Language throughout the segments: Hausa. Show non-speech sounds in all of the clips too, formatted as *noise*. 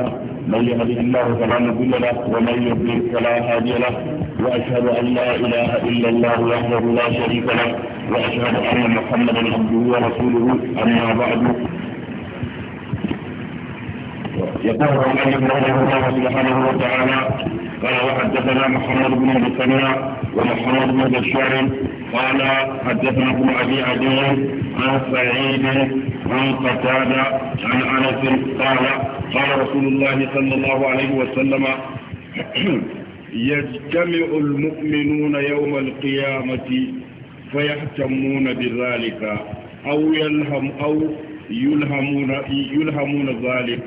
هنا من يهده الله فلا مضل له ومن يضلل فلا هادي له واشهد ان لا اله الا الله وحده لا شريك له واشهد ان محمدا عبده ورسوله اما بعد يقول الله سبحانه وتعالى قال وحدثنا محمد بن المثنى ومحمد بن بشار قال حدثنا ابن ابي عدي عن سعيد عن قتاده عن انس قال قال رسول الله صلى الله عليه وسلم *clears throat* يجتمع المؤمنون يوم القيامة فيهتمون بذلك أو يلهم أو يلهمون يلهمون ذلك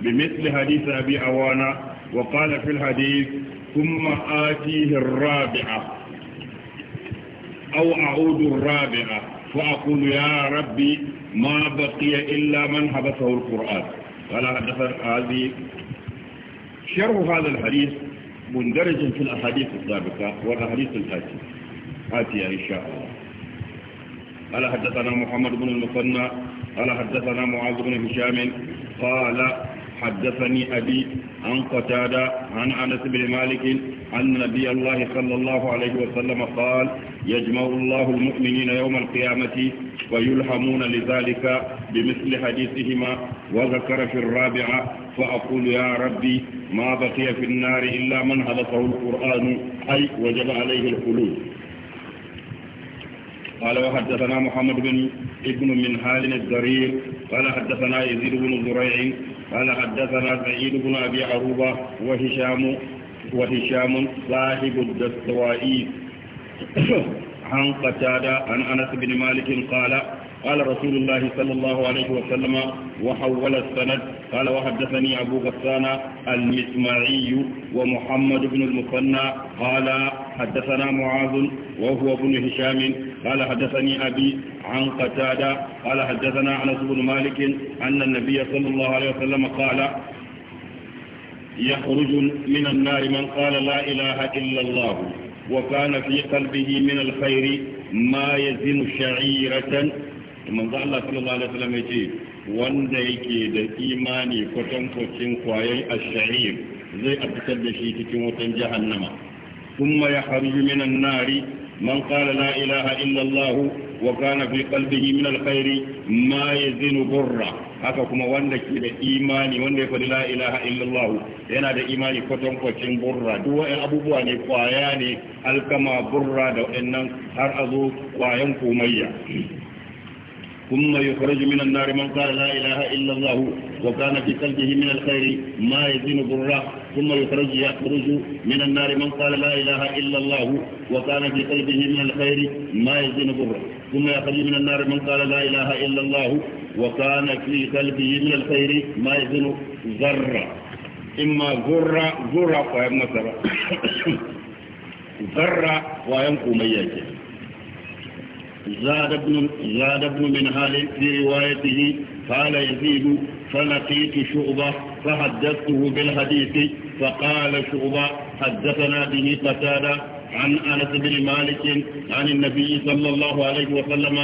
بمثل حديث أبي عوانة وقال في الحديث ثم آتيه الرابعة أو أعود الرابعة فأقول يا ربي ما بقي إلا من حبسه القرآن قال حدثنا هذه شرح هذا الحديث مندرج في الأحاديث السابقة والأحاديث الآتية آتية إن شاء الله قال حدثنا محمد بن المثنى قال حدثنا معاذ بن هشام قال حدثني أبي عن قتادة عن أنس بن مالك أن نبي الله صلى الله عليه وسلم قال يجمع الله المؤمنين يوم القيامة ويلهمون لذلك بمثل حديثهما وذكر في الرابعة فأقول يا ربي ما بقي في النار إلا من حدثه القرآن أي وجب عليه الخلود قال وحدثنا محمد بن ابن من حال الزرير قال حدثنا يزيد بن زريع قال حدثنا سعيد بن أبي عروبة وهشام وهشام صاحب الدستوائي عن قتادة عن أنس بن مالك قال قال رسول الله صلى الله عليه وسلم وحول السند قال وحدثني أبو غسان المسمعي ومحمد بن المثنى قال حدثنا معاذ وهو بن هشام قال حدثني أبي عن قتادة قال حدثنا عنس بن مالك أن النبي صلى الله عليه وسلم قال يخرج من النار من قال لا إله إلا الله وكان في قلبه من الخير ما يزن شعيرة manzo Allah sallallahu alaihi wasallam yace wanda yake da imani kwatan kwacin kwayan ash-sha'ir zai afkar da shi cikin wutan jahannama thumma yakhruju minan nari man qala la ilaha illa Allah wa kana fi qalbihi min al-khair ma yazinu burra haka kuma wanda ke da imani wanda ya faɗi la ilaha illallah yana da imani kwatan kwacin burra duk wa'in abubuwa ne kwaya ne alkama burra da wa'annan har a zo kwayan komayya ثم يخرج من النار من قال لا إله إلا الله وكان في قلبه من الخير ما يزين ضره ثم يخرج يخرج من النار من قال لا إله إلا الله وكان في قلبه من الخير ما يزين ضره ثم يخرج من النار من قال لا إله إلا الله وكان في قلبه من الخير ما يزين ذرة إما ذرة ذرة فهم مثلا ذرة وينقو مياكي زاد ابن, زاد ابن منهال في روايته قال يزيد فلقيت شعبة فحدثته بالحديث فقال شعبة حدثنا به قتادة عن أنس بن مالك عن النبي صلى الله عليه وسلم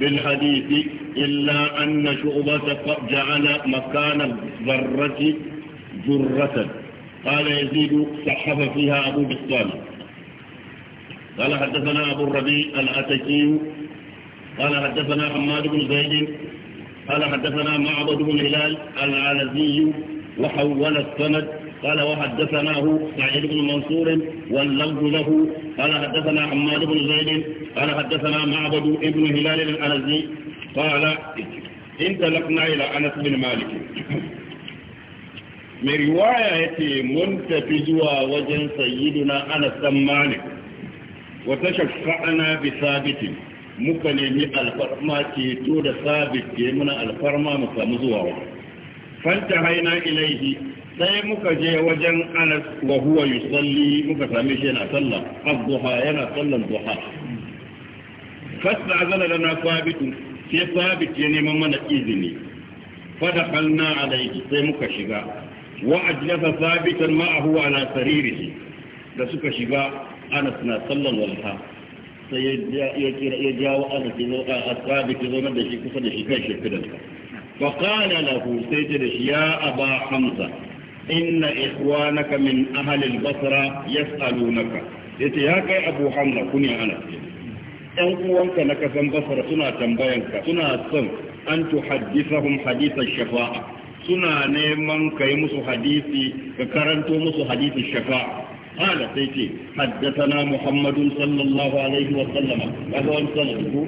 بالحديث إلا أن شعبة جعل مكان الذرة ذرة قال يزيد صحف فيها أبو بسطان قال حدثنا أبو الربيع الأتكي قال حدثنا حماد بن زيد قال حدثنا معبد بن هلال العلزي وحول السند قال وحدثناه سعيد بن منصور واللفظ له قال حدثنا حماد بن زيد قال حدثنا معبد بن هلال العلزي قال انطلقنا إلى أنس بن مالك من رواية منتفجوا وجن سيدنا أنس بن مالك وتشفعنا anas muka nemi alfarma ceto da sabit ke muna alfarma mu samu zuwa wa fanta haina ilaihi sai muka je wajen anas wa huwa yusalli muka same shi yana sallah abduha yana sallan duha fasta azala lana sabitu sai sabit ya neman mana izini fadakalna alaihi sai muka shiga wa ajlasa sabitan ma'ahu ala saririhi da suka shiga anas na sallan walha sai ya kira ya jawo aka ki zo a asabi ki zo da shi kusa da shi kai shi kidan fa qala lahu sai ta da shi ya aba hamza inna ikhwanaka min ahli al-basra yas'alunaka yace ya kai abu hamza kunya ana ɗan uwanka na kasan basara suna tambayanka suna son an tuhaddithahum hadithan shafa'a suna neman kai musu hadisi ka karanto musu hadithin shafa'a قال سيتي حدثنا محمد صلى الله عليه وسلم هذا هو سنده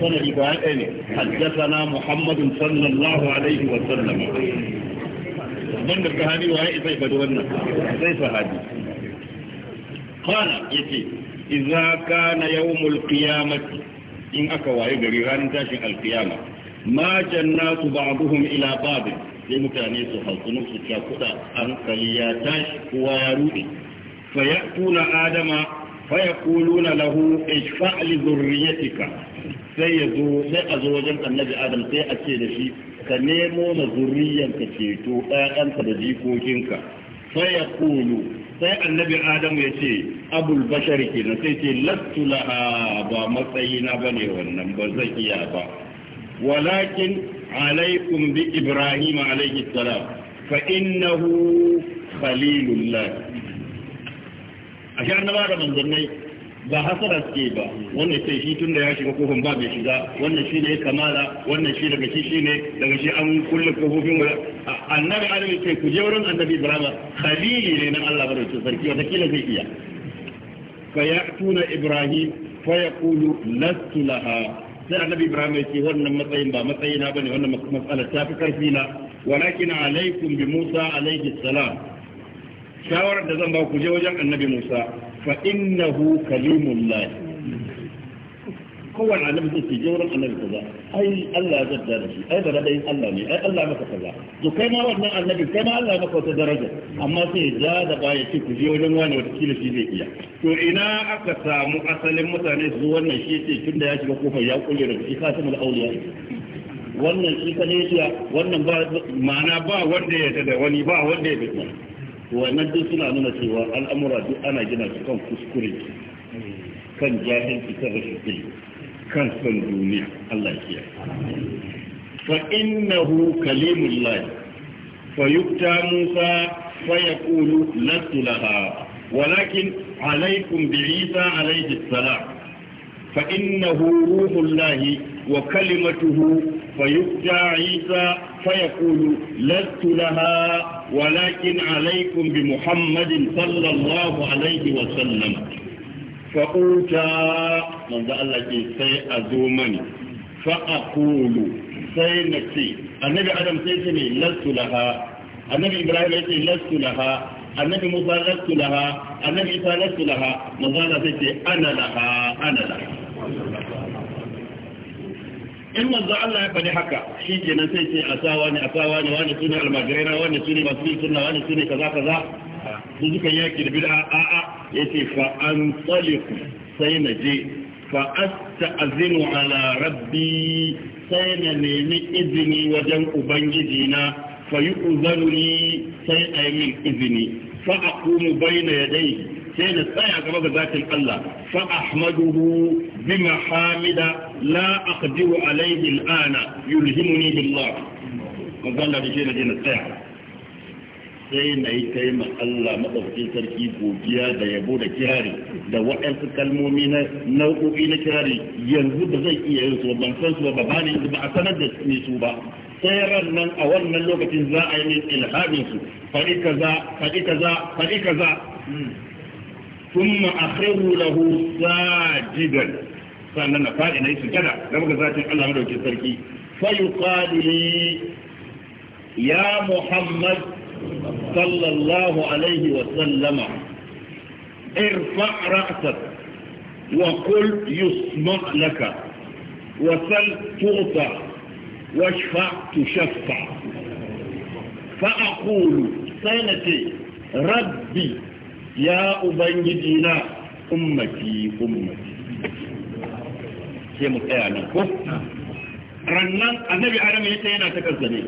سند بعدين حدثنا محمد صلى الله عليه وسلم من الكهاني وهي زي بدونا زي صحابي قال يتي إذا كان يوم القيامة إن أكوى يجري غان تاشي القيامة ما جنات بعضهم إلى بعض sai mutane su halkunu su cakuda hankali ya tashi kowa ya rude فيأتون آدم فيقولون له اشفع لذريتك sai ya zo sai a zo wajen annabi adam sai a ce da shi ka nemo na zuriyar ceto ɗayanka da jikokinka sai ya kulu sai annabi adam ya ce abul bashar ke na sai ce lastu ba matsayi na ba ne wannan ba zan iya ba walakin alaikum bi ibrahim alaihi salam fa innahu khalilullah a shi annaba da manzannai ba hasara suke ba wannan sai shi tun da ya shiga kofin ba mai shiga wannan shi ne kamala wannan shi daga shi shi ne daga shi an kulle kofofin wani annabi adam sai ku je wurin annabi ibrahim khalili ne na Allah madaukakin sarki wata kila zai iya fa ya'tuna ibrahim fa yaqulu lastu laha sai annabi ibrahim ya ce wannan matsayin ba matsayina bane wannan matsalar ta fi karfi na walakin alaikum bi musa alaihi salam shawarar da zan ba ku je wajen annabi Musa fa innahu kalimullah kowanne annabi zai ce je annabi kaza ai Allah ya da shi ai daga dayin Allah ne ai Allah maka kaza to kai ma wannan annabi kai ma Allah maka wata daraja amma sai ya da ya ce ku je wajen wani wata kila shi zai iya to ina aka samu asalin mutane su wannan shi ce tunda ya shiga kofar ya kulle da shi mal auliya wannan shi kane wannan ba ma'ana ba wanda ya da wani ba wanda ya fita wannan duk suna nuna cewa al'amura duk ana gina su kan kuskure kan jahilci kan rashin ilimi kan son duniya Allah ya fa innahu kalimullah fa yukta Musa fa yaqulu lastu laha walakin alaykum bi Isa alayhi salam فإنه روح الله وكلمته فيؤتى عيسى فيقول لست لها ولكن عليكم بمحمد صلى الله عليه وسلم فأوتى من ذا الله سيأذومني فأقول نفسي النبي آدم سيسمي لست لها النبي إبراهيم يقول لست لها النبي موسى لست لها النبي إيسى لست لها من ذا الله أنا لها أنا لها in manzo Allah ya faɗi haka shi kenan sai ce a sa wani a sa wani wani sune almajirai na wani sune masu yin sunna wani sune kaza kaza su suka yaki da bid'a a a ya ce fa an taliku sai na je fa as asta'zinu ala rabbi sai na nemi izini wajen ubangiji na fa yu'zanu li sai a yi min izini fa aqumu bayna yadayhi sai na tsaya gaba ga zatin Allah fa ahmaduhu bi mahamida la aqdiru alayhi al'ana yulhimuni billah magana da shi na je na sai na yi kai ma Allah sarki godiya da yabo da kirari da waɗansu kalmomi na nau'o'i na kirari yanzu da zai iya yin su ban san su ba ba ba a sanar da ni ba sai nan a wannan lokacin za a yi min ilhamin faɗi kaza faɗi kaza faɗi kaza thumma akhiru lahu sajidan sannan na faɗi na yi sujada gaba ga zatin Allah madaukin sarki fayuqalu li ya Muhammad sallallahu alaihi wa sallama irfa ra'sak wa qul yusma' laka wa sal tu'ta washfa tushaffa fa aqulu sanati rabbi ya ubangiji na ummati ummati sai mu tsaya nan ko rannan annabi adam yana ta kansa ne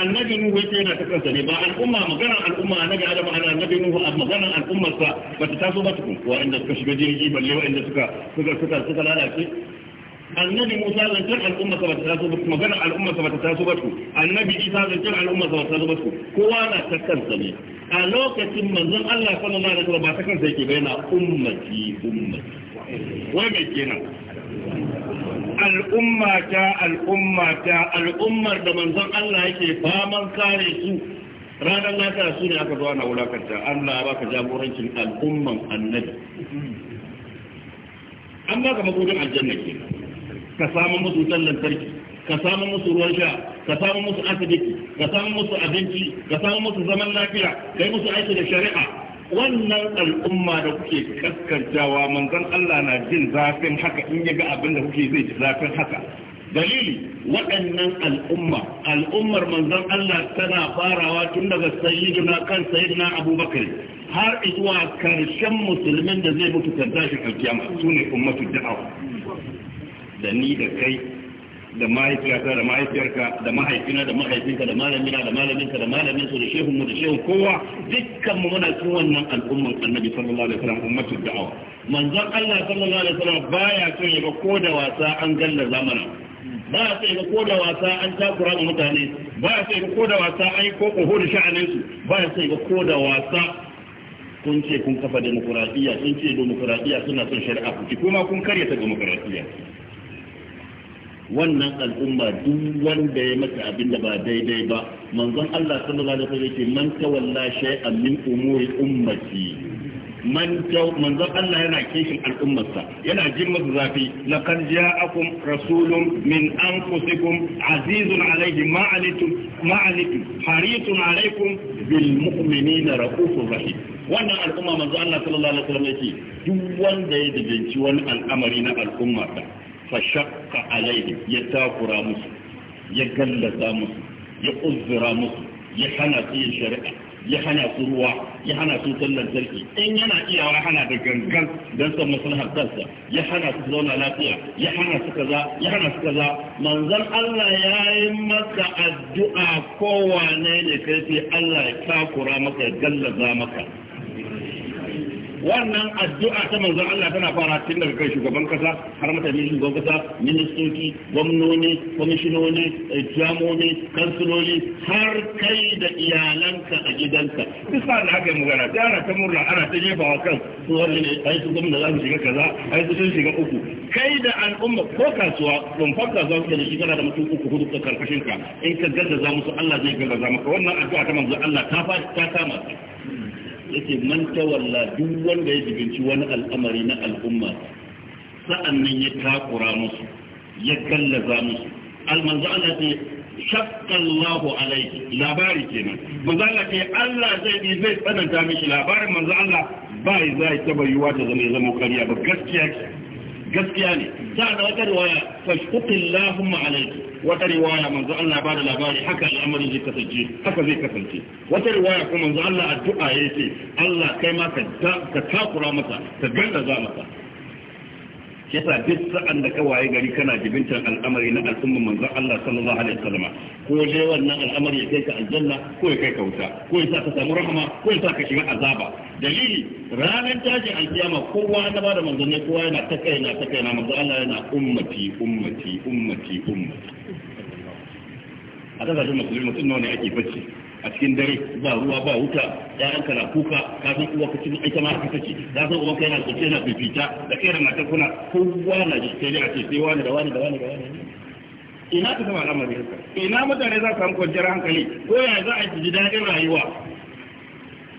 annabi nuhu yana ta kansa ne ba al'umma magana al'umma annabi adam ana annabi nuhu a magana al'ummar ba ta taso ba suka shiga jirgi balle suka suka suka suka lalace annabi Musa zancen al'umma taso ba magana al'umma taso ba annabi Isa zancen al'umma taso ba kowa na ta kansa ne a lokacin manzon Allah sallallahu alaihi wasallam ba ta kansa yake bayyana ummati ummati wai me kenan al'umma ta al'umma ta al'ummar da manzon Allah yake faman kare su ranar lafiya su ne aka zuwa na wulakanta Allah ya baka jagorancin al'umman annabi an baka mabudin aljanna ke ka samu musu wutan lantarki ka samu musu ruwan sha ka samu musu asibiti ka samu musu abinci ka samu musu zaman lafiya kai musu aiki da shari'a wannan al'umma da kuke kaskantawa manzon Allah na jin zafin haka in ya ga abin da kuke zai ji zafin haka dalili waɗannan al'umma al'ummar manzon Allah tana farawa tun daga Sayyidina kan Sayyidina abubakar har zuwa karshen musulmin da zai mutu kan tashi alkiyama sune ummatu da'awa da ni da kai da mahaifiyarka da mahaifiyarka da mahaifina da mahaifinka da malamina da malaminka da malaminsu, da shehun mu da shehun kowa dukkan mu muna cikin wannan al'umman annabi sallallahu alaihi wasallam ummatu da'awa manzon Allah sallallahu alaihi wasallam baya so ya ga ko da wasa an galla zamana ba a ya ga ko da wasa an takura ga mutane ba a ya ga ko da wasa an yi ko da sha'anin su ba a ya ga ko da wasa kun ce kun kafa demokuraɗiyya kun ce demokuraɗiyya suna son shari'a ku kuma kun karya ta wannan al'umma duk wanda ya mata abin da ba daidai ba manzon Allah sallallahu alaihi wasallam yake man tawalla shay'an min umuri ummati man taw manzon Allah yana kishin al'ummarsa yana jin musu zafi laqad ja'akum rasulun min anfusikum azizun alaihi ma alitum ma alitum harisun alaikum bil mu'minina raufur rahim wannan al'umma manzon Allah sallallahu alaihi wasallam yake duk wanda ya dace wani al'amari na al'ummarsa fashakka alaihim ya takura musu ya gallaza musu ya uzura musu ya hana su yin shari'a ya hana su ruwa ya hana su sallan sarki in yana iyawa hana da gangan don san maslahar kansa ya hana su zauna lafiya ya hana su kaza ya hana su kaza manzon Allah ya yi maka addu'a kowane ne kai sai Allah ya takura maka ya gallaza maka wannan addu'a ta manzon Allah tana fara tun daga kai shugaban kasa har mataimaki shugaban kasa ministoci gwamnoni kwamishinoni eh, jamoni kansuloli har kai da iyalanka a gidanka duk sa da haka magana da ana ta murna ana ta jefa wa kan su wani ne ai su gwamna za su shiga kaza ai su sun shiga uku kai da al'umma ko kasuwa don fakka za su da shi kana da mutum uku hudu ka karkashin ka in ka gaza musu Allah zai gaza maka wannan addu'a ta manzon Allah ta fa ta kama yake man tawalla duk wanda ya jibinci wani al'amari na al'umma sa'annan ya takura musu ya gallaza musu almanzu Allah ce shakkallahu alaiki labari kenan manzo Allah ce Allah zai bi zai tsananta mishi labarin manzo Allah ba zai taba yiwa ta zama ya zama kariya ba gaskiya gaskiya ne sa'an da wata riwaya fashkuqillahumma alaiki wata riwaya manzo Allah ba da labari haka al'amari zai kasance haka zai kasance wata riwaya kuma manzo Allah addu'a yake Allah kai ma ka ka takura masa ka ganda za masa yasa duk sa'an da ka waye gari kana jibintar al'amari na al'umma manzon Allah sallallahu alaihi wasallam ko dai wannan al'amari ya kai ka aljanna ko ya kai ka wuta ko ya sa ka samu rahama ko ya sa ka shiga azaba dalili ranar tashin alkiyama kowa na bada manzanni kowa yana ta kai na ta kai na manzon Allah yana ummati ummati ummati ummati a kasashen musulmi mutum nawa ne ake bacci a cikin dare ba ruwa ba wuta yaran ka na kuka ka san uwa kacin ita ma haka ce ka san uwa kaina na tsoce na fifita da kai da matar kuna kowa na ji sai dai a ce sai wani da wani da wani da wani ina ka zama al'amari haka ina mutane za su samu kwanciyar hankali ko ya za a ji daɗin rayuwa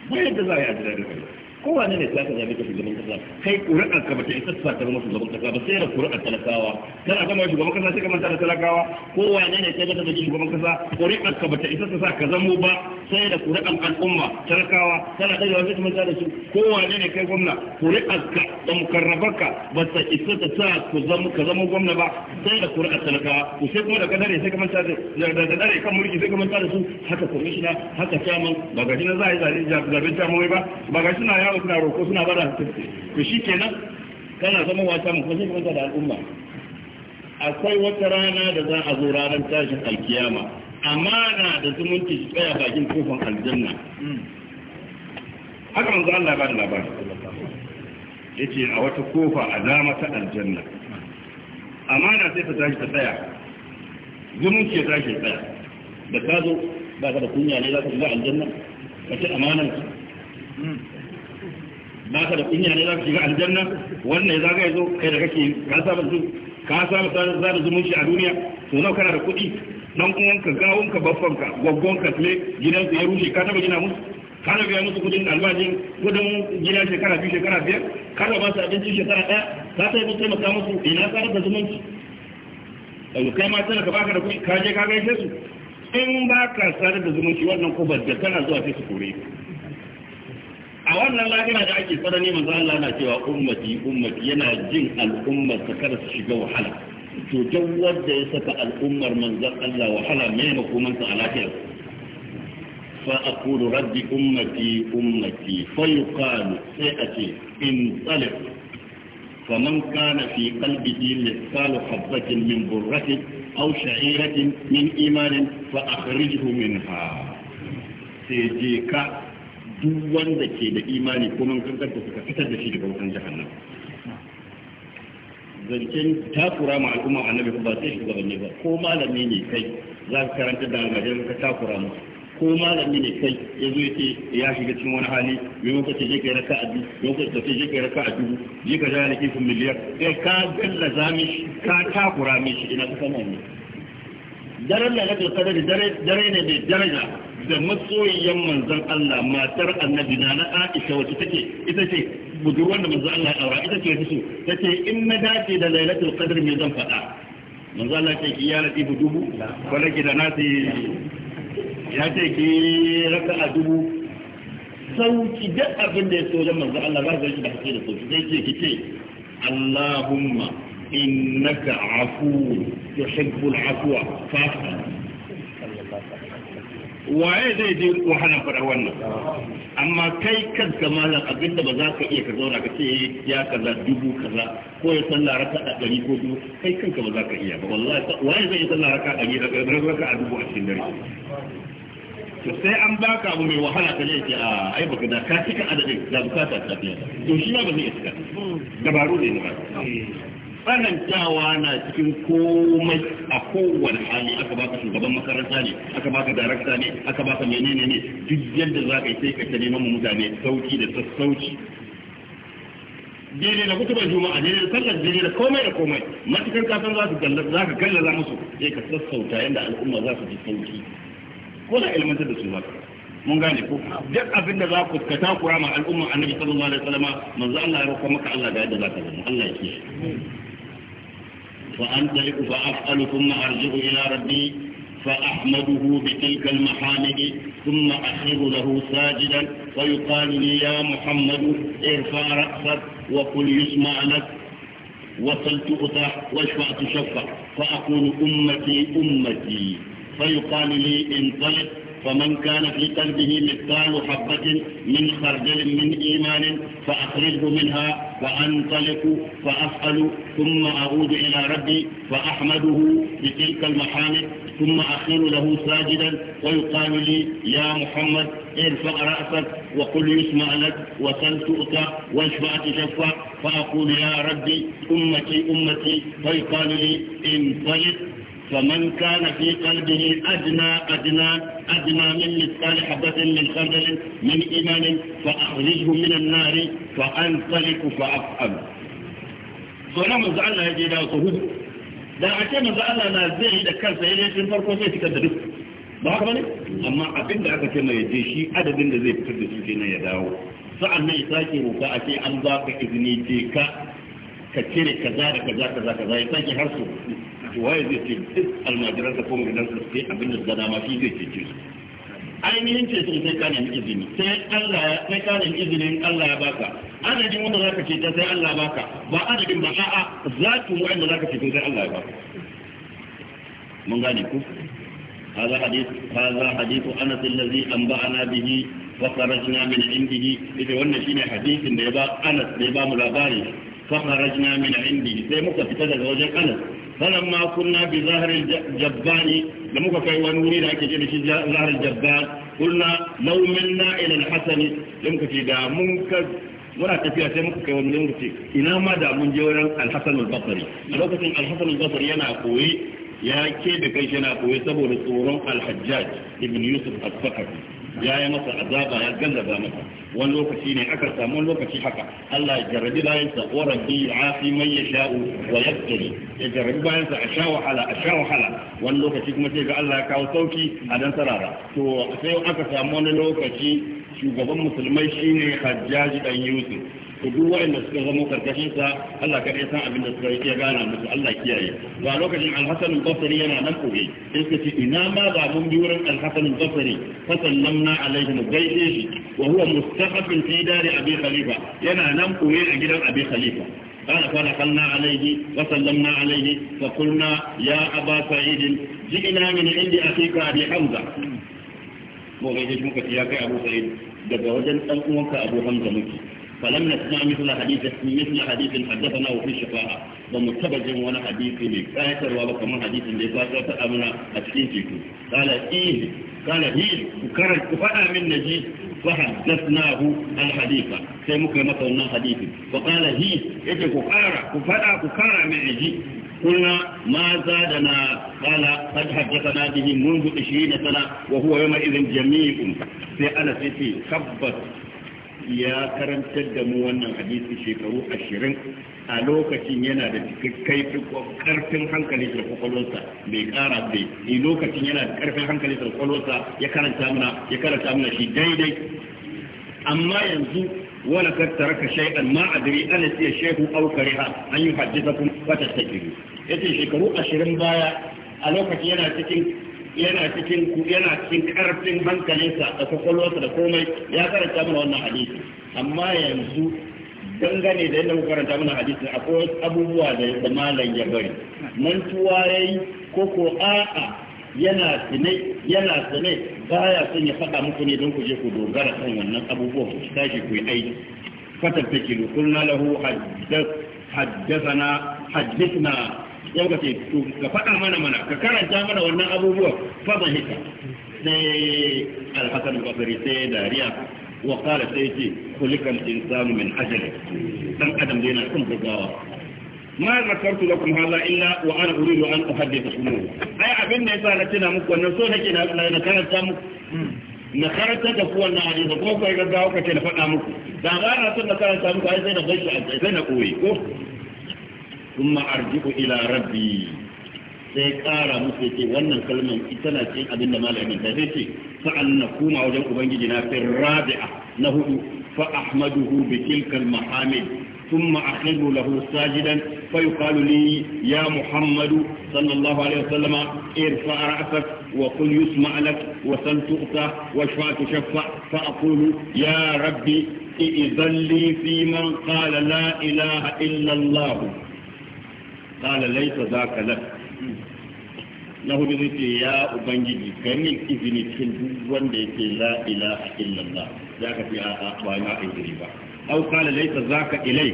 ba yadda za a yi a ji daɗin rayuwa kowane ne zaka zabe ka shugaban kasa kai ƙuri'ar ka bata isa ta zama shugaban kasa ba sai da ƙuri'ar talakawa kana zama shugaban kasa sai ka manta da talakawa kowane ne sai ka zabe shugaban kasa ƙuri'ar ka bata isa ta ka zamo ba sai da ƙuri'ar al'umma talakawa kana da wani ka manta da su kowane ne kai gwamna ƙuri'ar ka da mukarrabarka ba ta isa ta sa ku zama ka zama gwamna ba sai da ƙuri'ar talakawa ku sai kuma da kadare sai ka manta da da dare kan mulki sai ka manta da su haka commissioner haka chairman ba ga shi na za a yi zabe zabe chairman ba ba ga shi na ya kama suna roƙo suna bada to shi nan kana zama wata mu kuma da al'umma akwai wata rana da za a zo ranar tashin alkiyama amana da zumunci su tsaya bakin kofin aljanna haka manzo Allah ba da labari yace a wata kofa a dama ta aljanna amana sai ta tashi ta tsaya zumunci ya tashi tsaya da ka zo ba ka da kunya ne za ka shiga aljanna ka ci amanar naka da kunya ne za ka shiga aljanna wannan ya ka yi zo kai da kake ka saba su ka saba sada shi a duniya to nawa kana da kuɗi dan uwanka ka babbanka ka ne gidansu ya rushe ka taba gina musu na biya musu kudin albashin kudin gida shekara biyu shekara biyar kana ba su abinci shekara ɗaya ka sai mun taimaka musu ina ka da zumunci kai ma tana ka baka da kuɗi ka je ka gaishe su in ba ka sadar da zumunci wannan kubar da tana zuwa sai su kore a wannan lahira da ake tsanani manzo Allah na cewa ummati ummati yana jin al'ummar ta kada su shiga wahala to duk wanda ya saka al'ummar manzo Allah wahala me makoman sa a lahira fa aqulu rabbi ummati ummati fa yuqalu sai a ce in talib فمن كان في قلبه مثقال حبة من برة أو شعيرة من إيمان فأخرجه منها سيجيك duk wanda ke da imani ko mun kankanta suka fitar da shi daga wutan jahannam zancen takura ma al'umma annabi ba sai shugabanni ba ko malami ne kai za ka karanta da almajiran ka takura musu ko malami ne kai ya zo yake ya shiga cikin wani hali mai lokaci je kai raka abi lokaci da je kai raka abi ji ka jara kifin miliyar sai ka mi shi ka takura mishi ina ka sama ne daren da na kadar dare ne mai daraja da masoyiyan manzon Allah matar annabi na na Aisha wacce take ita ce budurwar da manzon Allah ya aura ita ce su take in na dace da lailatul qadr me zan faɗa manzon Allah ce ki ya latifu dubu wala ki da nasi ya ce ki a dubu sauki da abin da ya so da manzon Allah ba zai da hakki da sauki sai ce ki ce Allahumma innaka afuwun tuhibbul afwa fa'fu waye zai je wahala faɗa wannan amma kai kanka malam abin da ba za ka iya ka zauna ka ce eh, ya kaza dubu kaza ko ya sallah raka a ɗari ko dubu kai kanka ba za ka iya ba wallahi waye zai sallah raka a ɗari raka a dubu a cikin dare to sai an baka abu mai wahala ka je ce a ah, ai baka da ka cika adadin da bukata ta fiye to shi ma ba zai iska dabaru ne ba farantawa na cikin komai a kowane hali aka baka shugaban makaranta ne aka baka darakta ne aka baka menene ne duk yadda za ka yi sai ka ta neman mutane sauki da sassauci daidai da kutubar juma'a daidai da sallar daidai da komai da komai matukan kafin za galla za ka gallaza musu sai ka sassauta yadda al'umma za su ji sauki ko da ilmantar da su ba mun gane ko duk abin da za ku ka takura ma al'umma annabi sallallahu alaihi wasallam manzo Allah ya roƙa maka Allah da yadda za ka zama Allah ya kiyaye فأنطلق فأفعل ثم أرجع إلى ربي فأحمده بتلك المحامد ثم أخر له ساجدا فيقال لي يا محمد ارفع رأسك وقل يسمع لك وصل تؤتى واشفع تشفع فأقول أمتي أمتي فيقال لي انطلق فمن كان في قلبه مثقال حبة من خردل من إيمان فأخرجه منها وأنطلق فأسأل ثم أعود إلى ربي فأحمده بتلك المحامد ثم أخير له ساجدا ويقال لي يا محمد ارفع رأسك وقل يسمع لك وسل تؤتى واشفع تشفع فأقول يا ربي أمتي أمتي فيقال لي انطلق فمن كان في قلبه أدنى أدنى أدنى من مثقال حبة من خردل من إيمان فأخرجه من النار فأنطلق فأفهم فلا مزع الله يجي إلى صهود لا أشياء مزع الله ما زيه إذا كان سيليه في الفرق وزيه في كذبه بحق بني أما أبين دعا كما يجي شيء أدد من ذي بكرد سكينا يداو فأنا يساكي وفاكي أنظاك إذني تيكا ka cire kaza da kaza kaza kaza ya sake har su to waye zai ce duk almajiran ka ko gidan su sai abin da zana ma shi zai cece su ainihin ce sai sai kana izini sai Allah ya sai kana izinin Allah ya baka adadin wanda ka ce sai Allah ya baka ba adadin ba a'a za zatu wanda ka ce sai Allah ya baka mun gane ku هذا حديث هذا حديث انس الذي انبانا به وخرجنا من عنده اذا wannan shine hadisin da ya ba Anas da ya ba mu labari فخرجنا من عنده سيمك فتدى وجه أنس فلما كنا بظهر الجبان لمك كي ونوري لك جمش ظهر الجبان قلنا لو منا إلى الحسن لمك في دامنك muna tafiya sai muka kai wani lokaci ina ma da mun je wurin alhassan al-basri a lokacin alhassan al-basri yana koyi ya ke da kai yana koyi saboda tsoron al-hajjaj ibn yusuf al ya yi masa azaba ya gallaba masa wani lokaci ne aka samu wani lokaci haka Allah ya jarrabi bayansa wa rabbi yu'afi man yasha'u wa yaqdir ya jarrabi bayansa a sha wahala a sha wahala wani lokaci kuma sai ga Allah ya kawo sauki a dan sarara to sai aka samu wani lokaci shugaban musulmai shine Hajjaji dan Yusuf to duk wanda suka zama karkashin sa Allah ka san abin da suka yi ya gana musu Allah kiyaye ba lokacin al-Hasan al-Basri yana nan koyi sai suka ce ina ma ba mun bi wurin al-Hasan al-Basri fa sallamna alaihi mu shi wa huwa mustaqbil fi dari Abi Khalifa yana nan koyi a gidan Abi Khalifa قال فدخلنا عليه وسلمنا عليه فقلنا يا أبا سعيد جئنا من عند أخيك أبي حمزة مغيجي مكتي يا سعيد دقا وجن أنك أبو مكي فلم نسمع مثل حديث مثل حديث حدثنا وفي الشفاعة ومتبج ولا حديث لي فاتر وبك من حديث لي فاتر أمنا أتكين قال إيه قال هي كرت فأنا من نجيب فحدثناه الحديث sai muka yi masa wannan hadisi wa qala hi yace ku fara ku fada ku fara mai ji kuna ma منذ 20 sana wa huwa yawma idhin jami'un sai ana ya karantar da mu wannan hadisi shekaru ashirin a lokacin yana da kai karfin hankali da kwakwalwarsa bai kara bai ni eh, lokacin yana da karfin hankali da kwakwalwarsa ya karanta mana ya karanta mana shi daidai amma yanzu wala kad taraka shay'an ma adri an yasiya shaykhu aw kariha an yuhaddithakum fatastakiru yace shekaru ashirin baya a lokacin yana cikin yana cikin yana cikin karfin hankalinsa da kwakwalwarsa da komai ya karanta mana wannan hadisi amma yanzu dangane da yadda karanta mana hadisi akwai abubuwa da malam ya bari mantuwa yayi ko ko a'a yana sine yana sine baya son ya faɗa muku ne don ku je ku dogara kan wannan abubuwan ku tashi ku yi aiki fatar take kulna lahu haddathana haddathna yau ka ce to ka faɗa mana mana ka karanta mana wannan abubuwan fama hita, sai alhassan basari sai dariya wa kala sai ce kulikan insanu min ajali dan adam dai na kan bugawa ma zakartu lakum hadha illa wa ana uridu an uhaddithakum ai abin da yasa na tuna muku wannan so nake na karanta muku na karanta da ku wannan hadisi ko kai gaggawa kace na faɗa muku da ba na son na karanta muku ai sai na bashi sai na koyi ko thumma arji'u ila rabbi sai kara musu yake wannan kalmar ita na cikin abin da malamin ta sai ce sa'an na kuma wajen ubangiji na fi rabi'a na hudu fa ahmaduhu bi tilkal mahamid thumma akhiru lahu sajidan fa yuqalu li ya muhammadu sallallahu alaihi wasallama irfa ra'sak wa qul yusma lak wa sal tu'ta wa shfa tushfa fa aqulu ya rabbi idhalli fi man qala la ilaha illa allah kala laita za ka lak na hudu zai ya ubangiji ka min izini cikin duk wanda yake la ilaha illallah ya ka fi a ba na izini ba aw qala laysa zaka ilay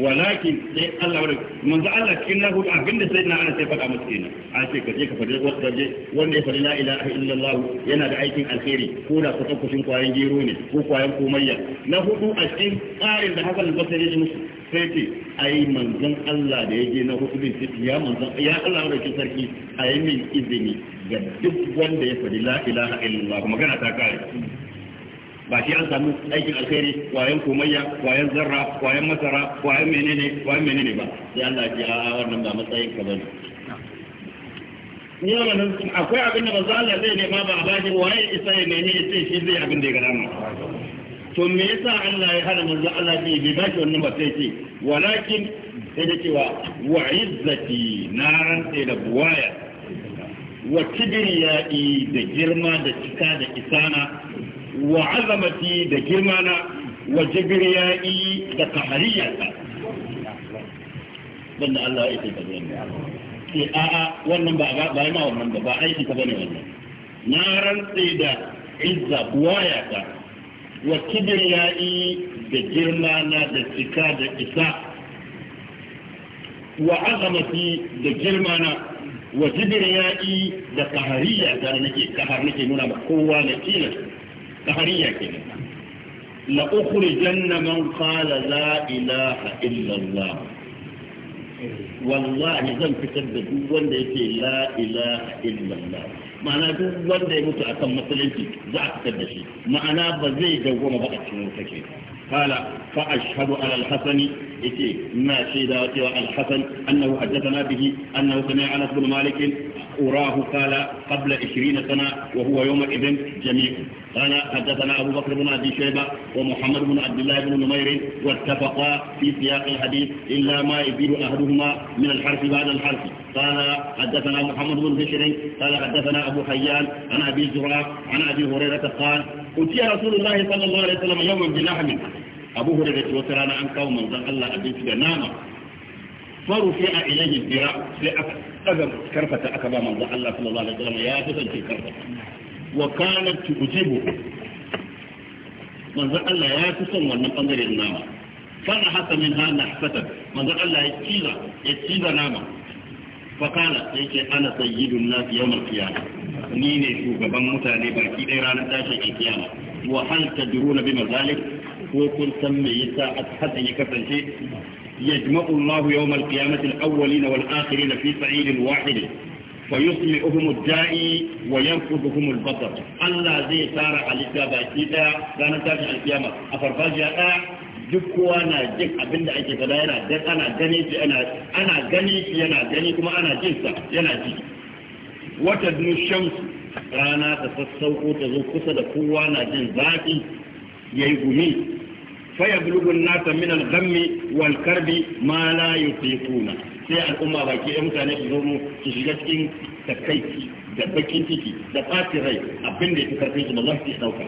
walakin sai Allah wani manzo Allah cikin lahu abinda sai na ana sai faɗa musu kenan a ce ka je ka faɗi wanda je wanda ya faɗi la ilaha illallah yana da aikin alheri ko da ka kushin kwayan gero ne ko kwayan komayya na hudu a cikin tsarin da hakan ba sai ya musu sai ce ai manzon Allah da ya je na hudu din sai ya manzon ya Allah wani cikin sarki ai min izini ga duk wanda ya faɗi la ilaha illallah magana ta kare ba shi an samu aikin alkhairi kwayan komayya kwayan zarra kwayan masara kwayan menene kwayan menene ba sai Allah ya ji a wannan ba matsayin ka bane ni nan akwai abin da za Allah zai nema ba a bashi waye isa ya menene sai shi zai abin da ya gana to me yasa Allah ya hana manzo Allah bai ba shi wannan ba sai ce walakin sai da cewa wa izzati naran sai da buwaya wa kibriyai da girma da cika da isana wa azamati da girmana wa jibriyai da kahariyata dan da Allah ya tafi da ni a a'a wannan ba ba ba ma wannan ba ba aiki ka bane wannan na rantse da izza buwayata wa kibriyai da girmana da cika da isa wa azamati da girmana wa jibriyai da kahariya da nake kahar nake nuna ba kowa na tilas تحرية كده لأخرجن من قال لا إله إلا الله والله زن في قد دوان دي لا إله إلا الله معنى دوان دي متى أتم مثلنتي زعب قد شيء معنى بزي جوما بقت شنو فكي قال فأشهد على الحسن إتي ما شيدا وتوى الحسن أنه حدثنا به أنه سمع أنس بن مالك أراه قال قبل عشرين سنة وهو يومئذ جميع قال حدثنا أبو بكر بن أبي شيبة ومحمد بن عبد الله بن نمير واتفقا في سياق الحديث إلا ما يزيد أحدهما من الحرف بعد الحرف قال حدثنا محمد بن بشر قال حدثنا أبو حيان عن أبي زرع عن أبي هريرة قال أتي رسول الله صلى الله عليه وسلم يوما بلحم أبو هريرة وترانا أن قوما ذا الله أبيت نام فرفع إليه الذراع في أكبر كرفة أكبر من ذا الله صلى الله عليه وسلم يا فتن في كرفة wa kanat tujibu manzon Allah ya fi son wannan bangaren nama fara haka min ha na fatar Allah ya ciza ya nama fa kana sai ke ana sayyidun nas yawmal qiyamah ni ne shugaban mutane baki ɗaya ranar tashin kiyama wa hal tadruna bima zalik ko kun san me yasa hakan ya kasance yajma'u Allah yawmal qiyamati al-awwalina wal akhirin fi sa'idin wahid فيسمعهم الداعي وينقذهم البطر الله زي تارى على الكتاب كده كان تاج القيامة أفرفاجة duk kowa na jin abin da ake fada yana dan ana gane shi ana ana gani shi yana gani kuma ana jin sa yana ji wata dun shamsu rana ta sassauko ta zo kusa da kowa na jin zafi yayi gumi faya bulugun an-nasa min al-ghammi wal-karbi ma la yutiquna sai al'umma baki ɗaya mutane su zo mu su shiga cikin takai da bakin ciki da ɓacin rai abin da ya fi karfin su ba za su iya ɗauka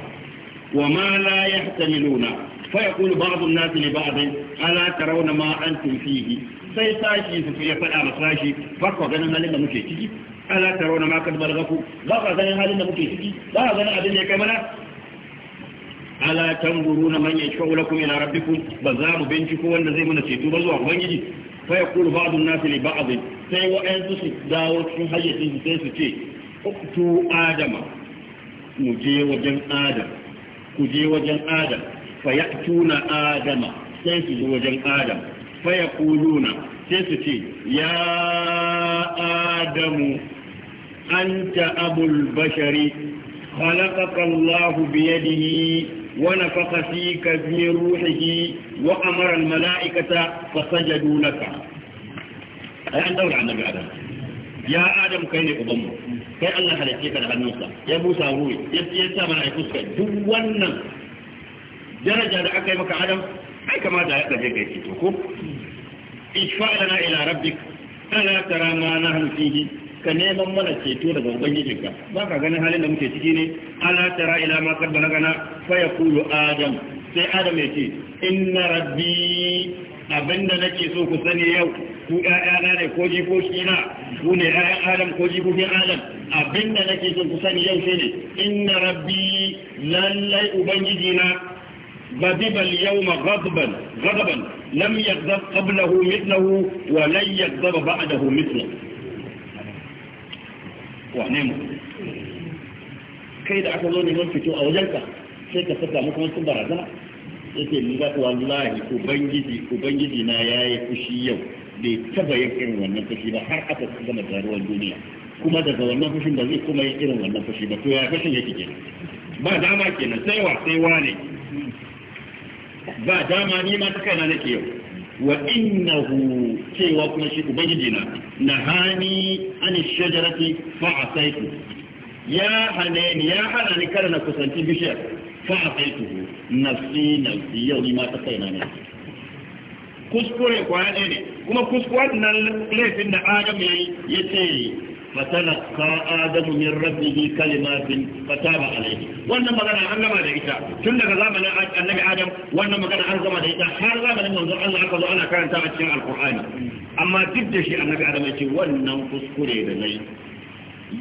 wa ma la ya nuna fa yaqulu ba'd an-nas li ba'd ala ta tarawna ma antum fihi sai sashi su fiye faɗa ma sashi ba ku ganin halin da muke ciki ala ta tarawna ma kad balagaku ba ku ganin halin da muke ciki ba ku ganin abin da ya kai mana ala tanzuruna man yashfa'u lakum ila rabbikum ba za mu binciko wanda zai mana ceto ba zuwa ubangiji fa yaqulu ba'd an-nas li ba'd sai wa wa'ansu su dawo cikin hayyacin sai su ce uktu adama mu je wajen adam ku je wajen adam fa ya'tuna adama sai su zo wajen adam fa yaquluna sai su ce ya adamu anta abul bashari خلقك الله بيده ونفخ فيك من روحه وأمر الملائكة فسجدوا لك أي أن دور عن نبي آدم يا آدم كيني أضمه كي الله خلقك لها النوصة يا موسى روي يسا ملائكوسك دوانا درجة يا مك آدم أي كما دعيت لك يسيتوكم اشفع لنا إلى ربك ألا ترى ما نحن فيه ka neman mana ceto daga ubangijinka ba ka ganin halin da muke ciki ne ala tara ila ma kad balagana fa yaqulu adam sai adam ya ce inna rabbi abinda nake so ku sani yau ku ƴaƴana ne ko jikoki na ku ne ƴaƴan adam ko jikokin adam abinda nake so ku sani yau shine inna rabbi lallai ubangijina غضب اليوم غضبا غضبا لم يغضب قبله مثله ولن يغضب بعده مثله wane mu kai da aka zo neman fito a wajenka sai ka saka muku wasu barazana ce ni za ku wallahi ubangiji ubangiji na ya yi fushi yau bai taba yin irin wannan fushi ba har aka gama jaruwar duniya kuma daga wannan fushin ba zai kuma yin irin wannan fushi ba to ya fushin yake kenan ba dama kenan sai wa sai wane ba dama ni ma ta kaina nake yau wa innahu cewa kuma shi ubangiji na hani an shajarati fa asaitu ya hane ni ya hana ni kada na kusanci bishiyar fa asaitu nafsi nafsi yau ni ma ta na ne kuskure kwaya ne kuma kuskure nan laifin da adam ya yi ya ce فتلقى آدم من ربه كلمات فتاب عليه wannan magana an gama da ita tun daga zamanin annabi adam wannan magana an gama da ita har zamanin manzon Allah aka zo ana karanta a cikin alqur'ani amma duk da shi annabi adam ya ce wannan kuskure da nayi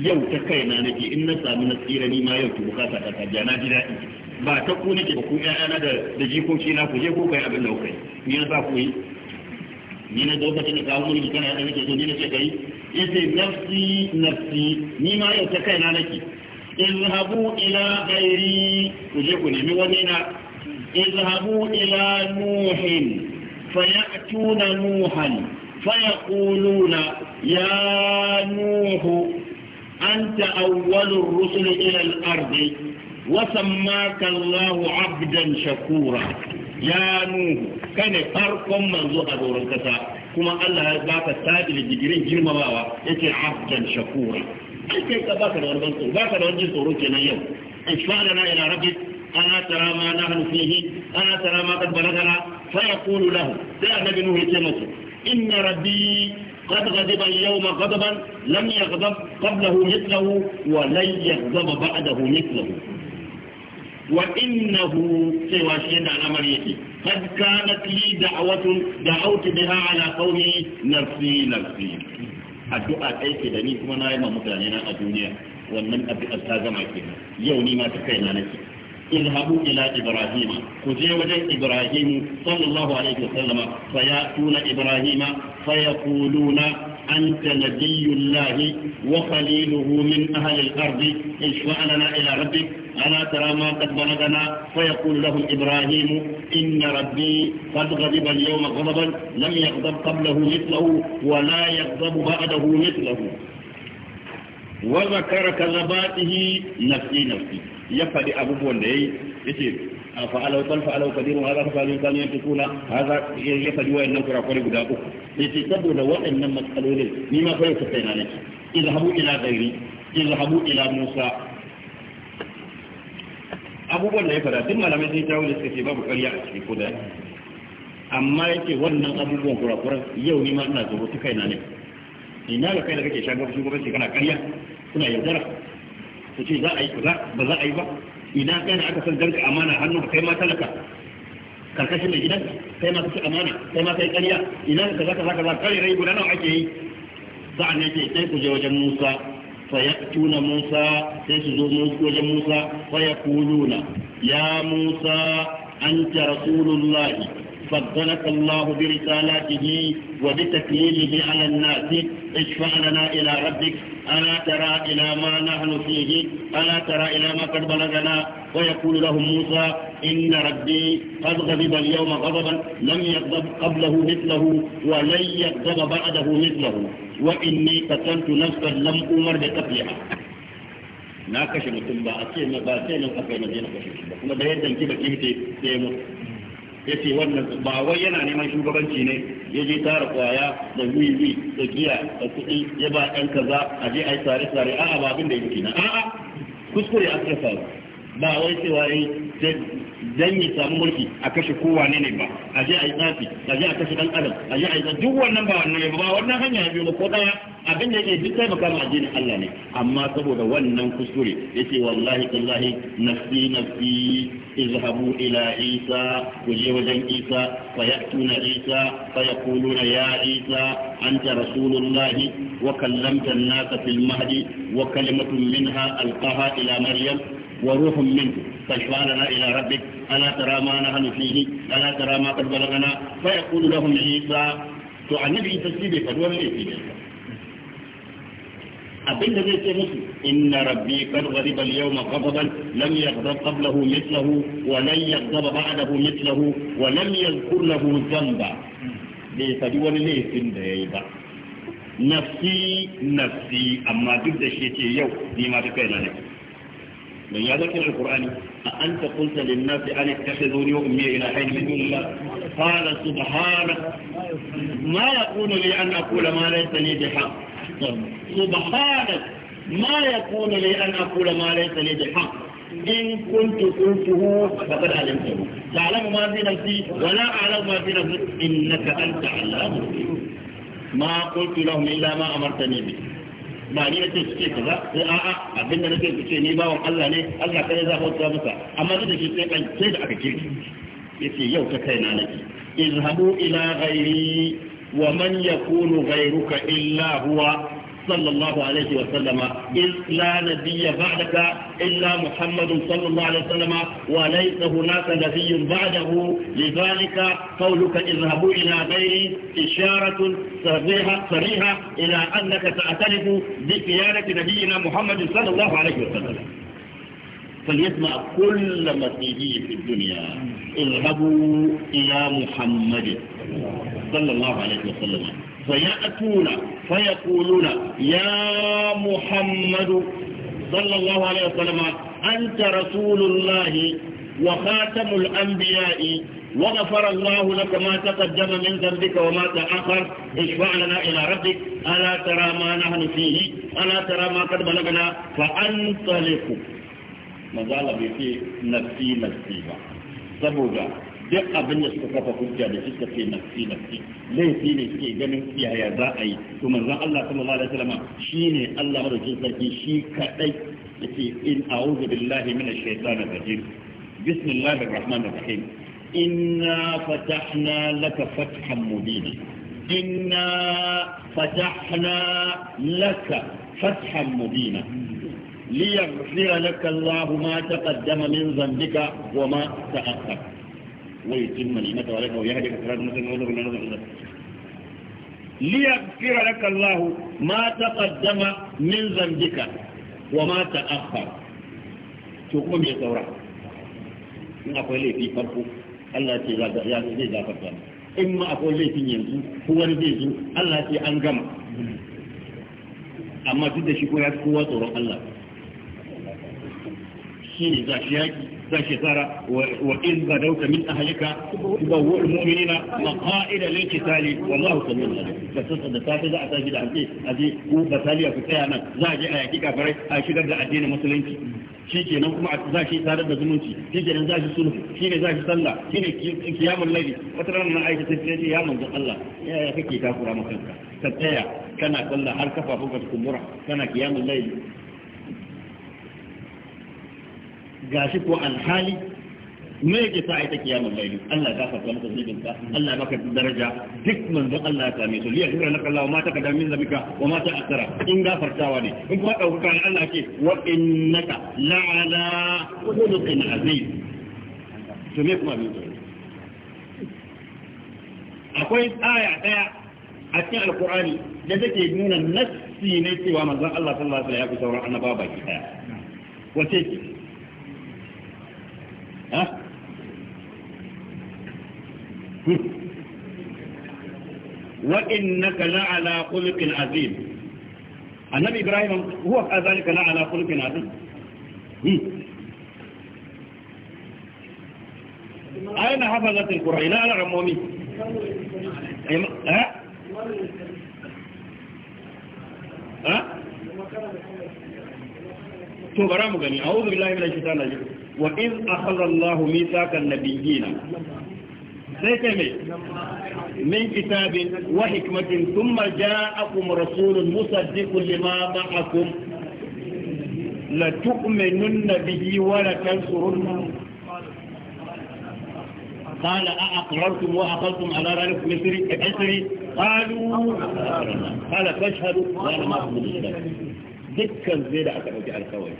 yau ta kaina nake in na sami na tsira ni ma yau ki bukata ta kaja na ji daɗi ba ta ku nake ba ku ƴaƴana da da jikoki na ku je ku kai abin da ku kai ni na sa ku yi ni na zo ka tana kawo mulki kana da nake so ni na ce kai yace nafsi nafsi ni ma yau ta kaina nake izhabu ila ghairi ku je ku nemi wani na izhabu ila nuhin fayatuna nuhan fayaquluna ya nuhu أنت أول الرسل إلى الأرض وسماك الله عبدا شكورا ya nuhu kai ne farkon manzo a doron kasa kuma Allah ya baka sabi da digirin girmamawa yake abdan shakura kai kai ka baka da wannan tsoro baka da wani tsoro kenan yau in na ila rabbi ana tara ma nahnu fihi ana tara ma qad balagana fa yaqulu lahu da annabi nuhu yake masa inna rabbi قد غضب اليوم غضبا لم يغضب قبله مثله ولن يغضب بعده مثله wa innahu cewa shi yadda al'amar yake kad kana li da'watun da auti biha ala qawmi nafsi nafsi addu'a kai ke da ni kuma na yi ma mutane a duniya wannan addu'a ta gama ke yau ni ma ta kai na nake ilhabu ila ibrahima ku je wajen ibrahim sallallahu alaihi wasallama fa ya tuna ibrahima fa yaquluna أنت نبي الله وخليله من أهل الأرض اشفع لنا إلى ربك ألا ترى ما قد بلغنا فيقول له إبراهيم إن ربي قد غضب اليوم غضبا لم يغضب قبله مثله ولا يغضب بعده مثله وذكر كذباته نفسي نفسي يفدي أبو ليه يتير fa'alau bal fa'alau kadirun hada ka fa'alau kan yantukuna hada ya fadi wa wayannan kurakure guda uku yace saboda waɗannan matsalolin ni ma kai sai na nake izhabu ila ghairi izhabu ila musa abubuwan da ya fada duk malamai sun jawo da suka ce babu ƙarya a cikin ko da amma yake wannan abubuwan kurakuran yau ni ma ina tsoro ta kaina ne ina ga kai da kake shagar shugabanci kana ƙarya suna yaudara su ce za a yi ba za a yi ba idan kai da aka san garga amana hannu kai ma talaka karkashin mai gidan kai ma kace amana kai ma kai ƙarya idan ka zaka zaka zaka kare rai guda nawa ake yi za'an ne ke sai ku je wajen Musa fa ya'tuna Musa sai su zo wajen Musa fa yaquluna ya Musa anta rasulullahi فضلك الله برسالاته وبتكليمه على الناس اشفع لنا إلى ربك ألا ترى إلى ما نحن فيه ألا ترى إلى ما قد بلغنا ويقول لهم موسى إن ربي قد غضب اليوم غضبا لم يغضب قبله مثله ولن يغضب بعده مثله وإني قتلت نفسا لم أمر بقتلها na kashe mutum ba a ce na ba sai nan aka yi na je na kashe shi ba kuma da yadda ki ba ki sai mu ya ce wannan ba wai yana neman shugabanci ne ya je tara kwaya da wiwi da giya da kuɗi ya ba ɗan kaza a je a yi tsare-tsare a'a ba abin da yake na a'a kuskure a suka ba wai cewa eh, yi dan ya samu mulki a kashe kowa ne ne ba a je a yi tsafi a je a kashe dan adam a je a yi duk wannan ba wannan ba wannan hanya ya biyo ba ko daya abin da yake duk taimaka ma addinin Allah ne amma saboda wannan kuskure yace wallahi billahi nafsi nafsi izhabu ila isa kuje wajen isa fa yatuna isa fa yaquluna ya isa anta rasulullahi wa kallamta an-nasa fil mahdi wa kalimatun minha alqaha ila maryam وروح منه فاشفعلنا إلى ربك ألا ترى ما نحن فيه ألا ترى ما قد بلغنا فيقول لهم عيسى تعني به تسليبه قد ولي في جلسة أبن هذا يقول إن ربي قد غضب اليوم غضبا لم يغضب قبله مثله ولن يغضب بعده مثله ولم يذكر له ذنبا لفدوى ليه سندايبا نفسي نفسي أما جد الشيء يوم لما تكون لك من يذكر القرآن أأنت قلت للناس أن اتخذوني أمي إلى حين من الله قال سبحانك ما يكون لي أن أقول ما ليس لي بحق سبحانك ما يكون لي أن أقول ما ليس لي بحق إن كنت قلته فقد علمته تعلم ما في نفسي ولا أعلم ما في نفسك إنك أنت علام ما قلت لهم إلا ما أمرتني به ba ni nake ce kaza ko a'a abinda nake ku ce ni wa Allah ne Allah kai za ku ta masa amma duk da shi sai kan sai da aka ce yace yau ta kaina nake izhabu ila ghairi wa man yakunu ghairuka illa huwa صلى الله عليه وسلم إذ لا نبي بعدك إلا محمد صلى الله عليه وسلم وليس هناك نبي بعده لذلك قولك اذهبوا إلى غيري إشارة صريحة, صريحة إلى أنك تعترف بكيانة نبينا محمد صلى الله عليه وسلم فليسمع كل مسيحي في الدنيا اذهبوا إلى محمد صلى الله عليه وسلم فيأتون فيقولون يا محمد صلى الله عليه وسلم أنت رسول الله وخاتم الأنبياء وغفر الله لك ما تقدم من ذنبك وما تأخر اشفع لنا إلى ربك ألا ترى ما نحن فيه ألا ترى ما قد بلغنا فأنطلق ما زال نفسي نفسي سبوغا duk abin da suka kafa hujja da suka ce nafsi nafsi laifi ne suke ganin yaya za a yi to manzon Allah sallallahu alaihi wasallam shine Allah madaukakin sarki shi kadai yace in a'udhu billahi minash shaitani rajim bismillahir rahmanir rahim inna fatahna laka fathan mubina inna fatahna laka fathan mubina laka Allahu ma taqaddama min dhanbika wa ma ta'akhkhara ويتم نعمته عليك ويهديك صراطا مستقيما ويهديك من ليغفر لك الله ما تقدم من ذنبك وما تأخر yanzu ko wani zai zo gama amma duk da shi ko yaki zan shekara wa in badauta min ahlika tubawwul mu'minina maqaida lil qitali wallahu samiyun alim da sun da safe za a tashi da hanci a je ku bataliya ku tsaya nan za a je a yaki kafirai a shigar da addinin musulunci shikenan kuma za shi sadar da zumunci shikenan za shi sulhu shine za shi sallah shine kiyamul layli wata ranar aisha ta ce ya manzo Allah ya kake takura maka ka tsaya kana sallah har kafafunka su kumbura kana kiyamul layli gashi ko alhali me yake sa ita kiyamul layli Allah ya maka ka Allah ya daraja duk Allah ya same su liya kada min zabika wa akara in gafartawa ne in kuma dauka Allah wa innaka khuluqin azim to me kuma akwai aya daya a cikin alqur'ani da take nuna nassi ne cewa manzon Allah sallallahu alaihi wasallam ya fi sauran annabawa baki daya wace ha hmm. wa innaka la'ala khuluqin azim annabi ibrahim huwa kadhalika la'ala khuluqin azim أين حفظت القرآن لا العمومي ها ها تو برامو غني أعوذ بالله من الشيطان الرجيم wa in akhadha Allahu mithaqan nabiyina sai kai mai min kitabin wa hikmatin thumma ja'akum rasulun musaddiqun lima ma'akum la tu'minunna bihi wa la tansurunna قال أأقررتم وأخذتم على ذلك مصري مصري قالوا قال فاشهدوا وأنا ما أقبل الشهادة دكا زي ده أتبعك الكوارث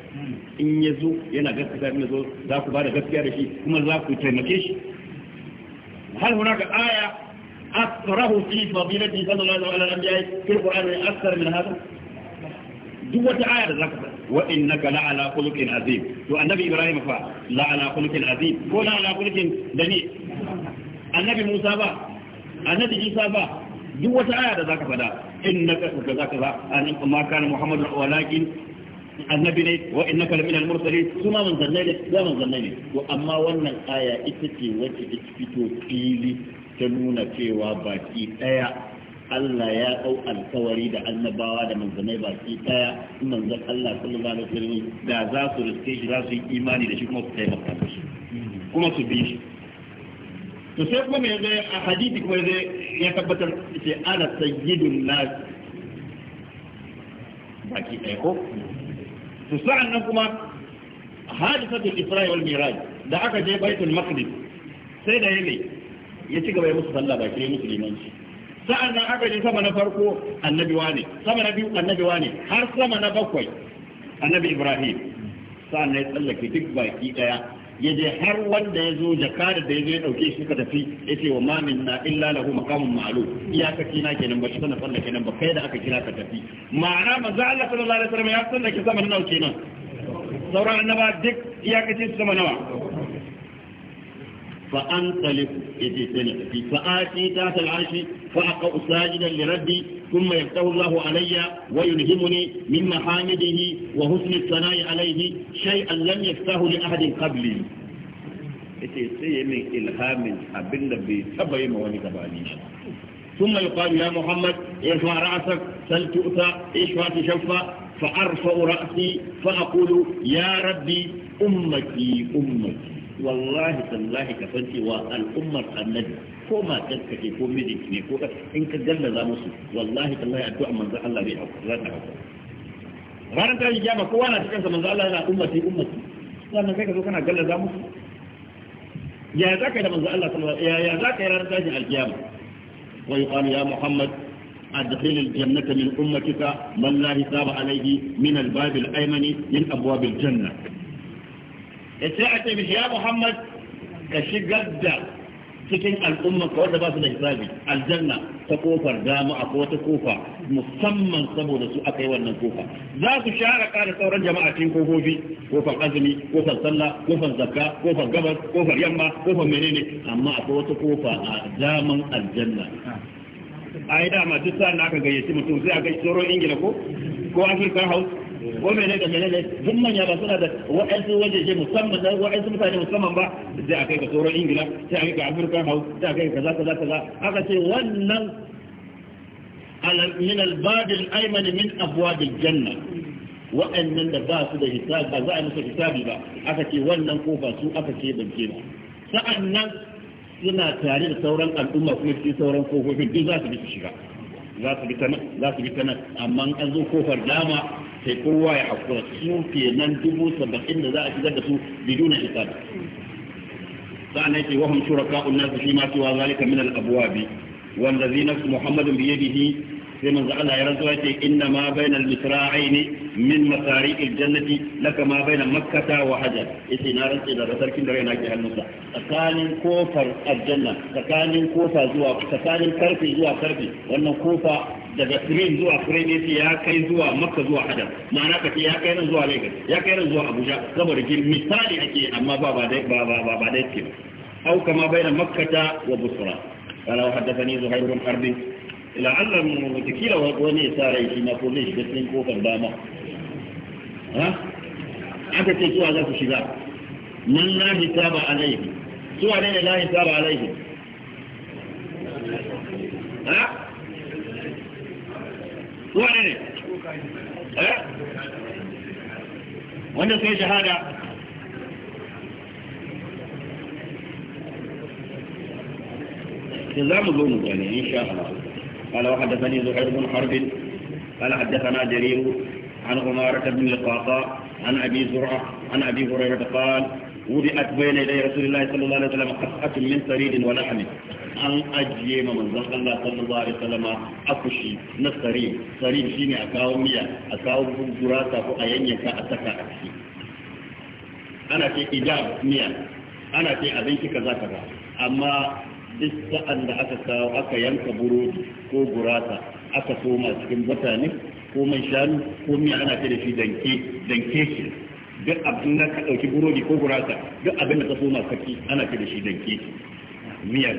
in ya zo yana gaskata in zo za ku ba da gaskiya da shi kuma za ku taimake shi hal huna hunaka aya asrahu fi fadilati sallallahu alaihi wa sallam fil qur'ani akthar min hada duk wata aya da zaka wa innaka la ala khuluqin azim to annabi ibrahim fa la ala khuluqin azim ko la ala khuluqin dani annabi musa ba annabi isa ba duk wata aya da zaka fada innaka kaza kaza an ma kana muhammadu walakin annabi ne wa innaka laminal mursalin su ma manzannai ne ya manzannai ne to amma wannan aya ita ce wacce ta fito fili ta nuna cewa baki daya Allah ya ɗau alkawari da annabawa da manzanai baki ɗaya manzan Allah sallallahu alaihi wasallam da za su riske shi za su yi imani da shi kuma su taimaka da shi kuma su bi shi to sai kuma me zai a hadisi kuma zai ya tabbatar ce ana sayyidun nas baki ɗaya ko to sa'an nan kuma hadisatul isra'i wal miraj da aka je baitul maqdis sai da yayi ya ci gaba ya musu sallah ba kire musulmanci sa'an nan aka je sama na farko annabi wane sama na biyu annabi wane har sama na bakwai annabi ibrahim sa'an nan ya tsallake duk baki daya ya je har wanda ya zo jaka da ya ya dauke shi suka tafi ya ce wa mamin na illa lahu maqamun ma'lum iyakaci na kenan ba shi sana sallah kenan ba kai da aka kira ka tafi ma'ana manzo Allah sallallahu alaihi wasallam ya sallah ki sama nawa kenan sauran annaba duk iyakaci su sama nawa فأنطلق فآتي تحت العرش فأقع ساجدا لربي ثم يفتح الله علي ويلهمني من محامده وحسن الثناء عليه شيئا لم يفتحه لأحد قبلي yake sai ya min النبي abin da bai taba ثم يقال يا محمد ارفع رأسك سل تؤتى اشفع تشفى فأرفع رأسي فأقول يا ربي أمتي أمتي wallahi tallahi ka san cewa al'ummar annabi ko matar ka ce ko mijinki ne ko in ka gallaza musu wallahi tallahi addu'a manzon Allah bai hauka za ta hauka ranar ta yi jama kowa na cikin sa manzon Allah yana ummati ummati sannan kai ka zo kana gallaza musu ya za ka yi da manzon Allah sallallahu ya za ka yi ranar tashin alkiyama wa yuqalu ya muhammad أدخل الجنة من أمتك من لا حساب عليه من الباب الأيمن من أبواب الجنة ya ce a ce ya muhammad ka shigar da cikin al'umma ka wanda ba su da hisabi aljanna ta kofar dama a wata kofa musamman saboda su aka yi wannan kofa za su share kare sauran jama'a cikin kofofi kofar azumi kofar sallah kofar zakka kofar gabas kofar yamma kofar menene amma akwai wata kofa a daman aljanna ai dama duk sa'an da aka gayyaci mutum sai a gaishe tsoron ingila ko ko afirka house ko ne da mene ne duk manya ba suna da wa'ansu wajeje musamman da wa'ansu mutane musamman ba sai a kai ka sauran ingila sai a kai ka afirka hau sai a kai ka kaza kaza kaza aka ce wannan min albadil ayman min abwabil janna wa'annan da ba su da hisabi ba za a musu hisabi ba aka ce wannan kofa su aka ce banke ba sa'an nan suna tare da sauran al'umma kuma cikin sauran kofofin duk za su bi su shiga za su bi ta nan za su bi ta nan amma an zo kofar dama sai kowa ya hakura su nan dubu saba'in da za a shigar da su biduna hisabi sa'anai ce wahum shuraka'un nasu shi ma cewa zalika min al-abwabi wallazina muhammadun bi yadihi sai manzo Allah ya rantsuwa ce inna ma bainal misra'aini min masari'il jannati laka ma baina makkata wa hajar yace na rantsi da sarkin da raina ke hannunsa tsakanin kofar aljanna tsakanin kofa zuwa tsakanin karfe zuwa karfe wannan kofa daga sirin zuwa sirin yace ya kai zuwa makka zuwa hajar ma'ana ka ce ya kai nan zuwa lagos ya kai nan zuwa abuja saboda misali ake amma ba ba dai ba ba ba dai ce ba au kama baina makkata wa busra قال وحدثني زهير بن حرب la'allar mu watakila wani ya sa rai shi na ko zai shiga cikin kofar dama ha aka ce suwa za su shiga nan la hisaba alaihi suwa ne ne la hisaba alaihi ha suwa ne ne ha wanda sai shahada da za mu zo mu gane insha Allah قال وحدثني زهير بن حرب قال حدثنا جرير عن عمارة بن القعقاع عن أبي زرعة عن أبي هريرة قال وضعت بين يدي رسول الله صلى الله عليه وسلم قطعة من سريد ولحم أن أجيم من زخ الله صلى الله عليه وسلم أكشي من السريد سريد شيني أكاو ميا أكاو بزراسة فأيين يكا أتكا أكشي أنا في إجاب ميا أنا في أذنك كذا كذا أما duk sa'an da aka kawo aka yanka burodi ko gurasa aka koma cikin mutane ko man shanu ko miya ana ce da shi danke danke shi duk abin da ka dauki burodi ko gurasa duk abin da ka soma kaki ana ce da shi danke shi miya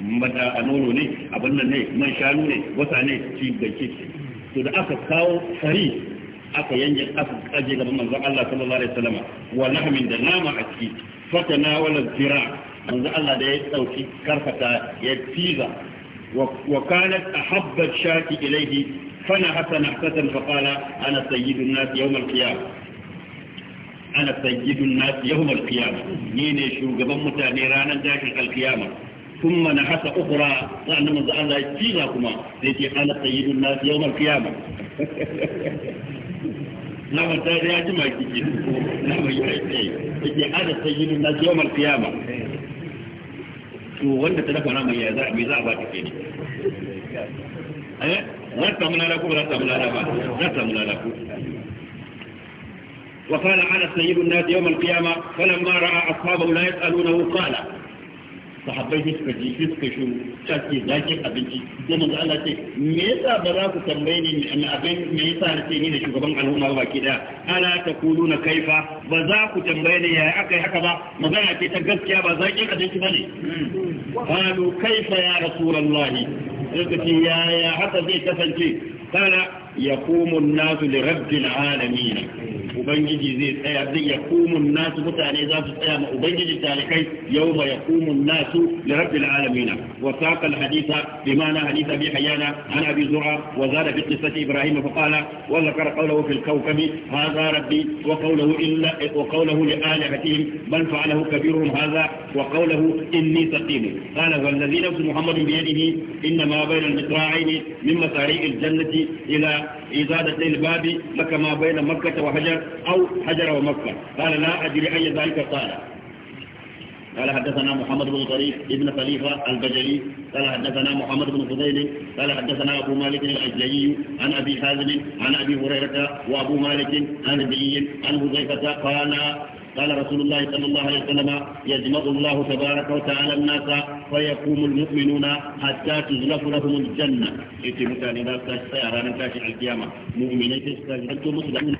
mada a nono ne abin nan ne man shanu ne wata ne shi danke shi to da aka kawo fari aka yanke aka kaje gaban manzon Allah sallallahu alaihi wasallam wa lahmin da nama a ciki fatana wala zira manzo Allah da ya dauki karfata ya fiza wa kanat ahabba shaki ilayhi fana hasana hasan fa qala ana sayyidun nas yawm al-qiyamah ana sayyidun nas yawm al-qiyamah ni ne shugaban mutane ranar tashin al-qiyama ثم نحس أخرى لأن من ذا الله يتيغاكما التي قال سيد الناس يوم القيامة لما تاري أجمع كتير لما يحيي التي قال سيد الناس يوم القيامة to wanda ta dafa naman ya za me za a ba ta ke ne eh za ta mun ala ko za ta mun ala ba za ta mun ala ko وقال على سيد الناس يوم القيامة فلما رأى أصحابه لا يسألونه قال sahabbai da suka ji suka shiru ta ce zakin abinci da na Allah ce me yasa ba za ku tambaye ni an abin me yasa na ce ni da shugaban al'umma ba ki daya ala ta kulu taquluna kaifa ba za ku tambaye ni yaya yi haka ba magana ce ta gaskiya ba zakin abinci ba bane qalu kaifa ya rasulullah sai yaya haka zai kasance kana yaqumu an-nasu li rabbil alamin ubangiji zai tsaya zai ya kumun nasu mutane za su tsaya ma ubangiji talikai yau ma ya kumun nasu da rabbil alamina wa saqa al haditha bi mana haditha bi hayana an abi zura wa zada bi qissati ibrahim fa qala wa zakara qawluhu fil kawkabi hadha rabbi wa qawluhu illa wa qawluhu li alihatihim bal fa'alahu kabirun hadha wa qawluhu inni saqim qala wal ladhi nafsu muhammadin bi yadihi inna ma bayna al mitra'aini min masari'i al jannati ila izadati al babi laka بين مكة وحجر أو حجر ومكة قال لا أدري أي ذلك قال قال حدثنا محمد بن طريق ابن خليفة البجلي قال حدثنا محمد بن فضيل قال حدثنا أبو مالك الأجلي عن أبي حازم عن أبي هريرة وأبو مالك عن أبي عن حذيفة قال قال رسول الله صلى الله عليه وسلم يجمع الله تبارك وتعالى الناس فيقوم المؤمنون حتى تزلف لهم الجنة إتي متى لذلك سيارة نتاشي القيامة مؤمنين تستجلت مسلمين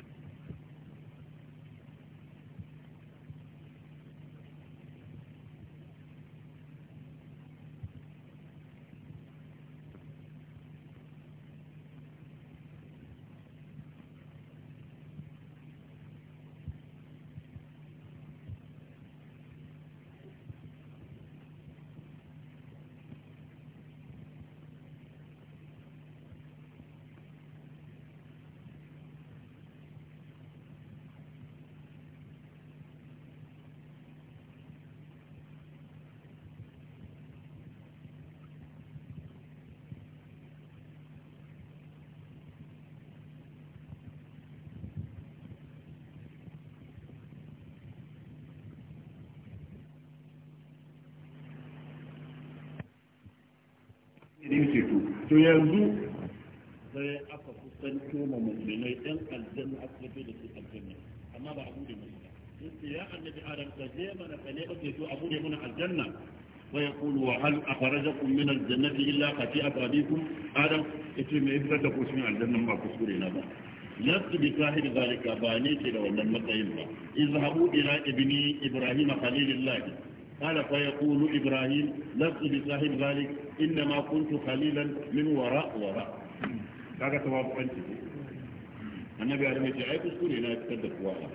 to yanzu sai aka kusan ma musulmai ɗan aljanna aka fito da su aljanna amma ba abu da musu ba yace ya annabi adam ka je mana ka ne ake so abu da mana aljanna wa yaqulu wa hal akhrajakum min aljannati illa qati abadikum adam yace me yadda da ku cikin aljanna ba kuskure na ba bi لست بصاحب ذلك بانيك لو لم تيم اذهبوا الى ila ibni خليل الله قال فيقول إبراهيم لست بصاحب ذلك إنما كنت خليلا من وراء وراء هذا ثواب أنت النبي عليه الصلاة والسلام يقول لا يتكدف واحد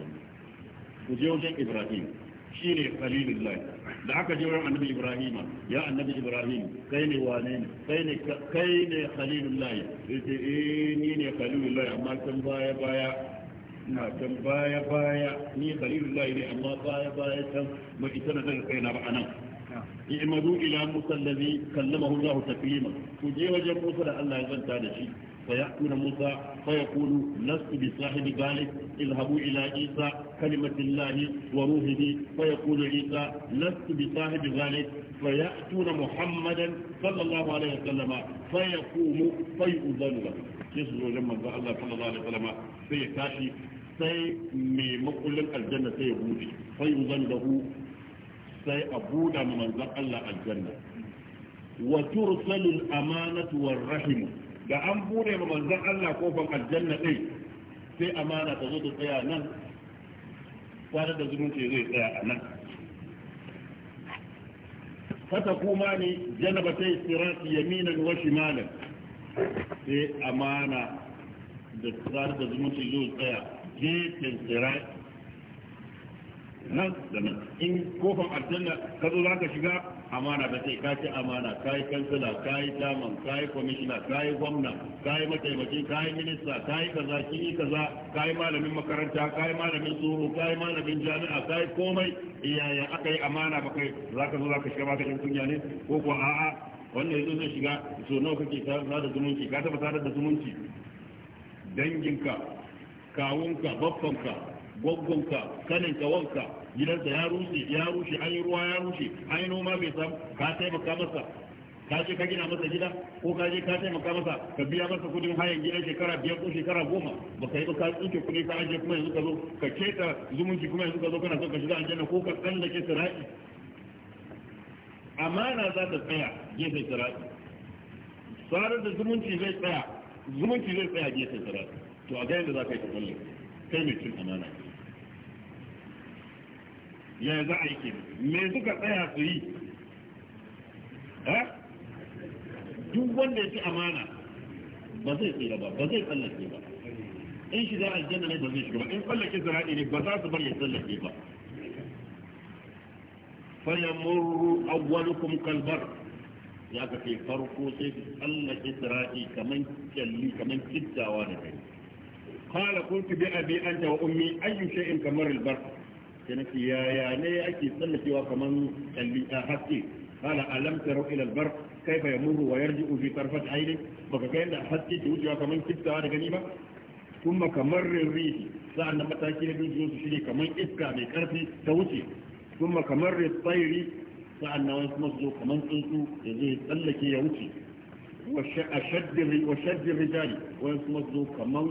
وجوجا إبراهيم shine khalilullah da aka je wurin annabi ibrahima ya annabi ibrahim kai ne wane ne kai ne kai ne khalilullah yace ni ne amma kan baya baya na can baya baya ni khalilullahi ne amma baya baya can ba isa na daga kaina ba anan i'madu ila musa kallama kallamahu Allah taklima ku je wajen Musa da Allah ya zanta da shi fa ya'muru Musa fa yaqulu lastu bi sahibi ghalib ilhabu ila Isa lahi wa ruhihi fa yaqulu Isa lastu bi sahibi ghalib فيأتون محمدا صلى الله عليه وسلم فيقوم فيؤذن له Allah جمع الله صلى الله sai ya tashi. sai mai makullin aljanna sai ya buɗe sai zan lahu sai a buɗa ma manzan Allah aljanna wa tursalu al-amanatu war-rahim da an buɗe ma manzan Allah kofan aljanna dai sai amana ta zo ta tsaya nan kwanar da zumunci zai tsaya a nan fata kuma ne janaba janabatai sirati yaminan wa malam sai amana da tsarar da zumunci zai tsaya gefen iraki nan da nan in kofar aljanna ka zo za ka shiga amana da sai ka ci amana ka yi kansila ka yi daman ka yi kwamishina ka yi gwamna ka yi mataimaki ka yi minista ka yi kaza kin yi kaza ka yi malamin makaranta ka yi malamin tsoro ka yi malamin jami'a ka yi komai iyaye aka yi amana ba kai za ka zo za ka shiga ba ka kunya ne ko ko a'a wannan yanzu zai shiga so nawa kake sada zumunci ka taba sadar da zumunci danginka kawunka babbanka gwaggonka kaninka wanka gidansa ya rushe ya rushe an yi ruwa ya rushe an yi noma bai samu ka taimaka masa ka je ka gina masa gida ko ka je ka taimaka masa ka biya masa kudin hayan gidan shekara biyar ko shekara goma ba ka yi ba ka tsinke kuɗi ka ajiye kuma yanzu ka zo ka keta zumunci kuma yanzu ka zo kana son ka shiga aljanna ko ka tsallake sira'i amana za ta tsaya gefen sira'i sarar da zumunci zai tsaya zumunci zai tsaya gefen sira'i to a ga yadda za ka yi ka kulle kai mai cin amana ya za a yi me suka tsaya su yi duk wanda ya ci amana ba zai tsira ba ba zai tsallake ba in shiga aljanna ne ba zai shiga ba in tsallake zira'i ne ba za su bar ya tsallake ba fayamurru awwalukum kalbar ya ka farko sai tsallake zira'i kamar kyalli kamar kittawa da kai qala qultu bi abi anta wa ummi ayyu shay'in kamar al-barq kana ya ya ne ake tsallakewa kaman kalli a haske قال ألم تروا إلى البر كيف يمر ويرجع في طرفة عينه فكأن حتى توجه كمان كبت هذا غنيمة ثم كمر الريح سأل لما تأكل بيجوز شيء كمان إسكا بكرفي توجه ثم كمر الطير سأل نواس مصدو كمان تنسو يزيه تلك يوجه wa shaddin rijali wani kuma kamar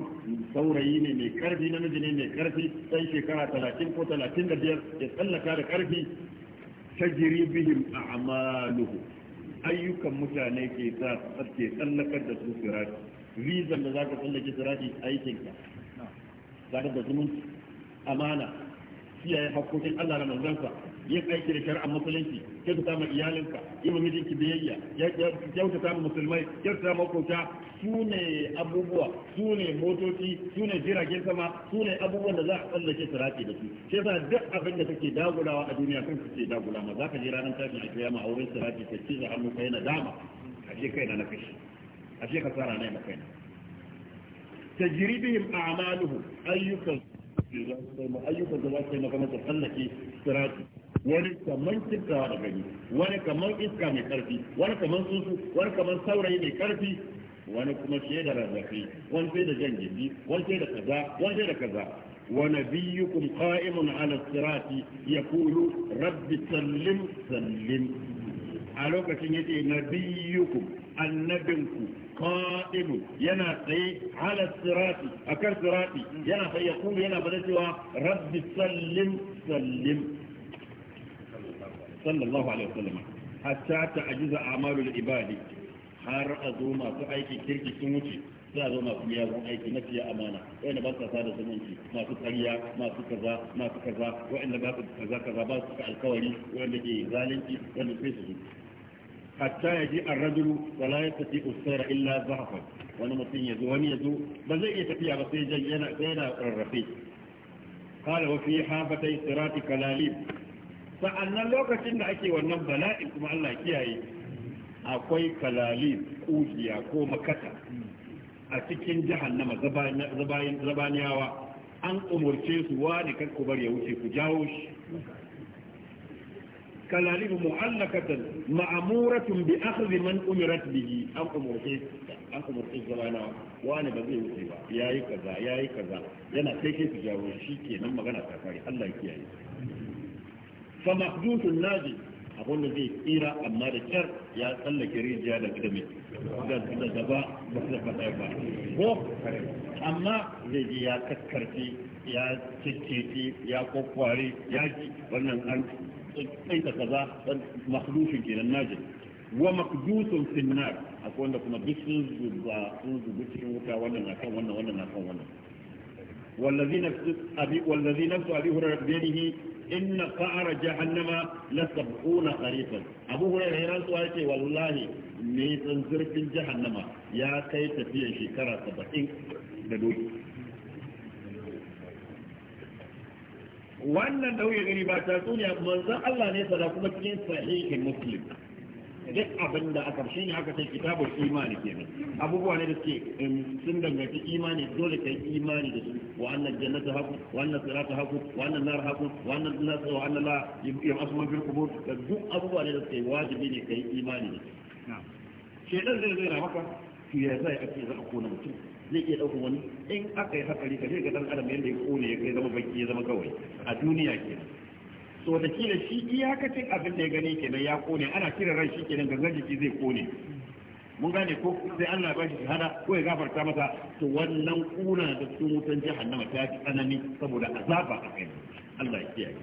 saurayi ne mai karfi namiji ne mai karfi ɗan shekara talatin ko talatin da biyar ya tsallaka da karfi tajiri bihim a amaluhu ayyukan mutane ke sa ke tsallakar da su firati rizan da za ka tsallake firati aikinka tare amana kiyaye hakkokin Allah da manzansa yin aiki da shari'ar musulunci kyautata ma iyalinka yi wa mijinki biyayya kyautata ma musulmai kyautata ma makota su ne abubuwa su ne motoci su ne jiragen sama su ne abubuwan da za a tsallake su rafi da su shi yasa duk abin da kake dagulawa a duniya kan kake dagula ma za ka je ranar tashin a kiyama a wurin sirati ka ci da hannu kai na dama ashe kai na kashi ashe ka tsara na kai na tajribihim a'maluhu ayyukan ayyukan da za su taimaka maka masa tsallake sirati wani kaman kintawa da gani wani kaman iska mai karfi wani kaman tsuntsu wani kaman saurayi mai karfi wani kuma shi da rarrafe wani sai da jan gindi wani sai da kaza wani sai da kaza ونبيكم قائم على الصراط يقول rabbi sallim sallim a lokacin ya ce na biyuku annabinku qa'imu yana tsaye ala sirati akan sirati yana tsaye ya kuma yana bada cewa rabbi sallim sallim sallallahu alaihi wasallam hatta ta'jiza a'malul ibadi har a zo masu aiki kirki sun wuce sai a zo masu yawon aiki na fiye amana Wani ba su da zumunci masu karya masu kaza masu kaza wa'anda ba su kaza kaza ba su ka alkawari wanda ke zalunci wanda sai su hatta ya ji an rajulu wa la yastati usaira illa zahafa wani mutum ya zo wani ya zo ba zai iya tafiya ba sai yana yana rarrafe قال وفي حافة صراط كلاليب sa'annan lokacin da ake wannan bala'i kuma Allah kiyaye akwai kalali kujiya ko makata a cikin jahannama zabaniyawa an umarce su wani kan ku bar ya wuce ku jawo shi mu mu'allakatan ma'amuratun bi akhdhi man umirat bihi an umurce an umurce zabanawa wani ba zai wuce ba yayi kaza yayi kaza yana kai ke su jawo shi kenan magana ta kare Allah ya kiyaye fa mahdudun naji abun da zai tsira amma da kyar ya tsallake rijiya da kudame da da gaba ba da fada ba ko amma zai ji ya kakkarfi ya cikkeci ya kwakware ya ji wannan an tsaita kaza mahdudun kenan naji wa maqdusun fi nar akwai wanda kuma duk sun zuba sun zubi cikin wuta wannan akan wannan wannan akan wannan والذي نفس أبي والذي نفس أبي هريرة بيده inna fa'ara jahannama la sab'una qarifan abu hurairah ya rantsuwa yace wallahi ne san zurfin jahannama ya kai tafiya shekara 70 da doki wannan dauye gari ba ta tsuniya manzon Allah ne sada kuma cikin sahihin muslim duk abin da aka shi ne aka sai kitabul imani nan abubuwa ne da suke sun danganci imani dole kai imani da su wa annal jannata haqu wa annal sirata haqu wa annal nar haqu wa annal nas wa annal la yab'athu man fil qubur duk abubuwa ne da suke wajibi ne kai imani da su shedan zai zai maka ki ya zai ake za a kona mutum zai iya ɗaukar wani in aka yi hakari ka je ga dan adam yadda ya kone ya kai zama baki ya zama kawai a duniya kenan to Kila shi iyakacin abin da ya gani kenan ya kone ana kiran ran shi kenan gangan jiki zai kone mun gane ko sai Allah ba shi hana ko ya gafarta masa to wannan kuna da su wutan jahannama ta fi tsanani saboda azaba a kai Allah ya kiyaye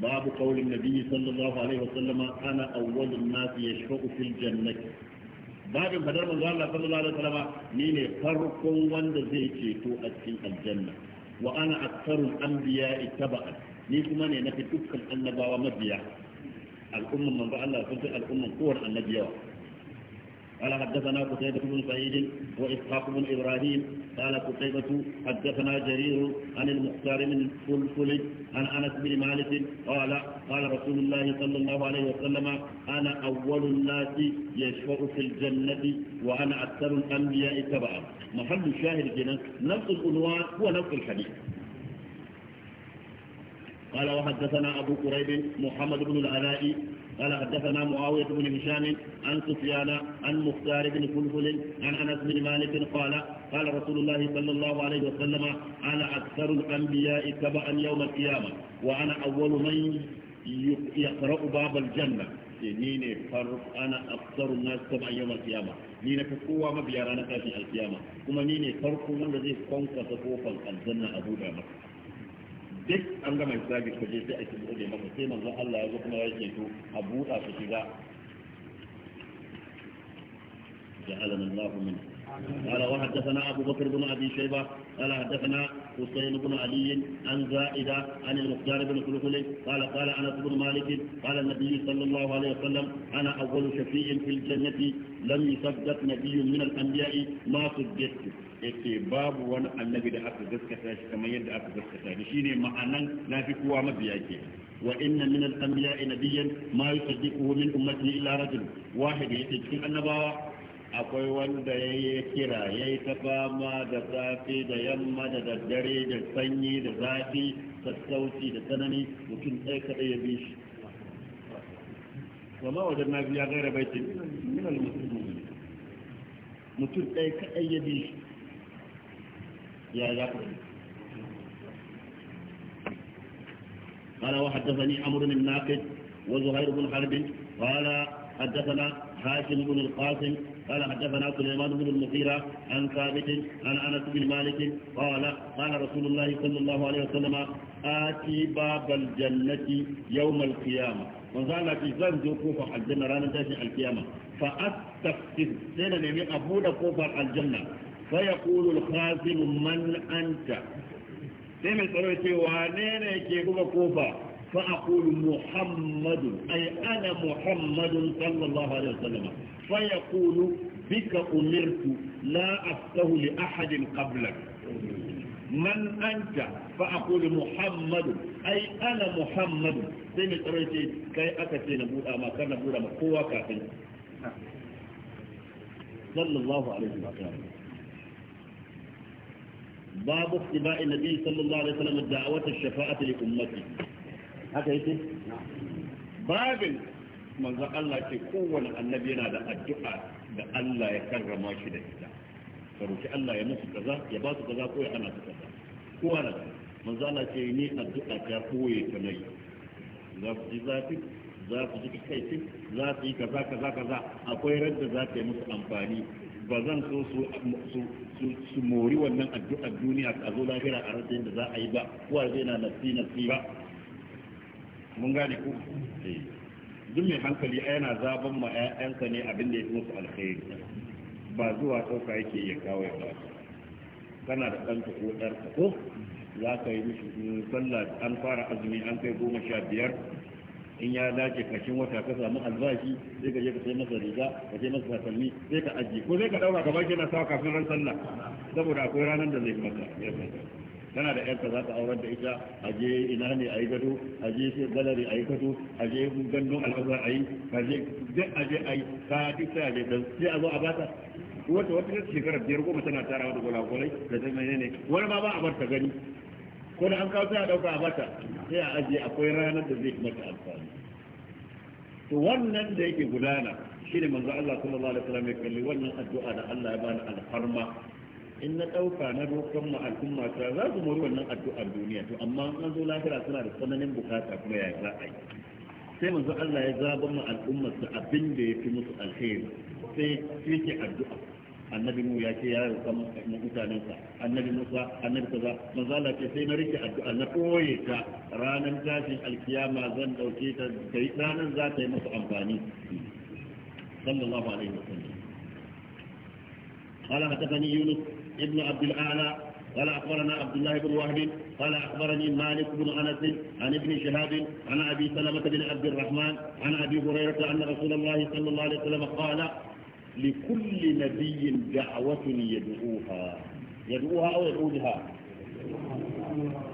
babu qaulin nabiyyi sallallahu alaihi Sallama ana awwalun nas yashfa'u fil jannati babin fadar manzo Allah sallallahu alaihi wasallam ni ne farkon wanda zai ceto a cikin aljanna wa ana aktarul anbiya ittaba'an ni kuma ne na fi dukkan annabawa mabiya al'umman manzo Allah sun fi al'umman kowar annabi yawa قال حدثنا قتيبة بن سعيد وإسحاق بن إبراهيم قال قتيبة حدثنا جرير عن المختار من الفلفل عن أنس بن مالك قال قال رسول الله صلى الله عليه وسلم أنا أول الناس يشفع في الجنة وأنا أكثر الأنبياء تبعا محل الشاهد هنا نفس العنوان هو نفس الحديث قال وحدثنا أبو قريب محمد بن العلاء قال حدثنا معاوية بن هشام عن سفيان عن مختار بن فلفل عن أنس بن مالك قال قال رسول الله صلى الله عليه وسلم أنا أكثر الأنبياء تبعا يوم القيامة وأنا أول من يقرأ باب الجنة ni ne ana afsarun na saba yau kiyama ni na fi kowa mabiya ranar tashin alkiyama kuma ni ne farko wanda zai kwankwasa kofar aljanna a buɗe maka duk an gama hisabi ku je sai a bude maka sai manzon Allah ya zo kuma ya ce to a buɗa su shiga جعلنا الله منه قال وحدثنا أبو بكر بن أبي شيبة قال حدثنا حسين بن علي عن زائدة عن المختار بن كلكل قال قال أنس بن مالك قال النبي صلى الله عليه وسلم أنا أول شفيع في الجنة لم يصدق نبي من الأنبياء ما صدقت yace babu wani annabi da aka gaskata shi kamar yadda aka gaskata shi shine ma'anan nafi kowa mabiya ke wa inna min al anbiya nabiyyan ma yusaddiquhu min ummati illa rajul wahid yace cikin annabawa akwai wanda ya yi kira ya yi ma da safe da yamma da daddare da sanyi da zafi da sauti da tsanani mutum ɗaya kaɗai ya bi shi kuma wajen na biya gaira baitin min al-muslimin mutum ɗaya kaɗai ya bi shi يا يقول قال وحدثني عمرو بن ناقد وزهير بن حرب قال حدثنا هاشم بن القاسم قال حدثنا سليمان بن المغيرة عن ثابت عن انس بن مالك قال قال رسول الله صلى الله عليه وسلم آتي باب الجنة يوم القيامة وقال في زنج كوفة الجنة رانا تاشي القيامة فأستفتر سنة نمي أبود كوفة الجنة sayakulu khasim man anta sai mai tsaro ce wa ne ke buga kofa fa aqulu muhammadun ay ana muhammadun sallallahu alaihi wasallam fa yaqulu bika umirtu la aftahu li ahadin qablak man anta fa aqulu muhammadun ay ana muhammadun sai mai tsaro ce kai aka ce na buda ma kana buda ma kowa kafin sallallahu alaihi wasallam باب اتباع النبي صلى الله عليه وسلم دعوة الشفاعة لأمته haka yake babin manzo Allah ce kowane annabi yana da addu'a da Allah ya karrama shi da ita ka roki Allah ya musu kaza ya ba su kaza ko ana su kaza ko ana manzo Allah ce ni addu'a ta za ji zafi za su yi kaza kaza kaza akwai radda za ta yi musu amfani ba zan so su su mori wannan addu'ar duniya a zo lahira a rantsin da za a yi ba kuwa zai na nasi nasi ba mun gane ku eh. duk mai hankali yana zaban ma 'ya'yansa ne abin da ya fi musu alkhairi ba zuwa ɗauka yake ya kawo ya ba kana da ɗanka ko ɗarka ko za ka yi mishi mm, sallah an fara azumi an kai goma sha biyar in ya dace kashin wata ka samu albashi sai ka je ka sai masa riga ka sai masa takalmi sai ka ajiye ko sai ka daura ka bashi na kafin ran sallah saboda akwai ranar da zai maka kana da yarka za ka aurar da ita a je ina ne a yi gado a je galari a yi gado a je gandun al'azhar a yi ka je duk a je a yi ka duk sai a je dan sai a zo a bata wata wata shekarar biyar goma tana tara wata gwalagwalai da ta ne. wani ma ba a bar ta gani ko da an kawo sai a dauka a mata sai a ajiye akwai ranar da zai mata amfani to wannan da yake gudana shine manzo Allah sallallahu alaihi wasallam ya kalli wannan addu'a da Allah ya bani alfarma in na dauka na roƙon mu al'umma ta za su mori wannan addu'a duniya to amma an zo lafiya suna da tsananin bukata kuma ya za a yi sai manzo Allah ya zaba mu al'umma su abin da yafi musu alheri sai yake addu'a annabi mu ya ce ya yi kan mutanensa annabi musa annabi kaza manzala ce sai na rike addu'a na koye ta ranar tashin alkiyama zan dauke ta da ranar za ta yi musu amfani sallallahu alaihi wasallam قال حدثني يونس ابن عبد الاعلى قال اخبرنا عبد الله بن وهب قال اخبرني مالك بن انس عن ابن شهاب عن ابي سلمه بن عبد الرحمن عن ابي هريره ان رسول الله صلى الله عليه وسلم قال لكل نبي دعوة يدعوها يدعوها أو يدعوها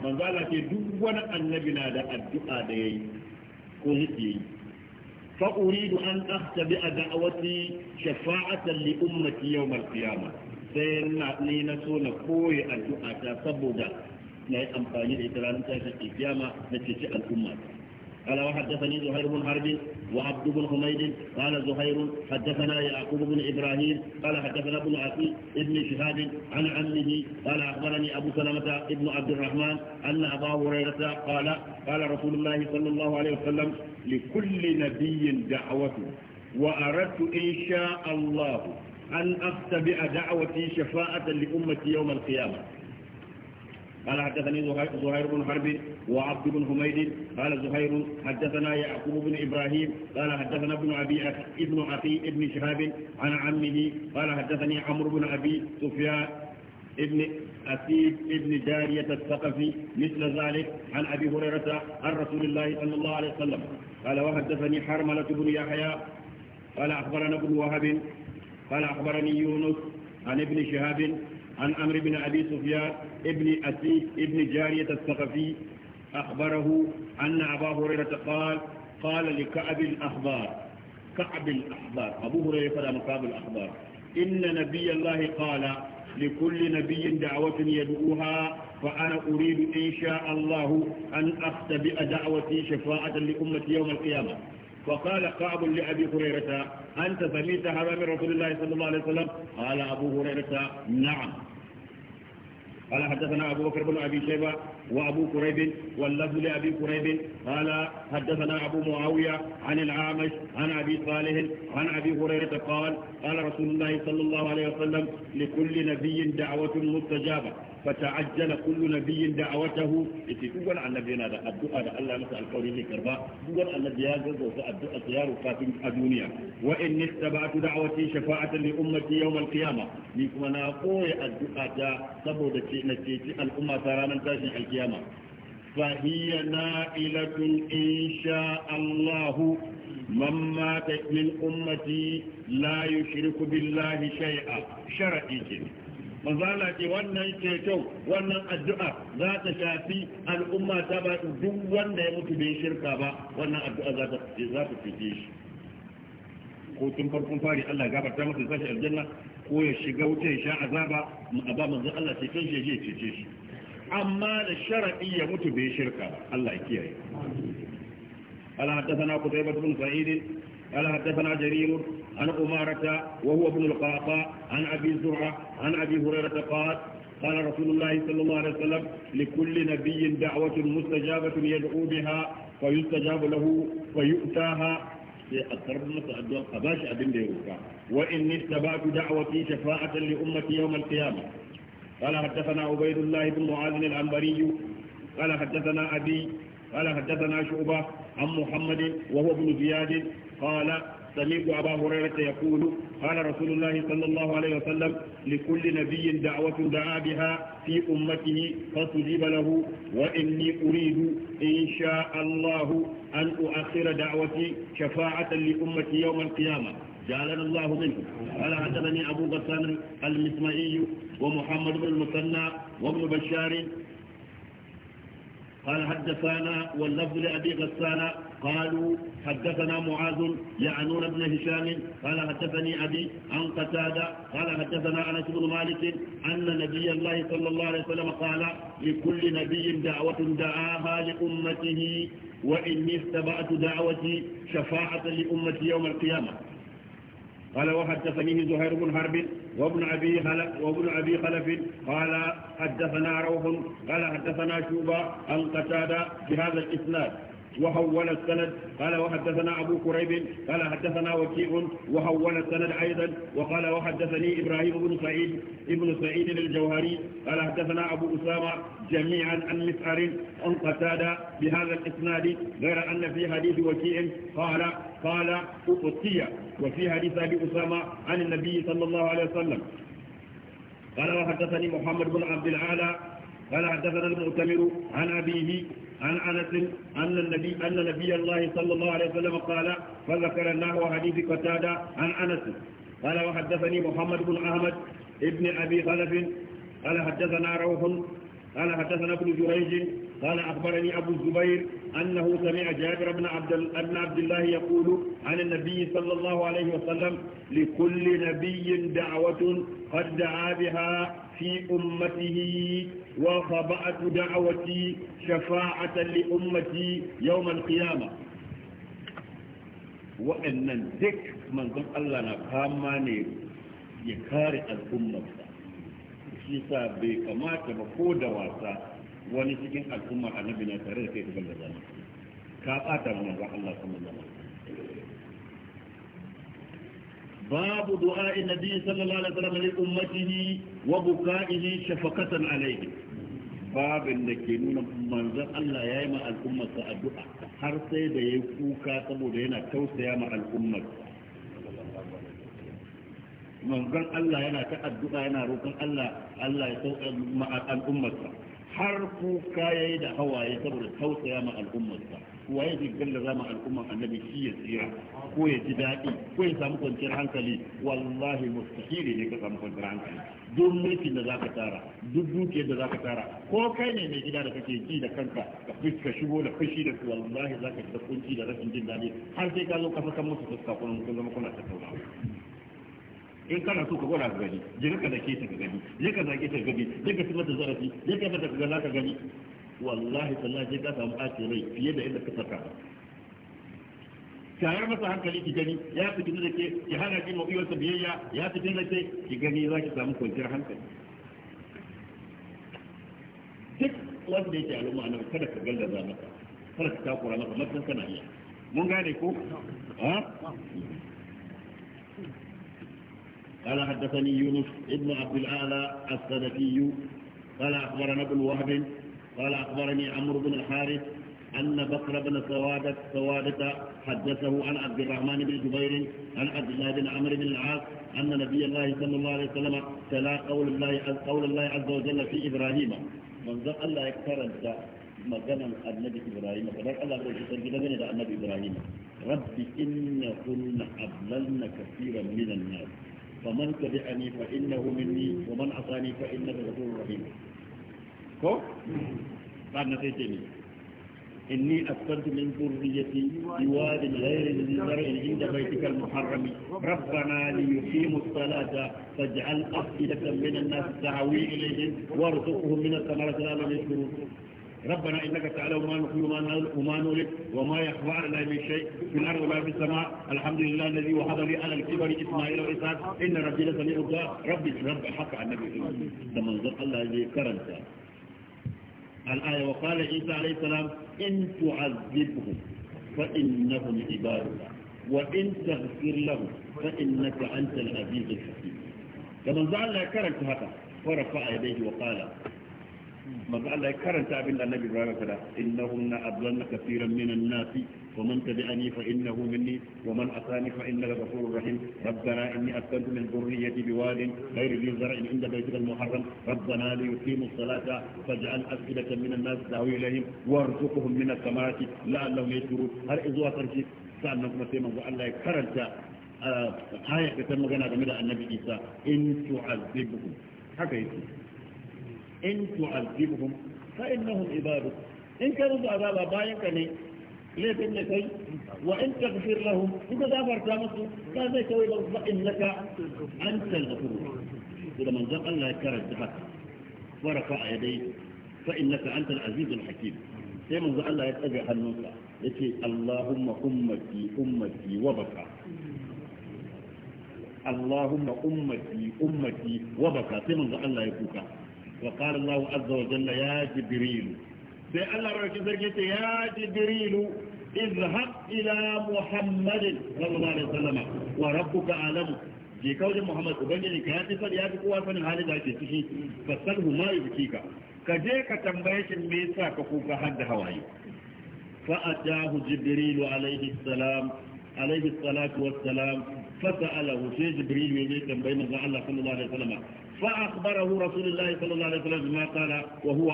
من قال في دون النبي نادى الدعاء دي كهدي فأريد أن أختبئ دعوتي شفاعة لأمتي يوم القيامة سيرنا لنسون قوي الدعاء تصبدا na yi amfani da ita ranar tashin kiyama na cece al'umma قال وحدثني زهير بن حرب وعبد بن حميد قال زهير حدثنا يعقوب بن ابراهيم قال حدثنا ابن عقيل ابن شهاد عن عمه قال اخبرني ابو سلمه ابن عبد الرحمن ان ابا هريره قال قال رسول الله صلى الله عليه وسلم لكل نبي دعوه واردت ان شاء الله ان اختبئ دعوتي شفاعه لامتي يوم القيامه قال حدثني زهير بن حرب وعبد بن حميد قال زهير حدثنا يعقوب بن ابراهيم قال حدثنا ابن ابي ابن اخي ابن شهاب عن عمه قال حدثني عمرو بن ابي سفيان ابن أسيد ابن جارية الثقفي مثل ذلك عن أبي هريرة عن رسول الله صلى الله عليه وسلم قال وحدثني حرملة بن يحيى قال أخبرنا ابن وهب قال أخبرني يونس عن ابن شهاب عن أمر بن أبي سفيان ابن أسيد ابن جارية الثقفي أخبره أن أبا هريرة قال قال لكعب الأخبار كعب الأخبار أبو هريرة فلا مقاب الأخبار إن نبي الله قال لكل نبي دعوة يدعوها فأنا أريد إن شاء الله أن أختبئ دعوتي شفاعة لأمتي يوم القيامة فقال قعب لأبي هريرة أنت سميت هذا من رسول الله صلى الله عليه وسلم قال أبو هريرة نعم قال حدثنا أبو بكر بن أبي شيبة وأبو كريب واللفظ لأبي كريب قال حدثنا أبو معاوية عن العامش عن أبي صالح عن أبي هريرة قال قال رسول الله صلى الله عليه وسلم لكل نبي دعوة مستجابة فتعجل كل نبي دعوته يتكون عن نبينا هذا الدعاء الله مسأل قولي لي كرباء دول الذي يجوز الدعاء سيار وفاتم الدنيا وإن اتبعت دعوتي شفاعة لأمتي يوم القيامة لكم أنا قوي الدعاء سبودة نتيجة الأمة من تاشي القيامة مريم فهي نائلة إن شاء الله من مات من أمتي لا يشرك بالله شيئا شرعي mazala ce wannan ceto wannan addu'a za ta shafi al'umma ta ba duk wanda ya mutu bai shirka ba wannan addu'a za ta za fice shi ko tun farkon fari Allah ya gafarta masa sashi aljanna ko ya shiga wuce ya sha azaba mu aba manzo Allah sai kan shi ya cece shi amma da sharadi ya mutu bai shirka Allah ya kiyaye قال حدثنا قتيبة بن سعيد قال حدثنا جرير عن أمارة وهو ابن القعقاع عن أبي زرعة عن أبي هريرة قال قال رسول الله صلى الله عليه وسلم لكل نبي دعوة مستجابة يدعو بها فيستجاب له فيؤتاها من مسأدوان قباش أبن وإني اتبعت دعوتي شفاعة لأمتي يوم القيامة قال حدثنا عبيد الله بن معاذ العنبري قال حدثنا أبي قال حدثنا شعبة عن محمد وهو ابن زياد قال سمعت أبا هريرة يقول قال رسول الله صلى الله عليه وسلم لكل نبي دعوة دعا بها في أمته فاستجيب له وإني أريد إن شاء الله أن أؤخر دعوتي شفاعة لأمتي يوم القيامة جعلنا الله منه قال حدثني أبو غسان المسمعي ومحمد بن المثنى وابن بشار قال حدثنا واللفظ لأبي غسان قالوا حدثنا معاذ يعنون بن هشام قال حدثني أبي عن قتادة قال حدثنا أنس بن مالك أن نبي الله صلى الله عليه وسلم قال لكل نبي دعوة دعاها لأمته وإني استبعت دعوتي شفاعة لأمتي يوم القيامة قال وحدثني زهير بن حرب وابن أبي خلف وابن أبي خلف قال حدثنا روح قال حدثنا شوبة القتاده بهذا الإسناد وحول السند قال وحدثنا أبو كريب قال حدثنا وكيع وحول السند أيضا وقال وحدثني إبراهيم بن سعيد ابن سعيد الجوهري قال حدثنا أبو أسامة جميعا عن مسعر عن قتادة بهذا الإسناد غير أن في حديث وكيع قال قال أقتي وفي حديث أبي أسامة عن النبي صلى الله عليه وسلم قال وحدثني محمد بن عبد العالى قال حدثنا المؤتمر عن أبيه عن أنس أن النبي أن نبي الله صلى الله عليه وسلم قال فذكر نحو حديث قتادة عن أنس قال وحدثني محمد بن أحمد ابن أبي خلف قال حدثنا روح قال حدثنا ابن جريج قال أخبرني أبو الزبير أنه سمع جابر بن عبد بن عبد الله يقول عن النبي صلى الله عليه وسلم لكل نبي دعوة قد دعا بها في أمته وخبأت دعوتي شفاعة لأمتي يوم القيامة وأن ذك من ذن الله نقامني يكارئ الأمة shi sa bai kamata ba ko da wasa wani cikin al'ummar annabi na tare da kai da zama ka ɓata mana ba Allah باب دعاء النبي صلى الله عليه وسلم لأمته وبكائه شفقة عليه باب انك منظر الله يايما الأمة الدعاء har sai da ya kuka saboda yana tausaya ma al'ummar manzon Allah yana ta addu'a yana roƙon Allah ya sauka ma al'ummarsa har kuka yayi da hawaye saboda tausaya ma al'ummarsa waye zai za mu al'umma annabi shi ya tsira ko ya ji daɗi ko ya samu kwanciyar hankali wallahi mustahili ne ka samu kwanciyar hankali duk mulkin da zaka tara duk dukiyar da zaka tara ko kai ne mai gida da kake ji da kanka ka fuska shigo da fushi da su wallahi zaka ji da kunci da rashin jin daɗi har sai ka zo ka saka musu fuska kun zama kuna tattaunawa in kana so ka gwada ka gani jirka da ke ta ka gani jirka da ke ta ka gani je ka mata zarafi da ka mata ka gani wallahi tallahi sai ka samu ɓacin rai fiye da inda ka saka shayar masa hankali ki gani ya fitin da ke ki hana ki ma'uwarsa biyayya ya fitin da ke ki gani za ki samu kwanciyar hankali duk wanda yake al'umma nan kada ka gallaza maka kada ka takura maka matan kana iya mun gane ko قال حدثني يونس ابن عبد الاعلى السلفي قال اخبرنا ابن وهب قال أخبرني عمرو بن الحارث أن بكر بن سوادة سوادة حدثه عن عبد الرحمن بن جبير عن عبد الله بن عمرو بن العاص أن نبي الله صلى الله عليه وسلم تلا قول الله قول الله عز وجل في إبراهيم من ذا الله يكرم مجانا النبي إبراهيم فذلك الله بن جبير جدا النبي إبراهيم رب إنهن أضللن كثيرا من الناس فمن تبعني فإنه مني ومن عصاني فإنه غفور رحيم ko sannan sai إني أسلمت من ذريتي بواد غير ذي عند بيتك المحرم ربنا ليقيموا الصلاة فاجعل أفئدة من الناس تهوي إليهم وارزقهم من الثمرات لا من ربنا إنك تعلم ما نحيي وما نولد وما يخفى علينا من شيء في الأرض ولا في السماء الحمد لله الذي وحد لي على الكبر إسماعيل وإسحاق إن ربي لسميع الدعاء ربي رب حق على النبي لما الله يكرمك الآية وقال عيسى عليه السلام إن تعذبهم فإنهم عبادك وإن تغفر لهم فإنك أنت العزيز الحكيم كما زعل لا كرنت هذا ورفع يديه وقال ما زعل لا كرنت أبن النبي إبراهيم كذا إنهن أضلن كثيرا من الناس ومن تبعني فإنه مني ومن أتاني فإن غفور رحيم ربنا إني أسكنت من ذريتي بواد غير ذي زرع عند بيتك المحرم ربنا ليقيموا الصلاة فاجعل أسئلة من الناس تهوي إليهم وارزقهم من الثمرات لعلهم يشكرون هل إذوا ترجي سألنا كما سيما الله يكرر آه، آية تتم غنى جميلة النبي إيسى إن تعذبهم haka إن تعذبهم فإنهم عبادك إن كانوا in ka laifin da kai wa in taghfir lahum in ka gafarta musu ka zai kawai da fa'in laka antal ghafur da manzon Allah ya karanta haka wa rafa'a yadai fa innaka antal azizul hakim sai manzo Allah ya tsaga hannunsa yace Allahumma ummati ummati wa baka Allahumma ummati ummati wa baka sai manzo Allah ya kuka wa qala Allah azza wa jalla sai Allah rauki sarki ce ya jibrilu izhab ila muhammadin sallallahu alaihi wasallam wa rabbuka alamu je kaujin muhammad ubangiji ka ya tafi ya fi kowa sanin halin da ake ciki fasalhu ma yubkika ka je ka tambaye shi me yasa ka kuka har da hawaye fa atahu jibrilu alaihi salam alaihi salatu wassalam فسأله في جبريل يجيكم بين الله صلى الله عليه وسلم فأخبره رسول الله صلى الله عليه وسلم ما wa وهو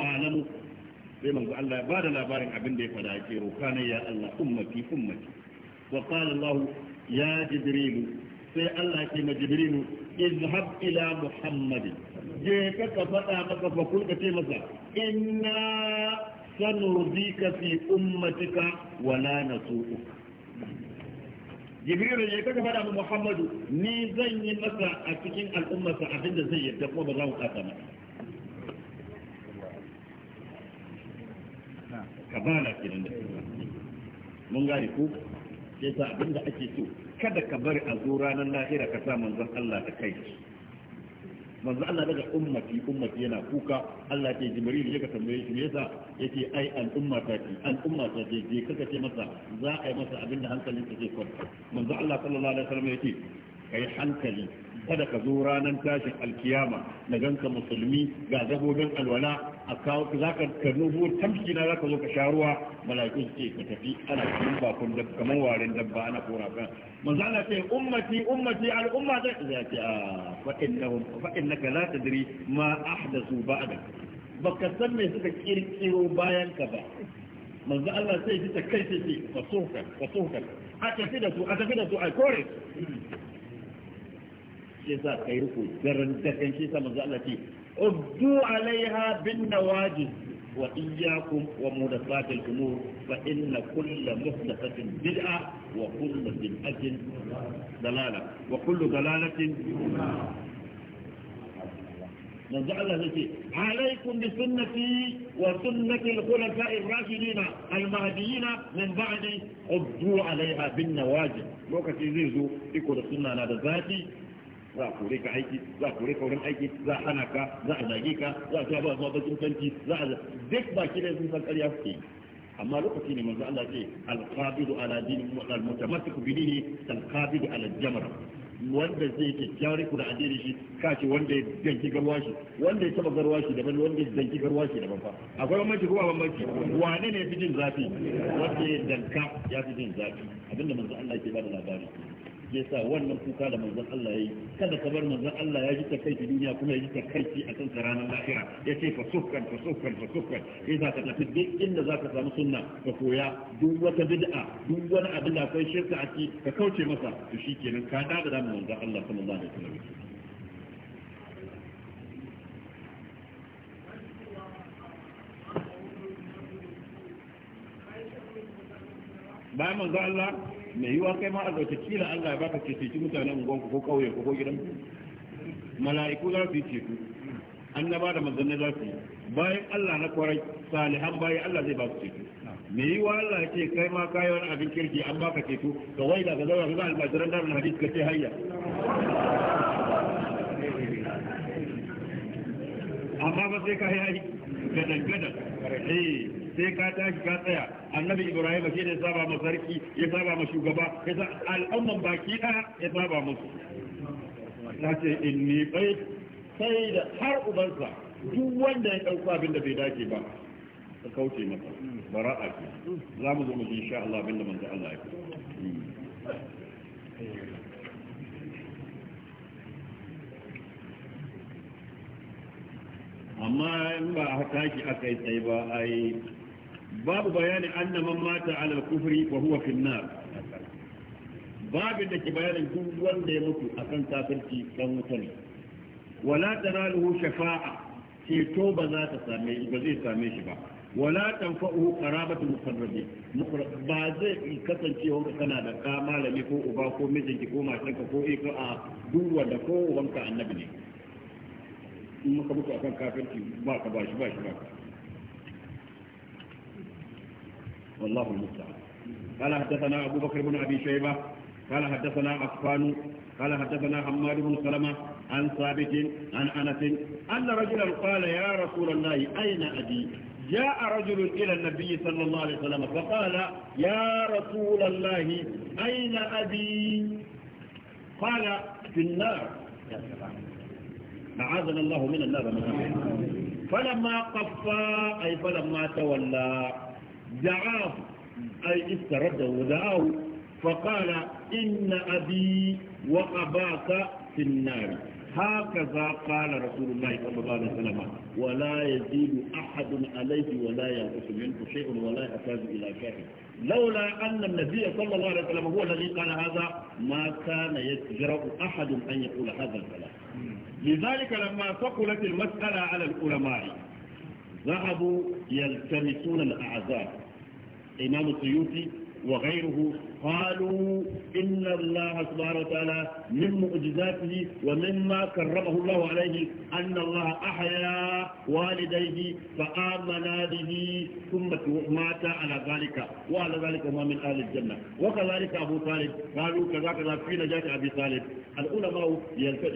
sai manzo Allah ya bada labarin abin da ya fada ya ce ya Allah ummati ummati wa qala Allah ya jibril sai Allah ya ma jibril izhab ila muhammadu je ka ka fada maka fa kulka ce masa inna sanurdika fi ummatika wa la nasuuka jibril ya kaga fada ma muhammadu ni zan yi masa a cikin al'ummarsa abinda zai yadda kuma ba za mu kasa maka kabala kenan da mun gane ku sai sa abin da ake so kada ka bari a zo ranar lahira ka sa manzon Allah da kai manzon Allah daga ummati ummati yana kuka Allah ke jibril ya ka tambaye shi me yasa yake ai al'umma ta ce al'umma ta ce je kaka ce masa za a yi masa abin da hankalin ke kwanta manzon Allah sallallahu alaihi wasallam yake kai hankali kada ka zo ranar tashin alkiyama na ganka musulmi ga zabobin alwala a kawo za ka ka nuhu tamshi na za ka zo ka sha ruwa mala'iku ce ka tafi ana cikin bakon da kamar warin dabba ana kora ka manzo Allah ce ummati ummati al'umma ta ya ce a ah, fa innahum fa innaka la tadri ma ahdathu ba'dak baka san me suka kirkiro bayan ka ba manzo Allah sai ji ta kai sai ce fasuhkan fasuhkan a tafi da su a tafi da su a kore shi yasa kai ruku garan dakan shi yasa manzo Allah ce uddu alaiha bin nawajid wa iyyakum wa mudafatil umur fa inna kulla muhdathatin bid'a wa bid'atin dalala wa kullu dalalatin manzo Allah yake alaikum bi sunnati wa sunnati al-khulafa'i ar-rashidin al-mahdiyyin min ba'di uddu alaiha bin nawajid lokaci zai zo iko da sunna na da zafi za a kore ka aiki za a kore ka wurin aiki za a hana ka za a zage ka za a ta ba zuwa bakin tanti za a duk baki da sun san ƙarya suke amma lokaci ne manzo Allah ce al-qabidu ala dini wa al-mutamassik bi dini al-qabidu ala jamra wanda zai ke kyawar ku da addini shi kace wanda ya danki garwa shi wanda ya taba garwa shi daban wanda ya danki garwa shi daban fa akwai bambanci kuma bambanci wane ne fi jin zafi wanda ya danka ya fi jin zafi abinda manzo Allah ke bada labari shi yasa wannan kuka da manzon Allah yayi kada ka bar manzon Allah ya ji takaici duniya kuma ya ji takaici a kan ranar lahira ya ce fa sukkan fa sukkan fa sukkan ka tafi duk inda za ka samu sunna ka koya duk wata bid'a duk wani abin da akwai shirka a ci ka kauce masa to shikenan ka daga da manzon Allah sallallahu alaihi wasallam bayan manzo Allah mai yiwa kai ma a zauce kila Allah ya baka ce ceci mutanen unguwanku ko kauyen ko gidan mala'iku za su yi ceto annaba da manzanni za su yi bayan Allah na kwarai salihan bayan Allah zai ba su ceto me yiwa Allah ya ce kai ma kayi wani abin kirki an baka ceto ka wai daga zaura ga almajiran darul hadis ka ce hayya amma ba sai ka yi gadan gadan eh sai ka tashi ka tsaya annabi ibrahim shi ne saba ma sarki ya saba ma shugaba ya al'umman baki ɗaya ya saba musu ta ce inni bai sai da har ubansa duk wanda ya ɗauko abin da bai dace ba ka kauce masa bara'a ce za mu zo mu ji insha Allah abin da manzo Allah ya amma in ba haka ki aka yi tsaye ba ai babu bayani anna man mata ala kufri wa huwa fi nar babu da ke duk wanda ya mutu akan kafirci dan wuta ne wala tanaluhu shafa'a ceto ba ba zai same shi ba wala tanfa'uhu qarabatu muqarrabin ba zai kasance wanda kana da ka malami ko uba ko mijinki ko matarka ko ika eh, a duk wanda ko wanka annabi ne in mutu akan kafirci ba ka ba shi ba shi ba والله المستعان قال حدثنا أبو بكر بن أبي شيبة قال حدثنا عفان قال حدثنا حماد بن سلمة عن ثابت عن أنس أن رجلا قال يا رسول الله أين أبي جاء رجل إلى النبي صلى الله عليه وسلم فقال يا رسول الله أين أبي قال في النار أعاذنا الله من النار فلما قفى أي فلما تولى دعاه أي استرده ودعاه فقال إن أبي وأباك في النار هكذا قال رسول الله صلى الله عليه وسلم ولا يزيد أحد عليه ولا ينقص منه شيء ولا يحتاج إلى شيء لولا أن النبي صلى الله عليه وسلم هو الذي قال هذا ما كان يجرأ أحد أن يقول هذا الكلام لذلك لما ثقلت المسألة على العلماء ذهبوا يلتمسون الأعذار إمام السيوطي وغيره قالوا إن الله سبحانه وتعالى من معجزاته ومما كرمه الله عليه أن الله أحيا والديه فآمنا به ثم مات على ذلك وعلى ذلك هو من أهل الجنة وكذلك أبو طالب قالوا كذا كذا في نجاة أبي طالب العلماء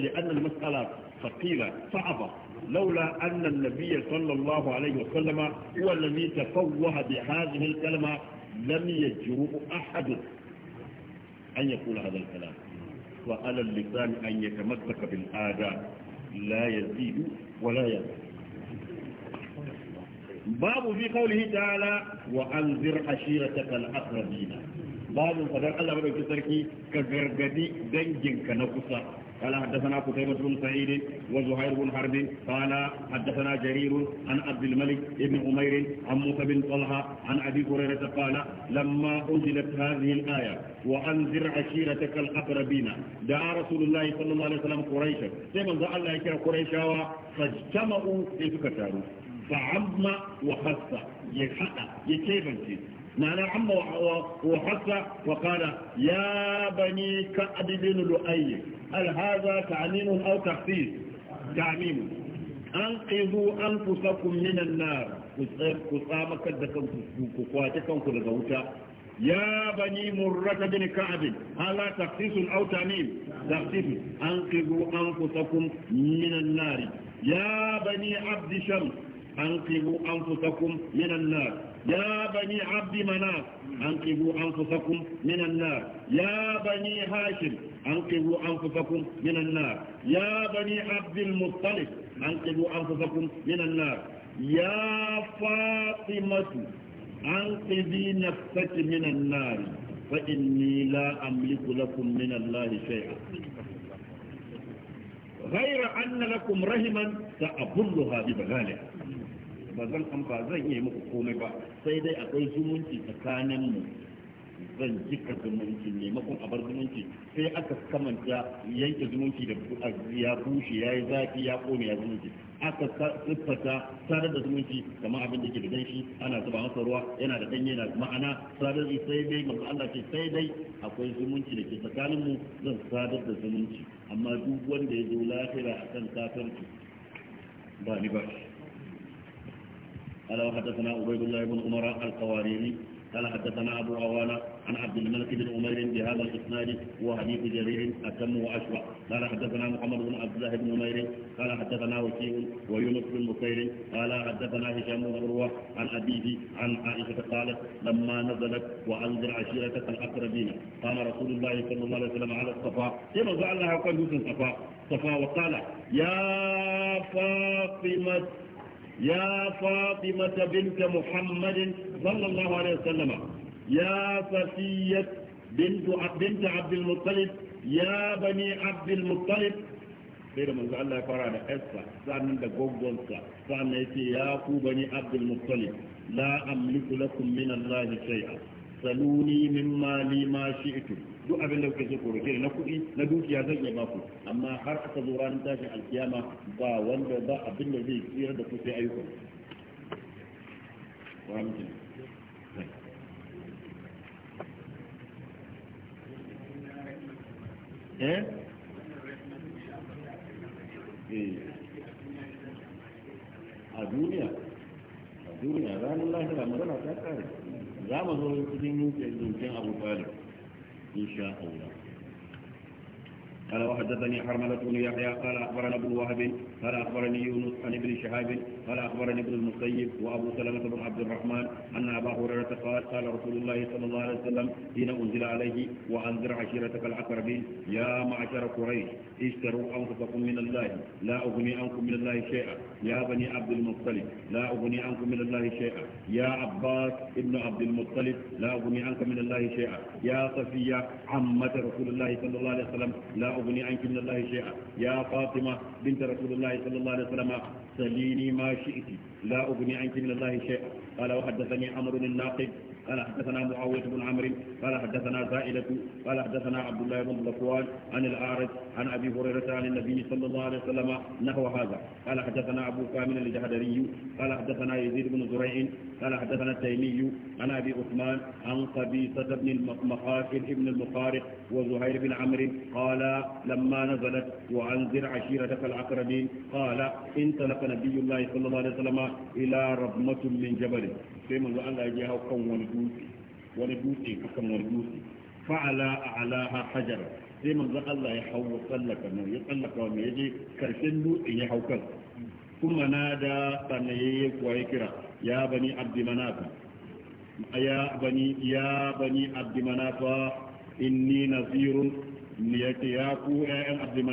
لأن المسألة ثقيلة صعبة لولا أن النبي صلى الله عليه وسلم هو الذي تفوه بهذه الكلمة لم يجرؤ أحد أن يقول هذا الكلام وعلى اللسان أن يتمسك بالآداء لا يزيد ولا يزيد باب في قوله تعالى وأنذر عشيرتك الأقربين babin fadar Allah madauki sarki ka gargadi danginka na kusa قال حدثنا قتيبة بن سعيد وزهير بن حرب قال حدثنا جرير عن عبد الملك بن عمير عن موسى بن طلحة عن أبي هريرة قال لما أنزلت هذه الآية وأنذر عشيرتك الأقربين دعا رسول الله صلى الله عليه وسلم قريشا كما دعا الله يكره قريشا فاجتمعوا لتكتاروا فعم وخص يحقق يكيبنتي ma'ana amma wa hasa wa kana ya bani ka adibin lu'ayyi alhaza ta'limun aw tafsir ta'lim an qizu anfusakum min an-nar kusar kusama kad da kan ku kwata kan ku daga wuta ya bani murrata bin ka'ab hala tafsir aw ta'lim tafsir an qizu anfusakum min an-nar ya bani abd shams an qizu anfusakum min an-nar ya bani abdi mana an kibu an kusakun minan na ya bani hashim an kibu an kusakun minan na ya bani abdi mustalif an kibu an kusakun minan na ya fatimatu an kibi nafsaki minan na fa inni la amliku lakum min allahi shay'a ghayra anna lakum rahiman sa'abullu hadi bagalah ba zan an ba zan iya muku komai ba sai dai akwai zumunci tsakanin mu zan jika zumunci ne makon a bar zumunci sai aka kamanta yanke zumunci da ya bushe ya yi zafi ya kone ya zumunci aka siffata sadar da zumunci kamar abin da ke da danshi ana zuba masa ruwa yana da danye na ma'ana sadar da sai dai manzo Allah ce sai dai akwai zumunci da ke tsakanin mu zan sadar da zumunci amma duk wanda ya zo lafiya akan kafirci ba ni ba shi قال وحدثنا عبيد الله بن عمر القواريري قال حدثنا أبو عوانة عن عبد الملك بن عمير بهذا الإسناد وحديث جرير أتم واشوى قال حدثنا محمد بن عبد الله بن عمير قال حدثنا وكيع ويونس بن بكير قال حدثنا هشام بن عروة عن أبيه عن عائشة قالت لما نزلت وأنذر عشيرتك الأقربين قام رسول الله صلى الله عليه وسلم على الصفا كما جعلها قال يوسف الصفا صفا وقال يا فاطمة يا فاطمة بنت محمد صلى الله عليه وسلم يا صفية بنت بنت عبد المطلب يا بني عبد المطلب سيدنا منزل الله يقرا على اسفا سان ده غوغون سا سان يا كو بني عبد المطلب لا املك لكم من الله شيئا سلوني مما لي ما شئتم duk abin da kuke so ke na kuɗi na dukiya zan iya ba ku amma har aka zo ranar tashin alkiyama ba wanda ba abin da zai tsira da ku sai ayyukan eh? eh. a duniya a duniya ranar lahira magana ta kare za mu zo cikin yankin abu talib in sha Allah قال وحدثني حرملة بن يحيى قال أخبرنا ابن وهب قال أخبرني يونس عن ابن شهاب قال أخبرني ابن المسيب وأبو سلمة بن عبد الرحمن أن أبا هريرة قال قال رسول الله صلى الله عليه وسلم حين أنزل عليه وأنذر عشيرتك الأقربين يا معشر قريش اشتروا أنفسكم من الله لا أغني عنكم من الله شيئا يا بني عبد المطلب لا أغني عنكم من الله شيئا يا عباس ابن عبد المطلب لا أغني عنكم من الله شيئا يا صفية عمة رسول الله صلى الله عليه وسلم لا تغني عنك من الله شيئا يا فاطمة بنت رسول الله صلى الله عليه وسلم سليني ما شئت لا أغني عنك من الله شيئا قال وحدثني عمرو الناقد قال حدثنا معاوية بن عمرو قال حدثنا زائدة قال حدثنا عبد الله بن ذكوان عن الأعرج عن أبي هريرة عن النبي صلى الله عليه وسلم نحو هذا قال حدثنا أبو كامل الجهدري قال حدثنا يزيد بن زريع قال حدثنا التيمي عن أبي عثمان عن قبيصة بن المقاتل بن المخارق وزهير بن عمرو قال لما نزلت وأنذر عشيرتك العقربين قال انطلق نبي الله صلى الله عليه وسلم إلى ربمة من جبل sai manzo Allah ya hau kan wani dutse wani dutse kan wani dutse fa'ala a'laha hajar sai manzo Allah ya hau sallaka nan ya sallaka wani yaje karshen dutsen ya hau kan kuma nada sannan yayi kuwa ya kira ya bani abdi manafa ya bani ya bani abdi inni nazirun ni yake ya ku ya'yan abdi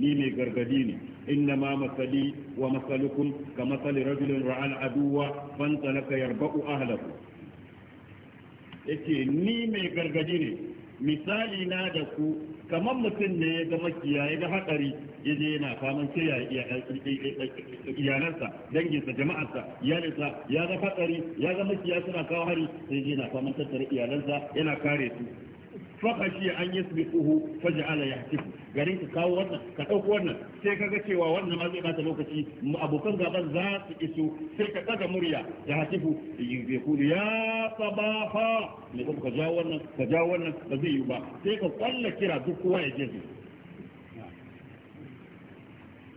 ni mai gargadi ne إنما مثلي ومثلكم كمثل رجل رعى العدو فانطلق يربأ أهله yake ni mai gargadi ne misali na da ku kamar mutum ne ya ga makiya ya ga hatsari ya je yana faman sai ya iyalansa danginsa jama'arsa iyalinsa ya ga hatsari ya ga makiya suna kawo hari sai je yana faman tattara iyalansa yana kare su an yi su فخشي faji ala ya يحتف garin ka kawo wannan ka ɗauko wannan sai ka ga cewa wannan ma zai bata lokaci abokan gaban za su iso sai ka ɗaga murya da yi ya kudu ya sabaha ne ko ka jawo wannan ka jawo wannan ba zai yi ba sai ka kwalla kira duk kowa ya je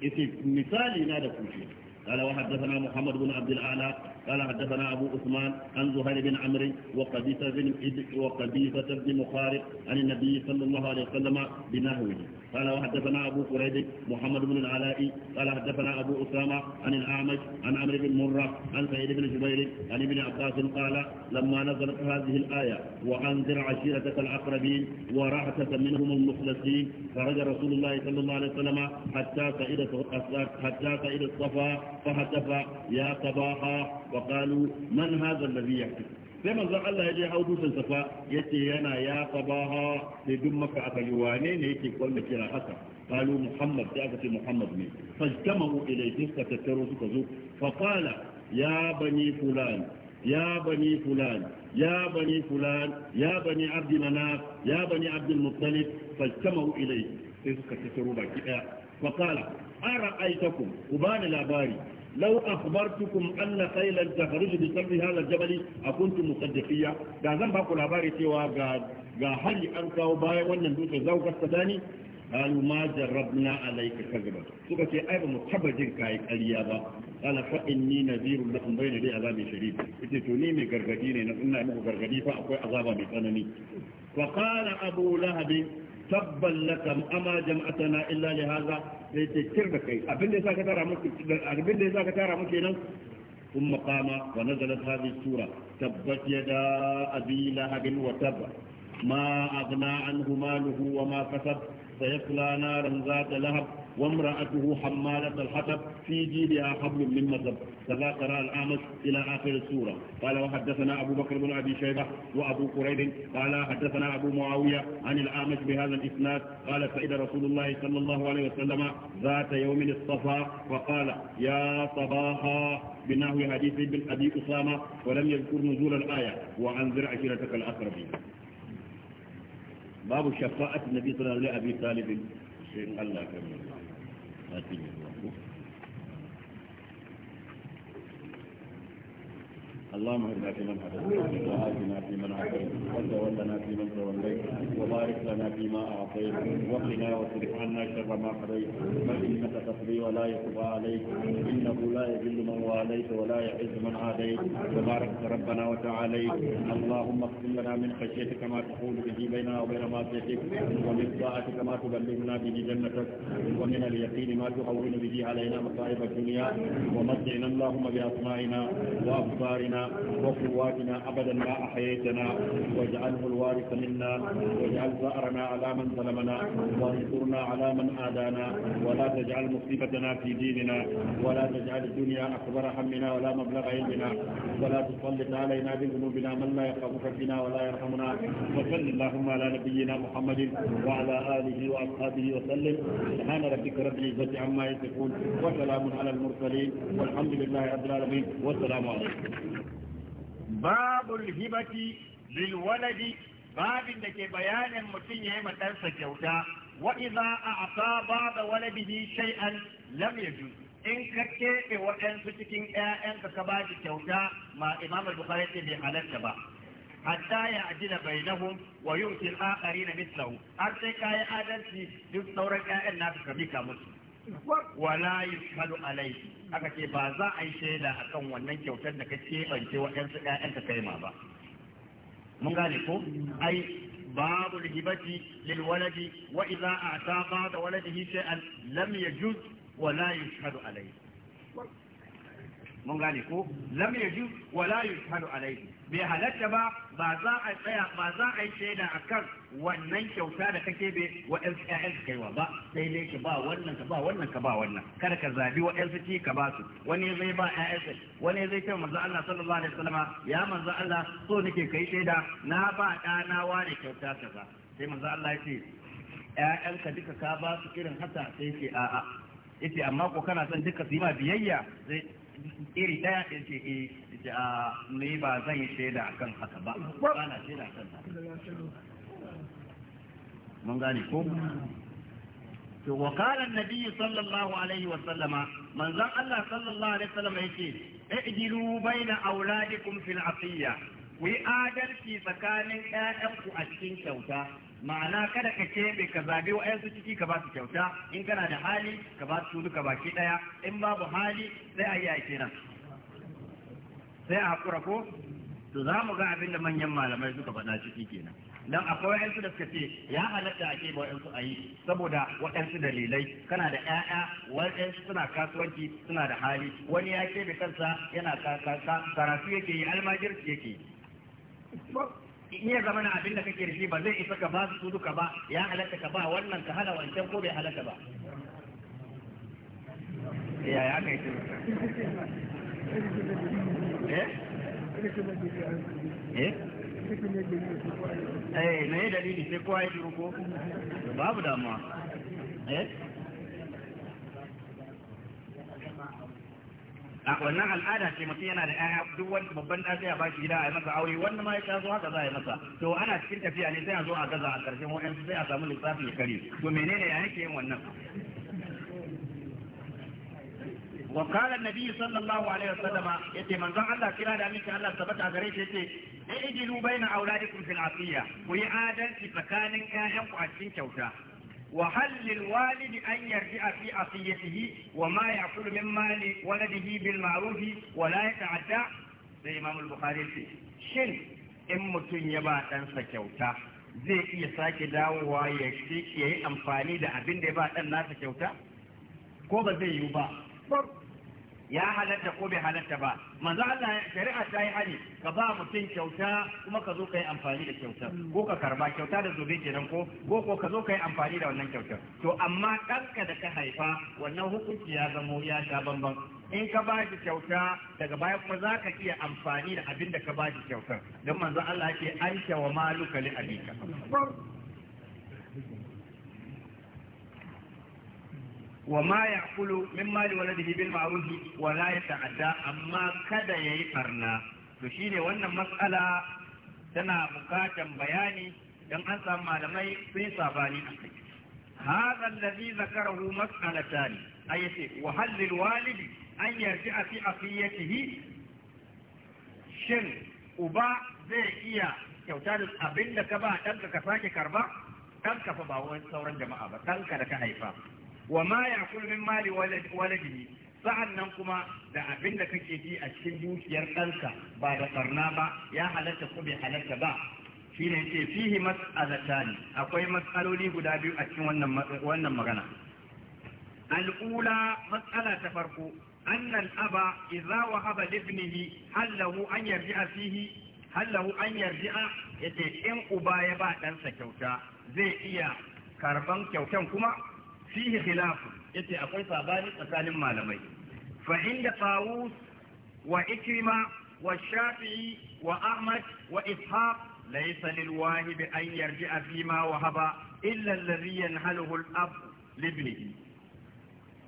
yace misali na da kuke قال وحدثنا محمد بن عبد ala. قال حدثنا أبو عثمان عن زهير بن عمرو وقبيصة بن وقبيصة بن مخارق عن النبي صلى الله عليه وسلم بنحوه قال وحدثنا أبو فريد محمد بن العلاء قال حدثنا أبو أسامة عن الأعمش عن عمرو بن مرة عن سعيد بن جبير عن ابن عباس قال لما نزلت هذه الآية وأنذر عشيرتك الأقربين ورحمة منهم المخلصين خرج رسول الله صلى الله عليه وسلم حتى سئل حتى سئل الصفا فهتف يا صباحا وقالوا من هذا الذي يكتب sai manzon Allah ya je hau dutsen Ya ce yana yafa sabaha da duk maka akali wane ne yake kwalla kira haka qalu muhammad sai aka ce muhammad ne fajtamu ilayhi suka tattaro suka zo fa qala ya bani fulan ya bani fulan ya bani fulan ya bani abd manaf ya bani abd al-muttalib fajtamu sai suka tattaro baki daya fa qala ara aitakum ubani labari law akhbartukum anna khaylan tahruj bi sabri hadha al-jabal akuntum musaddiqiyya da zan ba ku labari cewa ga ga hari an kawo bayan wannan dutse zau gaskata قالوا ما جربنا عليك كذبا suka ce ai ba mu taba jin kai ƙarya ba qala fa inni nadhirun lakum bayna li azabi shadid yace ni mai gargadi ne na ina muku gargadi fa akwai azaba mai tsanani wa qala abu lahab tabban laka amma jama'atana illa li haza sai ce kir da kai abin da yasa ka tara muku abin da yasa ka tara muku kenan ثم قام ونزلت هذه السورة تبت يدا أبي لهب وتب ما أغنى عنه ماله وما كسب سيكلا نارا ذات لهب وامرأته حمالة الحطب في جيبها حبل من مطب كذا قرأ الأعمش إلى آخر السورة قال وحدثنا أبو بكر بن أبي شيبة وأبو قريب قال حدثنا أبو معاوية عن الأعمش بهذا الإسناد قال سئل رسول الله صلى الله عليه وسلم ذات يوم اصطفى فقال يا صباحا بنحو حديث ابن أبي أسامة ولم يذكر نزول الآية وأنذر عشيرتك الأقربين باب شفاءة النبي صلى الله عليه وسلم لأبي طالب الشيخ الله كمير آتي اللهم اهدنا في هديت وآتنا في من وتولنا في توليت وبارك لنا فيما أعطيت وقنا واصرف عنا شر ما قضيت فإنك تقضي ولا يقضى عليك إنه لا يذل من واليت ولا يعز من عاديت تبارك ربنا وتعاليت اللهم اغفر لنا من خشيتك ما تحول به بيننا وبين معصيتك ومن طاعتك ما تبلغنا به جنتك ومن اليقين ما تهون به علينا مصائب الدنيا ومتعنا اللهم بأسمائنا وأبصارنا وقواتنا أبدا ما أحييتنا واجعله الوارث منا واجعل وأرنا على من ظلمنا وانصرنا على من آدانا ولا تجعل مصيبتنا في ديننا ولا تجعل الدنيا أكبر همنا ولا مبلغ علمنا ولا تسلط علينا بذنوبنا من لا يخافك فينا ولا يرحمنا وصل اللهم على نبينا محمد وعلى آله وأصحابه وسلم سبحان ربك رب العزة عما يصفون وسلام على المرسلين والحمد لله رب العالمين والسلام عليكم باب الهبة للولد babin da ke bayanin mutum ya yi ma kyauta wa idza a'ta ba'da sai shay'an lam yajuz in ka keɓe waɗansu cikin ƴaƴanka ka ba shi kyauta ma Imam Bukhari ce bai halarta ba hatta ya ajila bainahum wa yu'ti al-akharina mithlahu har sai kai adalci duk sauran ƴaƴan naka ka bika musu wala yushhadu alai, aka ce ba za a yi shaida akan wannan kyautar da ka keɓance waɗansu ƴaƴanka kai ma ba mun gane ko ai babu hibati lil waladi wa idza ata qada waladihi shay'an lam yajuz wa la yushhadu alayhi mun gane ko lam yajuz wa la yushhadu alayhi bai halatta ba ba za a tsaya ba za a yi shaida akan wannan kyauta da kake bai waɗansu ƴaƴan su wa ba sai dai ki ba wannan ka ba wannan ka ba wannan kada ka zabi waɗansu ki ka ba su wani zai ba ƴaƴan wani zai ce manzo Allah sallallahu alaihi wasallama ya manzo Allah so nake kai shaida na ba na ware kyauta ba sai manzo Allah ya ce ka duka ka ba su irin haka sai ke a'a yace amma ko kana son duka su yi ma biyayya sai iri ɗaya ce e ni ba zan yi shaida a kan haka ba ba na shaida a kan haka mun gane ko to wa qala sallallahu alaihi wa sallama manzon Allah sallallahu alaihi wa sallama yace i'dilu baina auladikum fil afiya adalci tsakanin ƴaƴanku a cikin kyauta ma'ana kada ka keɓe ka zabe wa ciki ka ba su kyauta in kana da hali ka ba su duka baki ɗaya in babu hali sai a yi aike nan sai a haƙura ko to za mu ga abin da manyan malamai suka faɗa ciki kenan dan akwai wa'ansu da suka ce ya halatta a ke wa'ansu a yi saboda waɗansu dalilai kana da ƴaƴa waɗansu suna kasuwanci suna da hali wani ya keɓe kansa yana karatu yake yi almajirci yake yi iya ya zama na abin da kake da shi ba zai isa ka ba su duka ba ya halatta ka ba wannan ka hana wancan ko bai halatta ba ya ya kai shi eh eh eh dalili sai kowa ya shiru ko babu damuwa eh a wannan al'ada ce mutum yana da ƴaƴa duk wani babban ɗan sai bashi gida a masa aure wannan ma ya sha zo haka za a yi masa to ana cikin tafiya ne sai a zo a gaza a ƙarshen wa'ansu sai a samu lissafi ya kare to menene ya yake yin wannan وقال النبي صلى الله عليه وسلم يتي من Allah الله كلا دا ميك الله ثبت غري شي يتي اجلوا بين اولادكم في العطيه وي عادل في مكانك يا ابو عشين وهل للوالد أن يرجع في عصيته وما يأكل من مال ولده بالمعروف ولا يتعدى زي إمام البخاري في شن إن متن يبا تنسى كوتا زي إيه ساكي داوة يشتيك يهي أمفاني دا أبين دي با تنسى كوتا كوبا زي يبا ya halatta ko bai halatta ba manzo Allah shari'a ta yi hali ka ba mutum kyauta kuma ka zo ka yi amfani da kyauta ko ka karba kyauta da zobe kenan ko ko ko ka zo ka yi amfani da wannan kyauta to amma ɗanka da ka haifa wannan hukunci ya zama ya sha bamban in ka ba shi kyauta daga baya kuma za ka iya amfani da abin da ka ba shi kyautar don manzo Allah ke aisha wa maluka li abika wa ma ya kulu min mali waladihi bil ma'ruf wa la yata'adda amma kada ya yi barna to shine wannan matsala tana bukatan bayani dan an samu malamai sun yi sabani a kai هذا الذي ذكره مسألتان أي وهل للوالد أن يرجع في عقيته شن uba zai iya kyauta da abinda ka ba ɗanka ka sake karba ɗanka fa ba wani sauran jama'a ba ɗanka da ka haifa wa ma ya min mali waladihi sa'an nan kuma da abin da kake ji a cikin dukiyar ɗanka ba da ɓarna ba ya halatta ko bai halatta ba shi ne ce fihi mas'alatani akwai matsaloli guda biyu a cikin wannan magana al'ula matsala ta farko annan aba idza wahaba libnihi hallahu an yarji'a fihi hallahu an yarji'a yace in uba ya ba ɗansa kyauta zai iya karban kyautan kuma fihi khilaf yace akwai sabalin tsakanin malamai fa inda wa ikrima wa shafi'i wa ahmad wa ishaq laysa lil wahib an yarji'a fima wahaba illa alladhi yanhaluhu al-ab li ibnihi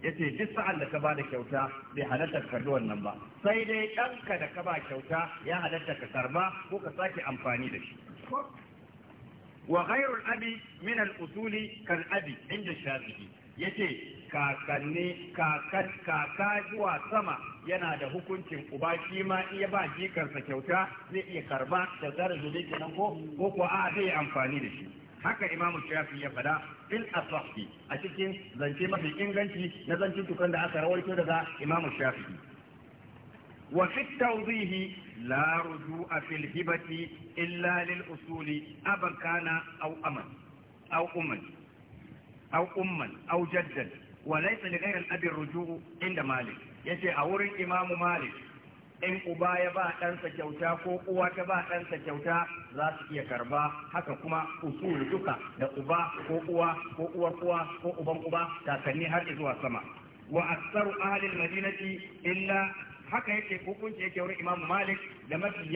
yace duk sa'an da ka ba da kyauta bai halatta ka karbi wannan ba sai dai ɗanka da ka ba kyauta ya halatta ka karba ko ka sake amfani da shi وغير abi من الأصول kan عند الشافعي yace kakanni kakat kaka zuwa sama yana da hukuncin uba shi ma iya ba jikarsa kyauta zai iya karba da zarazu da kenan ko ko ko a zai amfani da shi haka imam shafi ya fada fil asahi a cikin zance mafi inganci na zancen tukan da aka rawaito daga imam shafi وفي التوضيح لا رجوع في الهبة إلا للأصول أبا كان أو أما أو أما أو أما أو جدا وليس لغير الأب الرجوع عند مالك يتي أور الإمام مالك إن أبايا با أنسى جوتا فوقوا كبا أنسى جوتا ذات يكربا حتى كما أصول جوكا لأبا فوقوا فوقوا فوقوا فوقوا فوقوا تاكني هاتي سما وأكثر أهل المدينة إلا haka yake hukunci yake wurin imamu malik da mafi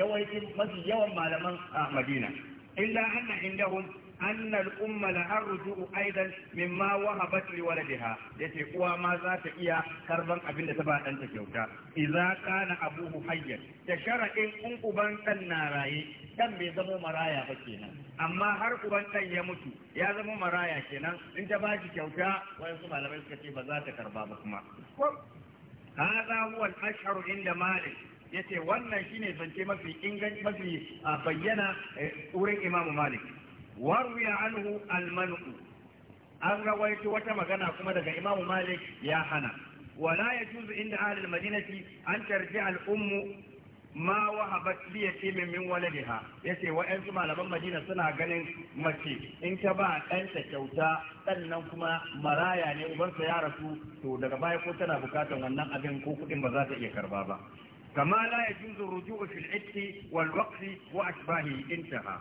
yawan malaman a madina illa anna indahum anna al-umma la arju'u aidan mimma wahabat li waladiha yace uwa ma za ta iya karban abin da ta ba danta kyauta idza kana abuhu hayyan ya shara'in in uban kan na raye dan bai zama maraya ba kenan amma har uban kan ya mutu ya zama maraya kenan in ta bashi kyauta wasu su malamai suka ce ba za ta karba ba kuma hada huwa al-ashhar inda malik yace wannan shine zance mafi inganci mafi bayyana wurin imamu malik warwiya anhu al-manu an rawaito wata magana kuma daga imamu malik ya hana wala yajuzu inda عند أهل an tarji al ummu ma wahabat li yatimin min waladiha yace wa'ansu malaman Madina suna ganin mace in ta ba ɗanta kyauta sannan kuma maraya ne ubansa ya rasu to daga baya ko tana bukatar wannan abin ko kuɗin ba za ta iya karba ba kama la yajuzu ruju'u fil itti wal waqfi wa ashbahi intaha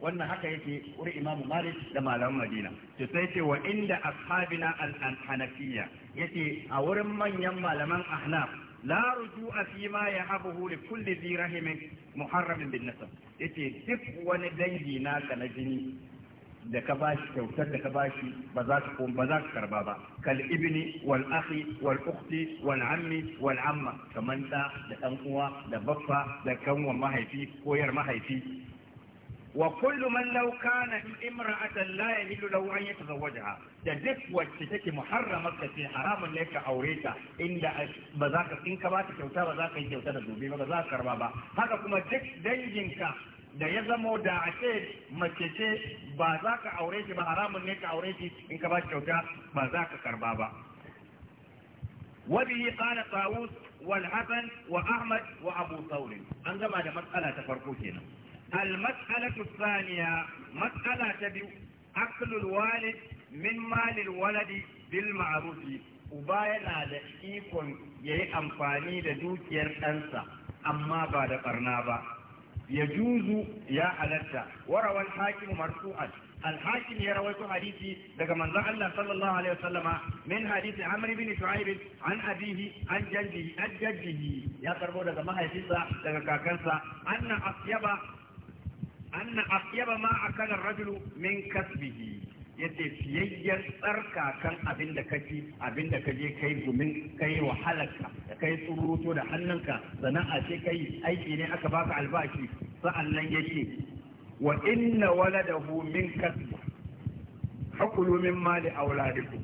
wannan haka yake wurin imamu malik da malaman madina to sai ce wa inda ashabina al-hanafiyya yace a wurin manyan malaman ahnaf la rujua fi ma yahabuhu li kulli dhi rahimin muharramin bin nasab yace duk wani dangi ka na jini da ka bashi kyautar da ka bashi ba za ka ba za ka karba ba kal ibni wal akhi wal ukhti wal ammi wal amma kaman da da dan uwa da baffa da kanwan mahaifi ko yar mahaifi wa وكل من لو كانت امرأة لا يهل له أن يتزوجها da duk wacce take muharrama ka ce haramun ne ka aure ta inda ba za ka in ka ba ta kyauta ba za ka yi kyauta da dubi ba ba za ka karba ba haka kuma duk danginka da ya zamo da a ce mace ce ba za ka aure shi ba haramun ne ka aure shi in ka ba ta kyauta ba za ka karba ba wabihi qala tawus wal hasan wa ahmad wa abu thawr an gama da matsala ta farko kenan المسألة الثانية مسألة تبي أكل الوالد من مال الولد بالمعروف وباين على إيكون يهي أمفاني لدوك يرسنسا أما بعد قرنابا يجوز يا حلتا وروى الحاكم مرفوعا الحاكم يروى حديثي لك من الله صلى الله عليه وسلم من حديث عمرو بن شعيب عن أبيه عن جده عن جده يا تربو لك ما هي أن أطيب anna asyaba ma akala rajulu min kasbihi yace fiyayyen tsarka kan abin da kake abin da kaje kai gumin kai wahalarka da kai tsuruto da hannunka sana'a ce kai aiki ne aka baka albashi sa'annan yace wa inna waladahu min kasbi hakulu min mali auladikum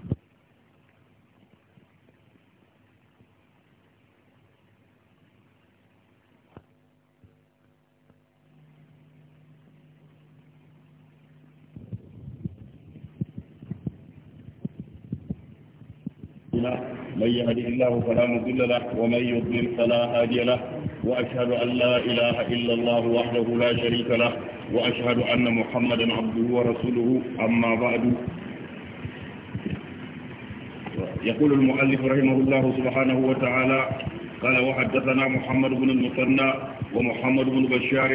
من يهده الله فلا مضل له ومن يضلل فلا هادي له وأشهد أن لا إله إلا الله وحده لا شريك له وأشهد أن محمدا عبده ورسوله أما بعد يقول المؤلف رحمه الله سبحانه وتعالى قال وحدثنا محمد بن المثنى ومحمد بن بشار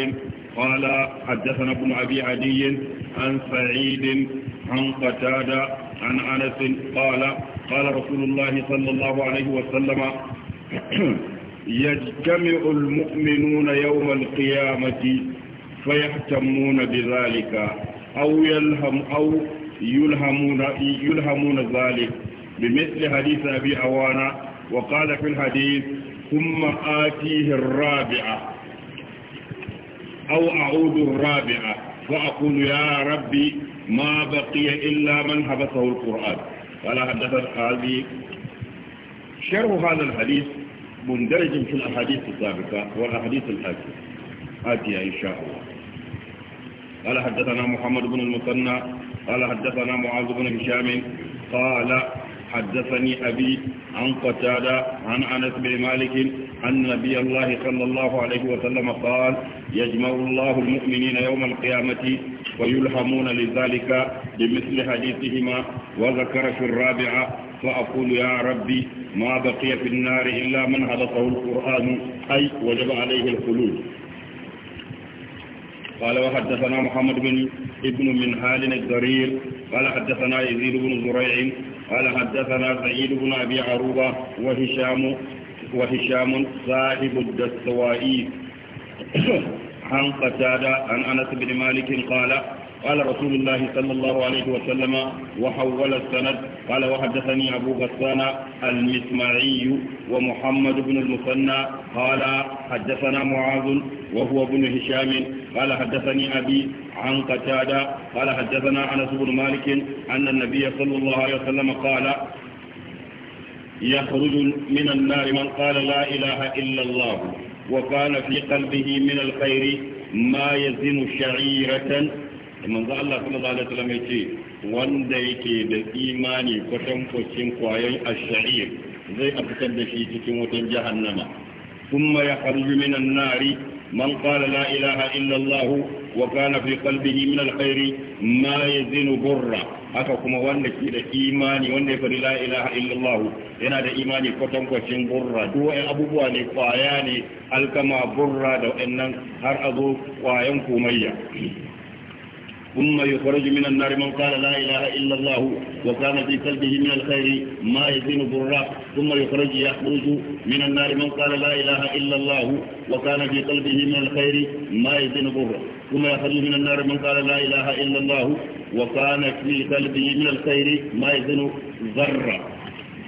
قال حدثنا ابن أبي عدي عن سعيد عن قتادة عن أنس قال قال رسول الله صلى الله عليه وسلم *clears throat* يجتمع المؤمنون يوم القيامة فيهتمون بذلك أو يلهم أو يلهمون يلهمون ذلك بمثل حديث أبي عوانة وقال في الحديث ثم آتيه الرابعة أو أعود الرابعة فأقول يا ربي ما بقي إلا من حبسه القرآن قال حدث القاضي شرح هذا الحديث مندرج في الأحاديث السابقة والأحاديث الآتية آتية إن شاء الله قال حدثنا محمد بن المثنى قال حدثنا معاذ بن هشام قال حدثني أبي عن قتادة عن أنس بن مالك أن نبي الله صلى الله عليه وسلم قال يجمع الله المؤمنين يوم القيامة ويلهمون لذلك بمثل حديثهما وذكر في الرابعة فأقول يا ربي ما بقي في النار إلا من هبطه القرآن أي وجب عليه الخلود قال وحدثنا محمد بن ابن من حال الضرير قال حدثنا يزيد بن زريع قال حدثنا سعيد بن أبي عروبة وهشام وهشام صاحب الدستوائي عن قتادة عن أنس بن مالك قال قال رسول الله صلى الله عليه وسلم وحول السند قال وحدثني أبو غسان المسمعي ومحمد بن المثنى قال حدثنا معاذ وهو بن هشام قال حدثني أبي عن قتادة قال حدثنا أنس بن مالك أن النبي صلى الله عليه وسلم قال يخرج من النار من قال لا إله إلا الله وكان في قلبه من الخير ما يزن شعيرة من ذا الله صلى الله عليه وسلم يتي wanda yake da imani kwatankwacin kwayan ashari'ir zai a fitar da shi cikin wutan jahannama kuma ya harbi minan nari man qala la ilaha وكان في قلبه من الخير ما يزن haka kuma wanda ke da imani wanda ya fari la ilaha illallah yana da imani kwatan kwacin burra duk wa'in abubuwa ne kwaya ne alkama burra da wa'annan har a zo kwayan komayya ثم يخرج من النار من قال لا إله إلا الله وكان في قلبه من الخير ما يزين براق ثم يخرج يخرج من النار من قال لا إله إلا الله وكان في قلبه من الخير ما يزين براق ثم يخرج من النار من قال لا إله إلا الله وكان في قلبه من الخير ما يزين ذرة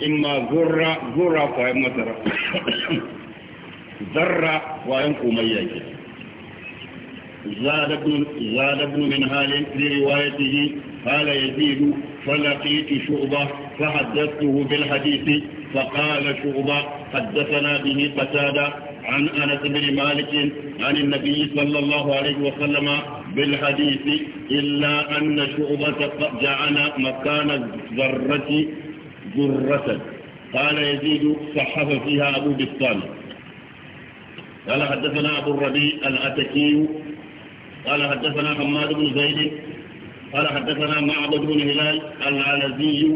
إما ذرة ذرة فاما *coughs* ذرة ذرة وينقو مياه زاد ابن زاد ابن منهال في روايته قال يزيد فلقيت شعبة فحدثته بالحديث فقال شعبة حدثنا به قتادة عن أنس بن مالك عن النبي صلى الله عليه وسلم بالحديث إلا أن شعبة جعل مكان الذرة ذرة قال يزيد صحف فيها أبو بسطان قال حدثنا أبو الربيع الأتكي قال حدثنا حماد بن زيد قال حدثنا معبد بن هلال العلزي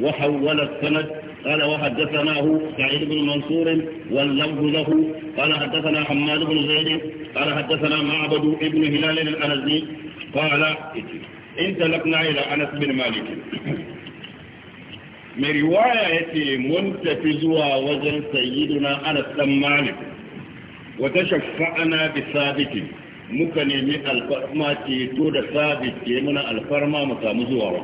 وحول السند قال وحدثناه سعيد بن منصور واللفظ له قال حدثنا حماد بن زيد قال حدثنا معبد بن هلال العلزي قال انت لقنا إلى أنس بن مالك من رواية ya وزن سيدنا انس بن مالك وتشفعنا بثابت muka nemi alfarma ceto da sabis ke muna alfarma mu samu zuwa wa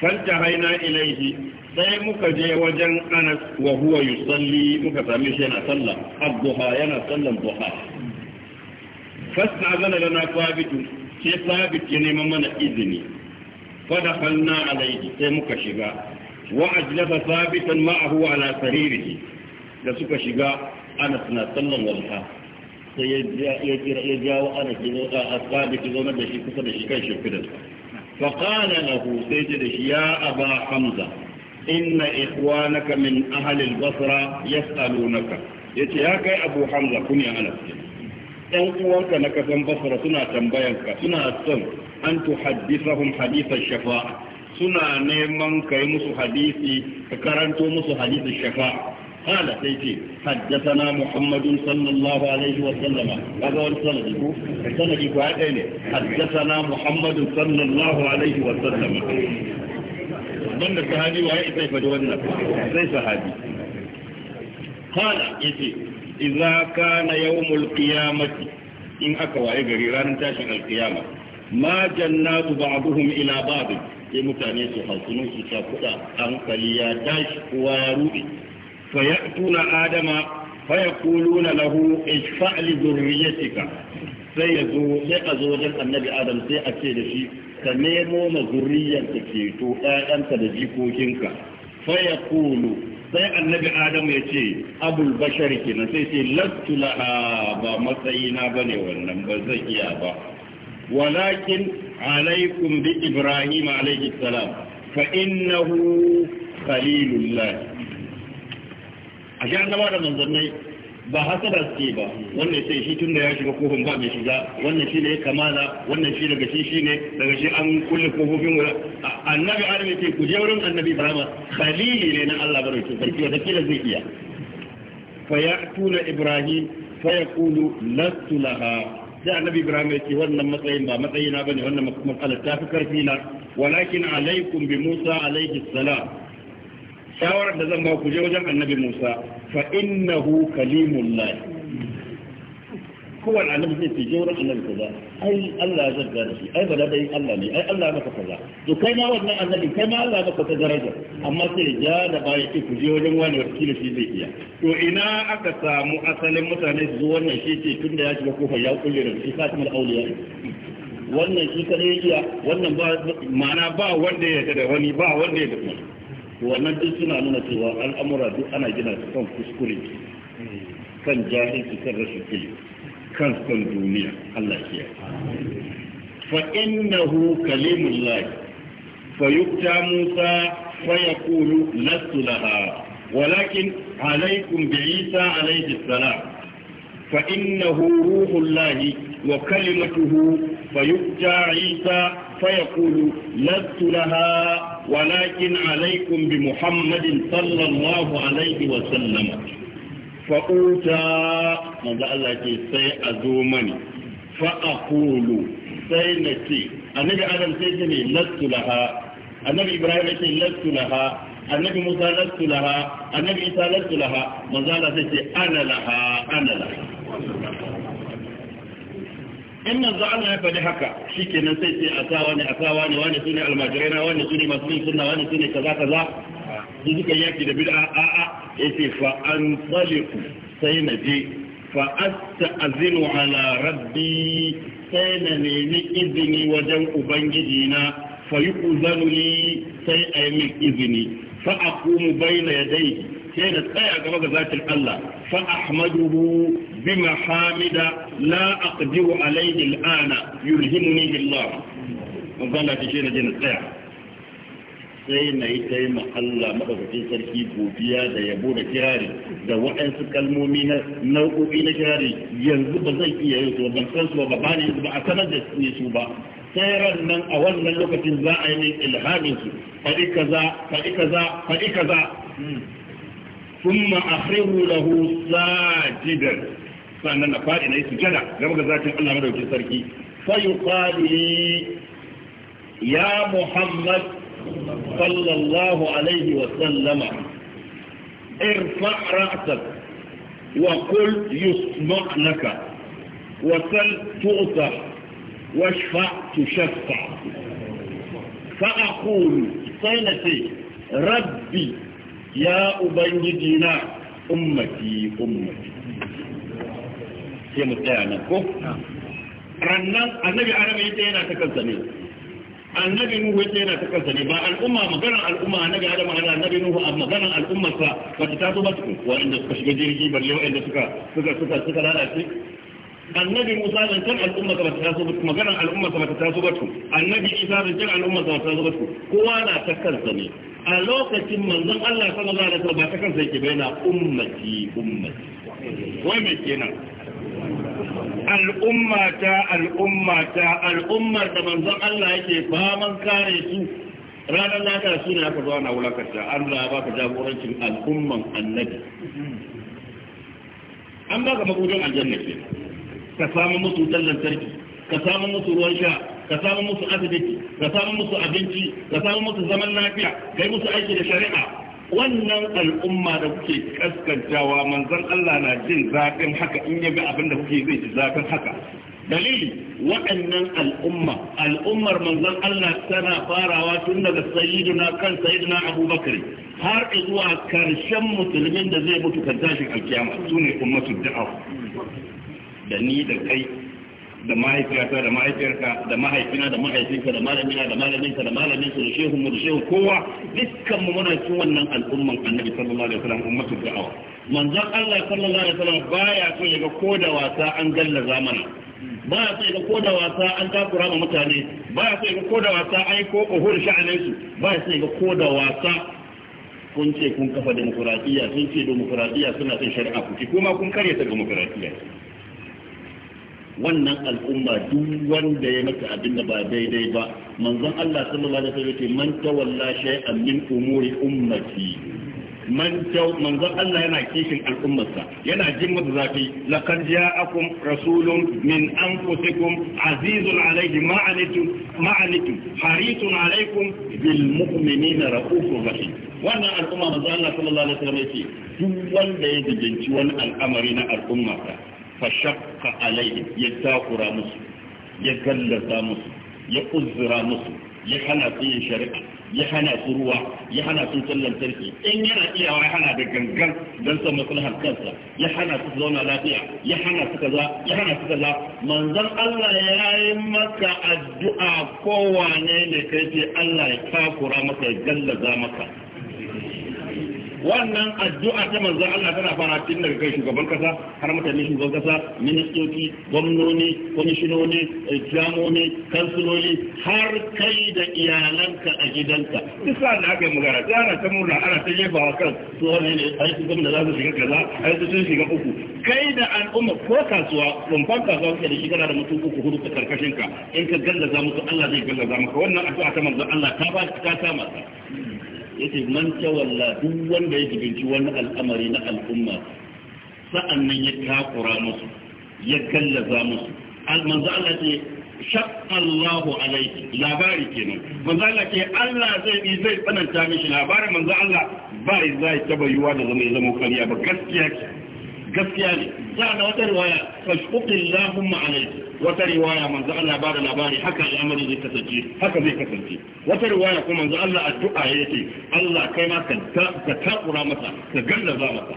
fanta haina ilaihi sai muka je wajen anas wa huwa yusalli muka sami shi yana sallah abduha yana sallan duha fasta azana lana sabitu ke sabit ke neman mana izini fadakalna alaihi sai muka shiga wa ajlasa sabitan ma'ahu ala saririhi da suka shiga anas na sallan walha sai ya kira ya jawo ana a ki da shi kusa da shi kan fa qala lahu sai ce da shi ya aba hamza inna ikhwanaka min ahli al-basra yas'alunaka yace ya kai abu hamza kunya ana ɗan uwanka na kasan basra suna tambayanka suna son an tuhaddisahum hadithan shafa suna neman kai musu hadisi ka karanto musu hadisi shafa'a قال سيدي حدثنا محمد صلى الله عليه وسلم هذا هو السند السند حدثنا محمد صلى الله عليه وسلم ضمن الصحابي وهي كيف جوانا زي صحابي قال يتي إذا كان يوم القيامة إن أكوى إجري رانا تاشن القيامة ما جنات بعضهم إلى بعض sai mutane su hausunu su cakuɗa hankali ya tashi kowa ya ruɗe فيأتون آدم فيقولون له اشفع لذريتك sai ya zo sai a zo wajen annabi adam sai a ce da shi ka nemo ma zuriyarka ceto ƴaƴanka da jikokinka fa kulu sai annabi adam ya ce abul bashar kenan sai ce lastu laha ba matsayina bane wannan ba zan iya ba walakin alaikum bi ibrahim alaihi salam fa innahu khalilullah a shi annaba da manzannai ba hasada suke ba wannan sai shi tun da ya shiga kofin ba mai shiga wannan shi ne kamala wannan shi daga shi shi ne daga shi an kulle kofofin wura annabi adam ya ce ku je wurin annabi ibrahim khalili ne na Allah barkin sarki wata kila zai iya fa ya'tuna ibrahim fa yaqulu lastu laha sai annabi ibrahim ya ce wannan matsayin ba matsayina bane wannan matsalar ta fi karfi na walakin alaikum bi musa alaihi salam shawarar da zan ba ku je wajen annabi Musa fa innahu kalimullah kowane annabi zai ce jawar annabi kaza ai Allah ya zarga da shi ai ba dai Allah ne ai Allah ya maka kaza to kai ma wannan annabi kai ma Allah ya maka ta daraja amma sai ya da ya ce ku je wajen wani wakili shi zai iya to ina aka samu asalin mutane su zo wannan shi ce tun da ya shiga kofar ya kulle da shi Fatimul Auliya wannan shi kadai ya iya wannan ba ma'ana ba wanda ya da wani ba wanda ya da wani wannan duk suna nuna cewa al'amura duk ana gina su kan kuskure kan jahilci kan rashin ilimi kan son duniya Allah ya fa innahu kalimullah fa yukta Musa fa yaqulu lastu laha ولكن Isa بعيسى عليه السلام فإنه روح lahi. وكلمته فيؤتى عيسى فيقول لست لها ولكن عليكم بمحمد صلى الله عليه وسلم فأوتى ماذا الله كي سيأذومني فأقول سينتي النبي آدم سيدني لست لها النبي إبراهيم سيدني لست لها النبي موسى لست لها النبي إيسى لست لها ماذا الله سيدني أنا لها أنا لها in manzo Allah ya faɗi haka shikenan sai sai a sa wani a sa wani wani sune almajirai na wani sune masu bin sunna wani sune kaza kaza su suka yaki da bid'a a a ce fa an tsaliku sai na je fa asta'zinu ala rabbi sai na nemi izini wajen ubangiji na fa yu'zanu li sai ayi min izini fa aqumu bayna yadayhi sai da tsaya gaba ga zatin Allah fa ahmaduhu bi mahamida la aqdiru alayhi al'ana yulhimuni billah magana ta shi na jin tsaya sai na yi ta yi Allah maɗaukacin sarki godiya da yabo da kirari da waɗansu kalmomi na nau'o'i na kirari yanzu ba zai iya yin su ban san su ba ba ba a sanar da ne su ba sai ran nan a wannan lokacin za a yi min ilhamin su faɗi kaza faɗi kaza faɗi kaza hmm. ثم أخر له ساجدا فأنا نفاري نيس جدا لما قلت الله مدى وكسر فيقال لي يا محمد صلى الله عليه وسلم ارفع رأسك وقل يسمع لك وسل تؤتى واشفع تشفع فأقول صينتي ربي ya ubangiji na ummati ummati sai mu tsaya nan ko rannan annabi arabi yake yana ta kansa ne annabi nuhu yake yana ta kansa ne ba al'umma maganar al'umma annabi adam ala annabi nuhu a maganar al'ummarsa sa ba ta taso ba su inda suka shiga jirgi balle wanda suka suka suka suka lalace annabi Musa zancen al'umma ka ta taso ba maganar al'umma ka ta taso ba annabi Isa zancen al'umma ka ta taso ba kowa na ta kansa ne a lokacin manzon Allah sallallahu alaihi wasallam ba ta kansa yake bayyana ummati ummati wai me kenan al'umma ta al'umma ta al'ummar da manzon Allah yake faman kare su ranar lata su ne aka zo ana wulakarta Allah ba ka jagorancin al'umman annabi an ba ka aljanna kenan ka samu musu wutar lantarki ka samu musu ruwan sha ka samu musu asibiti ka samu musu abinci ka samu musu zaman lafiya kai musu aiki da shari'a wannan al'umma da kuke kaskantawa manzon Allah na jin zafin haka in ya ga abin da kuke zai ji zafin haka dalili waɗannan al'umma al'ummar manzon Allah tana farawa tun daga sayyiduna kan sayyiduna abubakar har zuwa karshen musulmin da zai mutu kan tashin alkiyama sune ummatul da'awa da ni da kai da mahaifiyata da mahaifiyarka da mahaifina da mahaifinka da malamina da malaminka da malaminka da shehu mu da shehu kowa dukkanmu muna cikin wannan al'umman annabi sallallahu alaihi wasallam ummatu da'awa manzon Allah sallallahu alaihi wasallam baya so ya ga da wasa an gallaza mana ba ya sai ga da wasa an takura ma mutane ba ya sai ga da wasa ai ko uhur sha'anin su ba ya sai ga da wasa kun ce kun kafa demokradiyya sun ce demokradiyya suna son shari'a ku kuma kun karya ta demokradiyya wannan al'umma duk wanda ya mata abin da ba daidai ba manzon Allah sallallahu alaihi wasallam man tawalla shay'an min umuri ummati man taw manzon Allah yana kishin al'ummarsa yana jin mata zafi laqad ja'akum rasulun min anfusikum azizun alayhi alaykum bil mu'minina raufur rahim wannan al'umma manzon Allah sallallahu alaihi wasallam ce duk wanda ya dijinci wani al'amari na al'ummarsa fa alaihi ya takura musu ya gallaza musu ya uzura musu ya hana su yin shari'a ya hana su ruwa ya hana su wutar lantarki in yana iyawa ya hana da gangan don san maslahar kansa ya hana su zauna lafiya ya hana su kaza ya hana su kaza manzon Allah ya yi maka addu'a kowane ne kai ce Allah ya takura maka ya gallaza maka wannan addu'a ta manzo Allah tana fara tun daga kai shugaban kasa har mutane shugaban kasa ministoci gwamnoni kwamishinoni eh, jamoni kansuloli har kai da iyalanka a gidanka duk sa da aka yi magana ta ana ta murna ana ta jefa wa kan su wani ne ai su gwamna za su shiga kaza ai su sun shiga uku kai da al'umma ko kasuwa rumfan kasuwa kuke da shi kana da mutum uku hudu ta karkashin ka in ka gallaza musu Allah zai gallaza maka wannan addu'a ta manzo Allah ta ba ta ta masa yace man tawalla duk wanda ya jibinci wani al'amari na al'umma sa'annan ya takura musu ya gallaza musu manzo Allah ce shaqallahu alayhi labari kenan manzo Allah ce Allah zai yi zai tsananta mishi labarin manzo Allah ba zai taba yiwa da zama ya zama kariya ba gaskiya gaskiya ne za na wata riwaya fashkukin lahumma alai wata riwaya manzo Allah ba da labari haka al'amari zai kasance haka zai kasance wata riwaya kuma manzo Allah addu'a yake Allah kai ma ka ta ka takura masa ka gallaza masa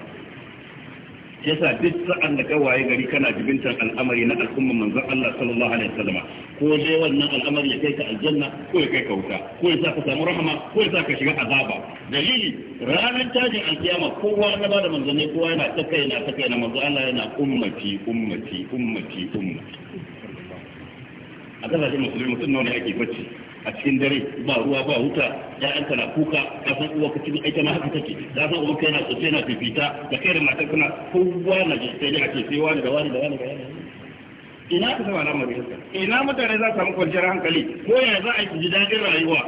yasa duk sa'an da ka waye gari kana jibintar al'amari na al'ummar manzon Allah sallallahu alaihi wasallam ko dai wannan al'amari ya kai ka aljanna ko ya kai ka wuta ko ya sa ka samu rahama ko ya sa ka shiga azaba dalili ranar tajin alkiyama kowa na bada manzanni kowa yana ta kai na ta kai na manzon Allah yana ummati ummati ummati ummati a kasashen musulmi mutum nawa ne ake bacci a cikin dare ba ruwa ba wuta ya'yanka na kuka ka san uwa ka cikin aita ma haka take ka san uwa yana so sai na fifita da kai da matar kana kowa na ji sai dai a ce sai wani da wani da wani da wani ina ka zama lamarin ina mutane za su samu kwanciyar hankali ko yaya za a yi ji daɗin rayuwa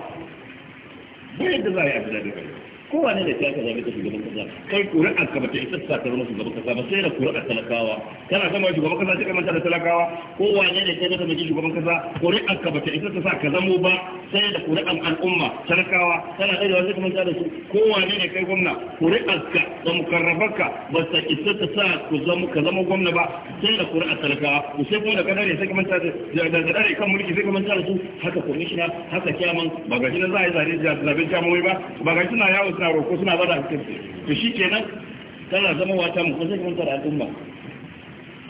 ba yadda za a yi a ji daɗin rayuwa kowane da ta zaɓe ta shugaban kasa kai a kama ta isa ta zama shugaban kasa ba sai da a talakawa kana zama shugaban kasa sai ka manta da talakawa kowane da ta zama shugaban kasa kuri'ar a bata isa ta sa ka zamo ba sai da kuri'an al'umma talakawa tana ɗaya da wanda kuma da su kowane ne kai gwamna kuri'arka da mu mukarrabarka ba sa isa ta sa ku zama ka zama gwamna ba sai da kuri'ar talakawa ku sai kuma da kada ne sai kuma ta da da dare kan mulki sai kuma ta da su haka commissioner haka chairman ba ga shi za a yi zare da zaben chairman ba ba ga suna yawo suna roƙo suna ba da bada to shi shikenan tana zama wata mu kuma sai kuma ta da al'umma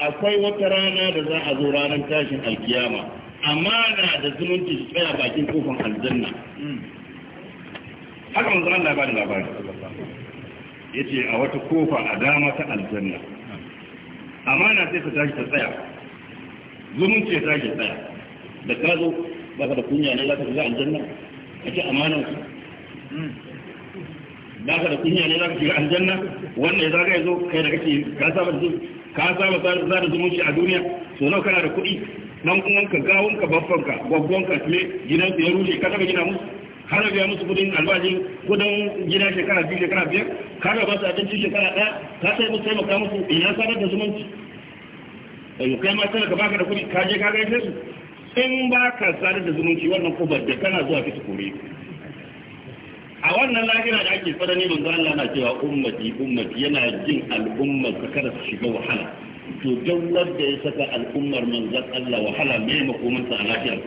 akwai wata rana da za a zo ranar tashin alkiyama amana da zumunci su tsaya bakin kofin aljanna haka manzo labarin-labarin ya ce a wata kofa a dama ta aljanna amana sai ta tashi ta tsaya zumunci ya tashi tsaya da ka zo baka da kunya ne za ka shiga aljanna kace amana da ka da kunya ne za ka shiga aljanna wanda ya zagaya ya zo kai da kake ka saba ka saba da zumunci a duniya so nawa kana da kuɗi kuma ka gawon ka babban ka gwaggon ka ne gidan ya rushe ka taba gina musu har ga biya musu kudin albashin kudin gida shekara biyu shekara biyar ka ga ba su abinci shekara ɗaya ka sai musu taimaka musu eh, ya sadar da zumunci kai ma ka baka da kudi ka je ka gaishe su in ba ka sadar da zumunci wannan kubar da kana zuwa ki kore a wannan lahira da ake fara ne manzo Allah na cewa ummati ummati yana jin al'ummar ka kada su shiga wahala to don wanda ya saka al'ummar manzan Allah wahala ne makomanta a lafiyar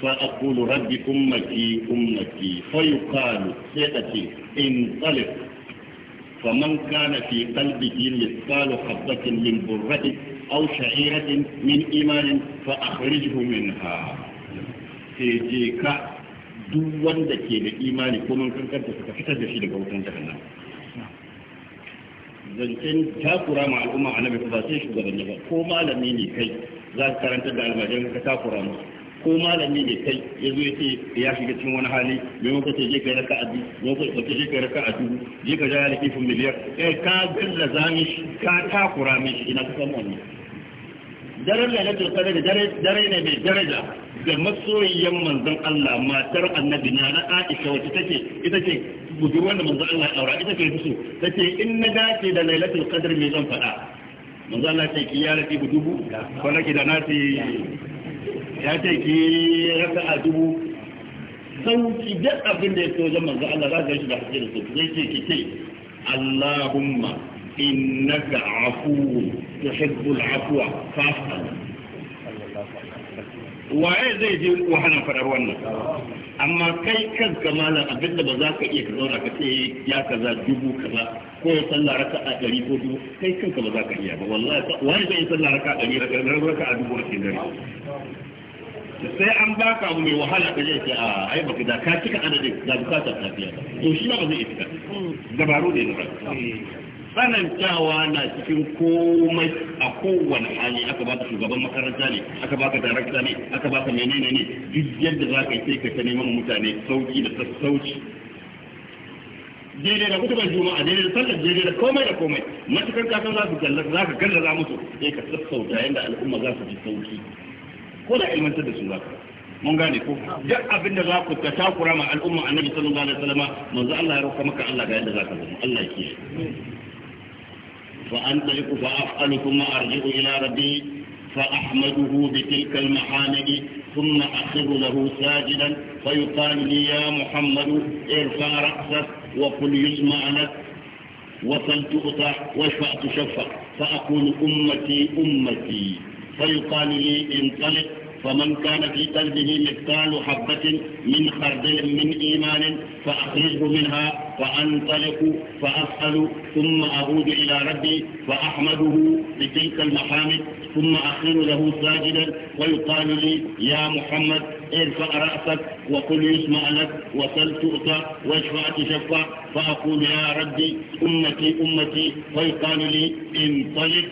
fa a kulu rabbi ummati ummati fa yuqalu sai ta ce fa man kana fi qalbihi misqalu habbatin min burrati aw min imanin fa akhrijhu minha sai je ka duk wanda ke da imani ko man kankanta ka fitar da shi daga wutan jahannama zancen takura ma al'umma annabi ba sai shugabanni ba ko malami ne kai za ka karanta da almajiran ka takura mu ko malami ne kai ya zo yace ya shiga cikin wani hali me muka ce je kai raka a me muka ce je kai raka abi je ka ja ya lifin miliyar eh ka galla zami ka takura mishi ina ka san wannan daren lailatul qadr dare ne mai daraja ga masoyiyan manzon Allah matar annabi na na Aisha wacce take ita ce budurwar da manzon Allah ya aura ita ce su in na dace da lailatul qadr me zan faɗa manzon Allah ce ki ya rafi ko nake da na ya ce ki a dubu sauki da abin da ya so zan manzon Allah za ka yi shi da su zai ce ki ce Allahumma إنك عفو تحب العفو فاعف waye zai je wahala farar wannan amma kai kan kanka malam abinda ba za ka iya ka zauna ka ce ya kaza dubu kaza ko ya sallah raka a dari ko dubu kai kanka ba za ka iya ba wallahi waye zai sallah raka a ɗari raka a dubu a ke dare sai an baka abu mai wahala ka je a ai baka da ka cika adadin da bukatar tafiya to shi ba zai iya cika dabaru ne na tsanantawa na cikin komai a kowane hali aka baka shugaban makaranta ne aka baka darakta ne aka baka menene ne duk yadda za ka yi sai ka ta neman mutane sauki da sassauci daidai da mutukan juma'a daidai da sallar daidai da komai da komai matukan kasan za su gallar za ka za musu sai ka sassauta yadda al'umma za su ji sauki ko da ilmantar da su za ka mun gane ko duk abinda za ku ta takura ma al'umma annabi sallallahu alaihi wasallam manzo Allah ya roka maka Allah ga yadda za ka zama Allah ya kiyaye فأنطلق فأفعل ثم أرجع إلى ربي فأحمده بتلك المحامد ثم أخر له ساجدا فيقال لي يا محمد ارفع رأسك وقل يسمع لك وصل تؤطع واشفع تشفع فأقول أمتي أمتي فيقال لي انطلق فمن كان في قلبه مثقال حبة من خردل من إيمان فأخرجه منها فأنطلق فأسأل ثم أعود إلى ربي فأحمده بتلك المحامد ثم أخر له ساجدا ويقال لي يا محمد ارفع رأسك وقل يسمع لك وسل تؤتى واشفع تشفع فأقول يا ربي أمتي أمتي ويقال لي انطلق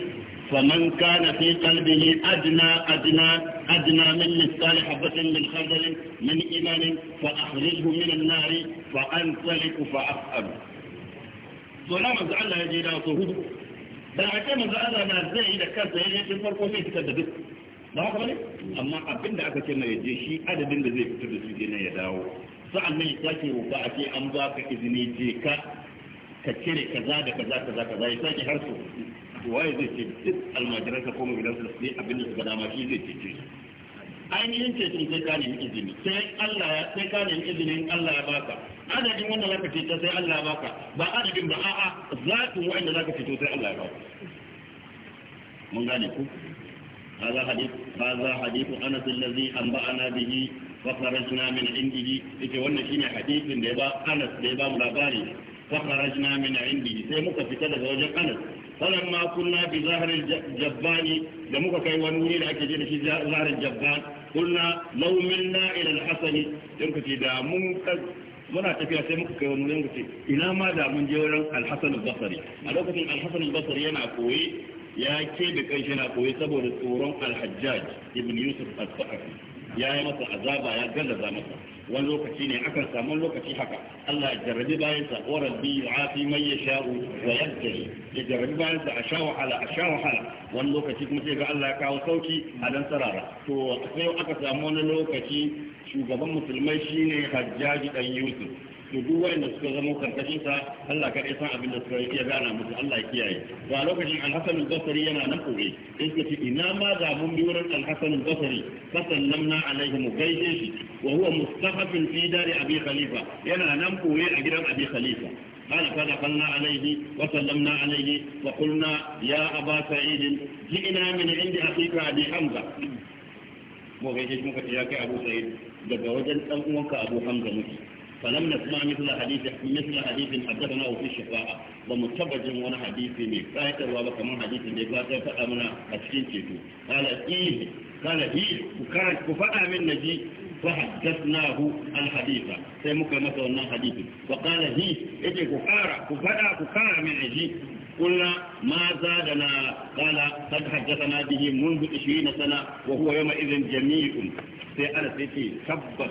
فمن كان في قلبه أدنى أدنى أدنى من مثقال حبة من خردل من إيمان فأخرجه من النار فأنطلق فأفأل سلام أنت الله يجي إلى صهود da a ce manzo Allah na zai yi da kansa yayin tun farko zai fitar da duk ba haka bane amma abin da aka ce mai je shi adadin da zai fitar da su na ya dawo sa'an nan ya sake roƙa a ce an baka izini ka ka kaza da kaza kaza kaza ya har su waye zai ce duk koma ko magidansa sai abin da suka dama shi zai cece su ainihin tun sai ka nemi izini sai Allah ya sai ka nemi izinin Allah ya baka adadin wanda zaka fito sai Allah ya baka ba adadin ba a'a zatin wanda zaka fito sai Allah ya baka mun gane ku هذا حديث هذا حديث انس الذي انبانا به وخرجنا من عنده يجي wannan shine hadisin da ya ba Anas da ya ba mu labari وخرجنا من عنده sai muka fita daga wajen Anas فلما كنا بظهر الجبان da muka kai wani wuri da ake je da shi zarin jabban kulna law minna ila al-hasan din da mun muna tafiya sai muka kai wani wurin kace ina ma da mun je wurin al basari a lokacin al basari yana koyi ya ke da kanshi yana koyi saboda tsoron al ibn yusuf al-saqafi ya yi masa azaba ya gallaza masa wani lokaci ne akan samu lokaci haka Allah ya jarrabi bayan sa wa rabbi yu'afi man yasha'u wa yaqdir ya jarrabi bayan sa a sha wahala a sha wahala wani lokaci kuma sai ga Allah ya kawo sauki a dan sarara to sai aka samu wani lokaci shugaban musulmai shine Hajjaji dan Yusuf to duk wanda suka zama karkashin sa Allah ka san abin da suka iya gana musu Allah ya kiyaye to a lokacin al-Hasan al-Basri yana nan koyi sai ce ina ma ga mun bi wurin al-Hasan al-Basri fa sallamna alaihi mu gaishe shi wa huwa mustafafin fi dari abi khalifa yana nan koyi a gidan abi khalifa قال فدخلنا عليه وسلمنا عليه وقلنا يا أبا سعيد جئنا من عند أخيك أبي حمزة مغيشش مكتياك أبو سعيد دقا وجن أبوك أبو مكي فلم نسمع مثل حديث مثل حديث حدثنا في الشفاعة ومتبج وانا حديث من فاتر وكمان حديث من فاتر فأمنا أتكين كيتو قال إيه قال هي وكانت كفاءة من نجي فحدثناه الحديث سيمك مثلا حديث فقال هي إيه كفارة كفاءة كفاءة من نجي قلنا ما زادنا قال قد حدثنا به منذ 20 سنة وهو يومئذ جميع سيأنا سيتي تبت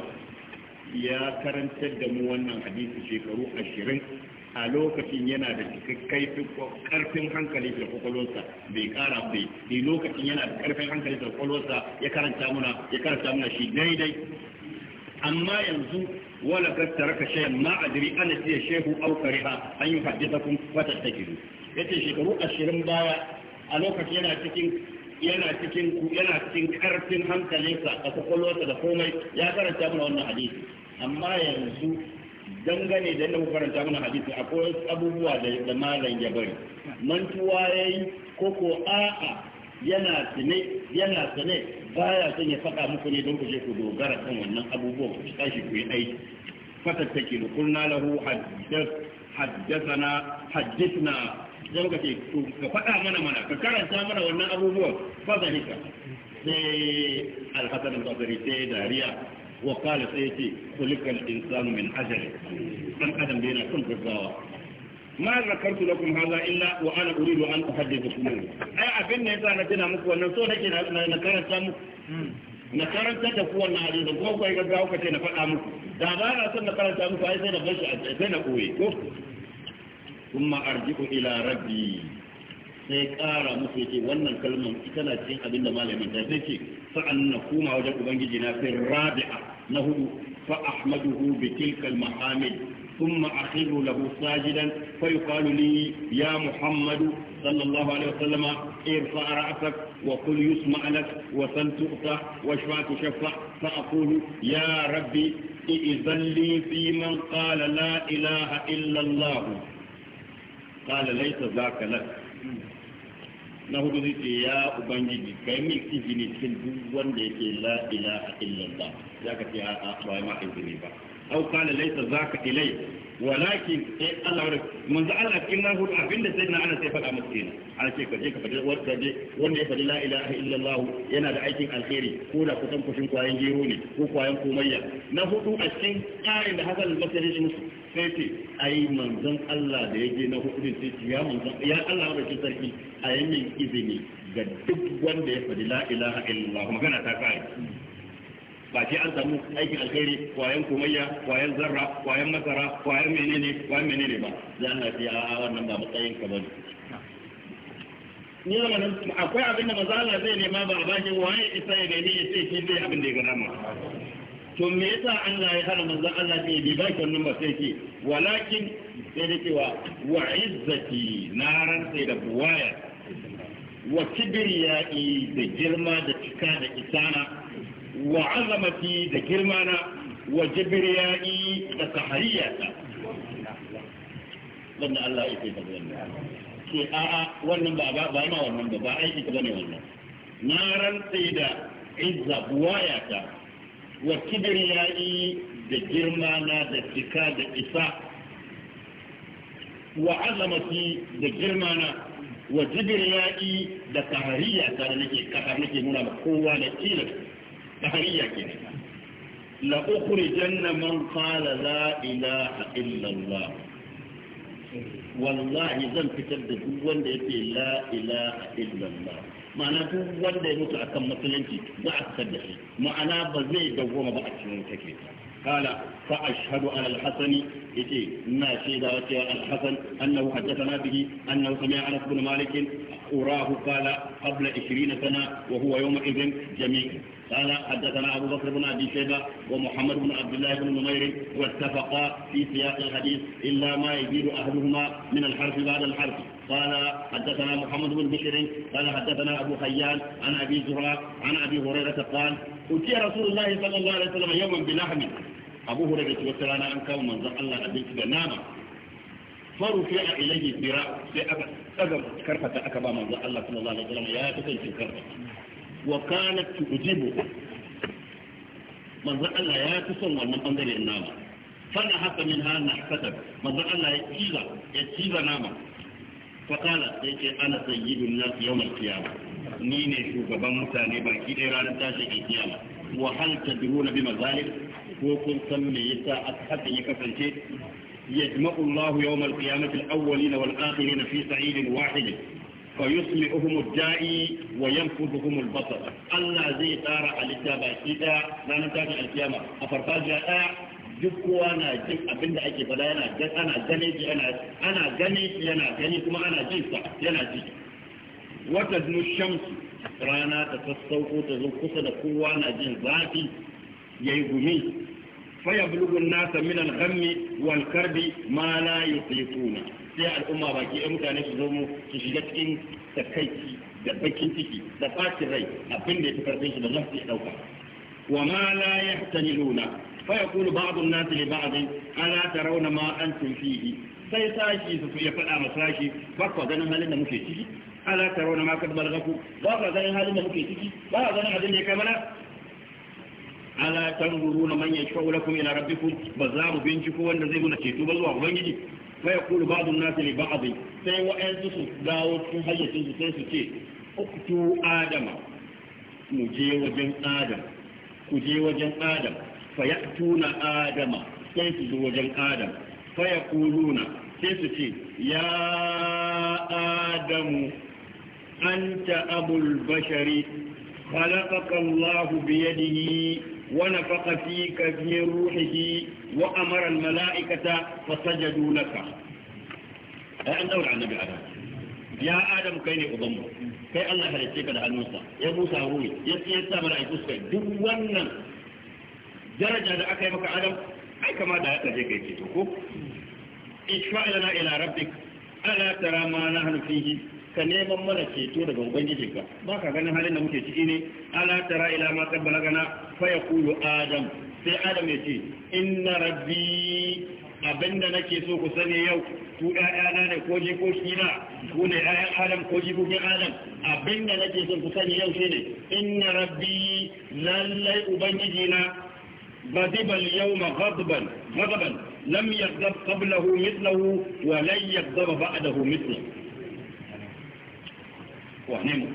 ya karantar da mu wannan hadisi shekaru ashirin a lokacin yana da cikakken karfin hankali da kwakwalwarsa bai kara bai ne lokacin yana da karfin hankali da kwakwalwarsa ya karanta muna ya karanta muna shi daidai amma yanzu wala kad taraka shay'an ma adri ana tiya shehu au kariha an yi yuhaddithakum wa Ya ce shekaru ashirin baya a lokacin yana cikin yana cikin yana cikin karfin hankalinsa a kwakwalwarsa da komai ya karanta mana wannan hadisi amma yanzu dangane da yadda karanta mana hadisi akwai abubuwa da malam ya bari mantuwa yayi ko ko a'a yana sane yana sane baya son ya faɗa muku ne don ku je ku dogara kan wannan abubuwa ku ci tashi ku yi aiki fatattaki da kurna lahu haddathana haddathna zan ka ce ka faɗa mana mana ka karanta mana wannan abubuwan fa zalika sai alhassan al-basri sai dariya wa kala sai yake kulikal insanu min ajali dan adam bai na son gaggawa ma zakartu lakum hadha illa wa ana uridu an uhaddithukum ai abin ne yasa na tana muku wannan so nake na karanta muku hmm. na karanta da ku wannan da kuma kai gaggawa kace na faɗa muku da ba na son na karanta muku ai sai na bashi shi sai na koyi ko kuma arji'u ila rabbi sai ƙara musu yake wannan kalmar tana cikin abin da malamin ta sai ce sa'an na koma wajen ubangiji na sai rabi'a له فأحمده بتلك المحامد ثم أخر له ساجدا فيقال لي يا محمد صلى الله عليه وسلم ارفع رأسك وقل يسمع لك وسل تؤتى واشفع تشفع فأقول يا ربي ائذن لي في من قال لا إله إلا الله قال ليس ذاك لك na hudu zai ya ubangiji kai min izini cikin duk wanda yake la ilaha illallah ya ka ce a a ba ma izini ba au kana za zaka ilai walakin sai Allah da manzo Allah cikin na hudu abinda sai na ana sai faɗa musu kenan an ce ka je ka faɗi wanda je wanda ya faɗi la ilaha illallah yana da aikin alheri ko da kusan kushin kwayan gero ne ko kwayan komayya na hudu a cikin tsarin da Hassan al musu sai ce ai manzon Allah da yake na hudu sai ce ya manzon ya Allah ba ki sarki a yamin izini ga duk wanda ya faɗi la ilaha illallah magana ta kai ba sai an samu aikin alkhairi kwayan kumayya kwayan zarra kwayan masara kwayan menene kwayan menene ba za a ce a wannan ba matsayin ka bane ni zama nan akwai abin da maza Allah zai nema ba a bakin waye isa ya nemi ya ce shi zai abin da ya gana ma to me yasa Allah ya hana manzon Allah ne bai ba ki wannan ba sai ce walakin sai da cewa wa izzati naran sai da buwaya wa kibriyai da girma da cika da isana wa azamati da girma na wa jibriyai da ta. wanda Allah ya ce da wannan ke a'a wannan ba ba ma wannan ba ba aiki ta bane wannan na sai da izza buwaya ta wa kibriyai da girma na da cika da isa wa azamati da girma na wa jibriyai da kahariya ta da nake kahar nake nuna ma kowa da tilas kahariya ke la ukhrijanna man qala la ilaha illa allah wallahi zan fitar da duk wanda yake la ilaha illa allah ma'ana duk wanda ya mutu akan musulunci za a fitar da shi ma'ana ba zai dawoma ba a cikin قال فأشهد على الحسن يتي ما شهد الحسن أنه حدثنا به أنه سمع أنس بن مالك أراه قال قبل عشرين سنة وهو يومئذ جميع قال حدثنا أبو بكر بن أبي شيبة ومحمد بن عبد الله بن نمير واتفقا في سياق الحديث إلا ما يزيد أحدهما من الحرف بعد الحرف قال حدثنا محمد بن بشر قال حدثنا أبو خيان عن أبي زهراء عن أبي هريرة قال utiya rasulullahi sallallahu alaihi wasallam yawman bi lahmi abu hurairah ce wata rana an kama manzon Allah abinci da nama faru fi a ilayhi bira sai aka tsaga karfata aka ba manzon Allah sallallahu alaihi wasallam ya yi cin karfata wa kanat tujibu manzon Allah ya fi son wannan bangaren nama fana haka min ha na kasar manzon Allah ya ciza ya ciza nama fakala sai ke ana sayyidun nas yawmal qiyamah ni ne shugaban mutane baki ɗaya ranar tashin kiyar wahal ta na bima zalim ko kun san me yasa a ya kasance yajma'u Allahu yawmal qiyamati al-awwalina wal akhirin fi sa'idin wahid fa yuslihuhum ad-da'i wa yanfudhuhum al-basar Allah zai tara alita baki ɗaya ranar tashin kiyama a farfajiya ɗaya duk kowa na jin abinda ake bada yana ga ana gane ana ana yana gani kuma ana jin sa yana jin wata shamsu rana ta sassauko ta zo kusa da kowa na jin zafi ya yi gumi faya bulugun nasa min alhammi wal karbi ma la yusifuna sai al'umma baki ɗaya mutane su zo su shiga cikin takaici da bakin ciki da fatin rai abin da ya fi karfin shi da lafi ya ɗauka wa ma la yahtamiluna fa yaqulu ba'd nas li ba'd ala tarawna ma antum fihi sai sashi su ya faɗa masashi ba ganin halin da muke ciki ala tarawna ma kad balagaku ba ka ganin halin da muke ciki ba ka ganin abin da ya kai mana ala tanzuruna man yashfa'u ina ila rabbikum ba za mu binciko wanda zai muna ceto ba zuwa ubangiji fa yaqulu ba'dun nas li ba'd sai wa'ansu su dawo cikin hayyacin su sai su ce uktu adama mu je wajen adam ku je wajen adam fa ya'tuna adama sai su zo wajen adam fa yaquluna sai su ce ya adamu أنت أبو البشر خلقك الله بيده ونفق فيك في روحه وأمر الملائكة فسجدوا لك أنت أولى النبي عدد يا آدم كيني أضمه كي الله هل يتشيك لها الموسى يا موسى هوي يتشيك يتشيك ملائك أسكي دوانا درجة هذا أكي بك آدم أي كما دا يتشيك يتشيك اشفع لنا إلى ربك ألا ترى ما نحن فيه ka neman mana ceto daga ka ba ka ganin halin da muke ciki ne ala tara ila ma kan balagana fa yaqulu adam sai adam ya ce inna rabbi abinda nake so ku sani yau ku ƴaƴana ne ko jikoki na ku ne ƴaƴan adam ko jikokin adam abinda nake so ku sani yau shine inna rabbi lallai ubangijina badibal yawma ghadban ghadban lam yadda qablahu mithluhu wa lan yaghdab ba'dahu mithluhu wane mu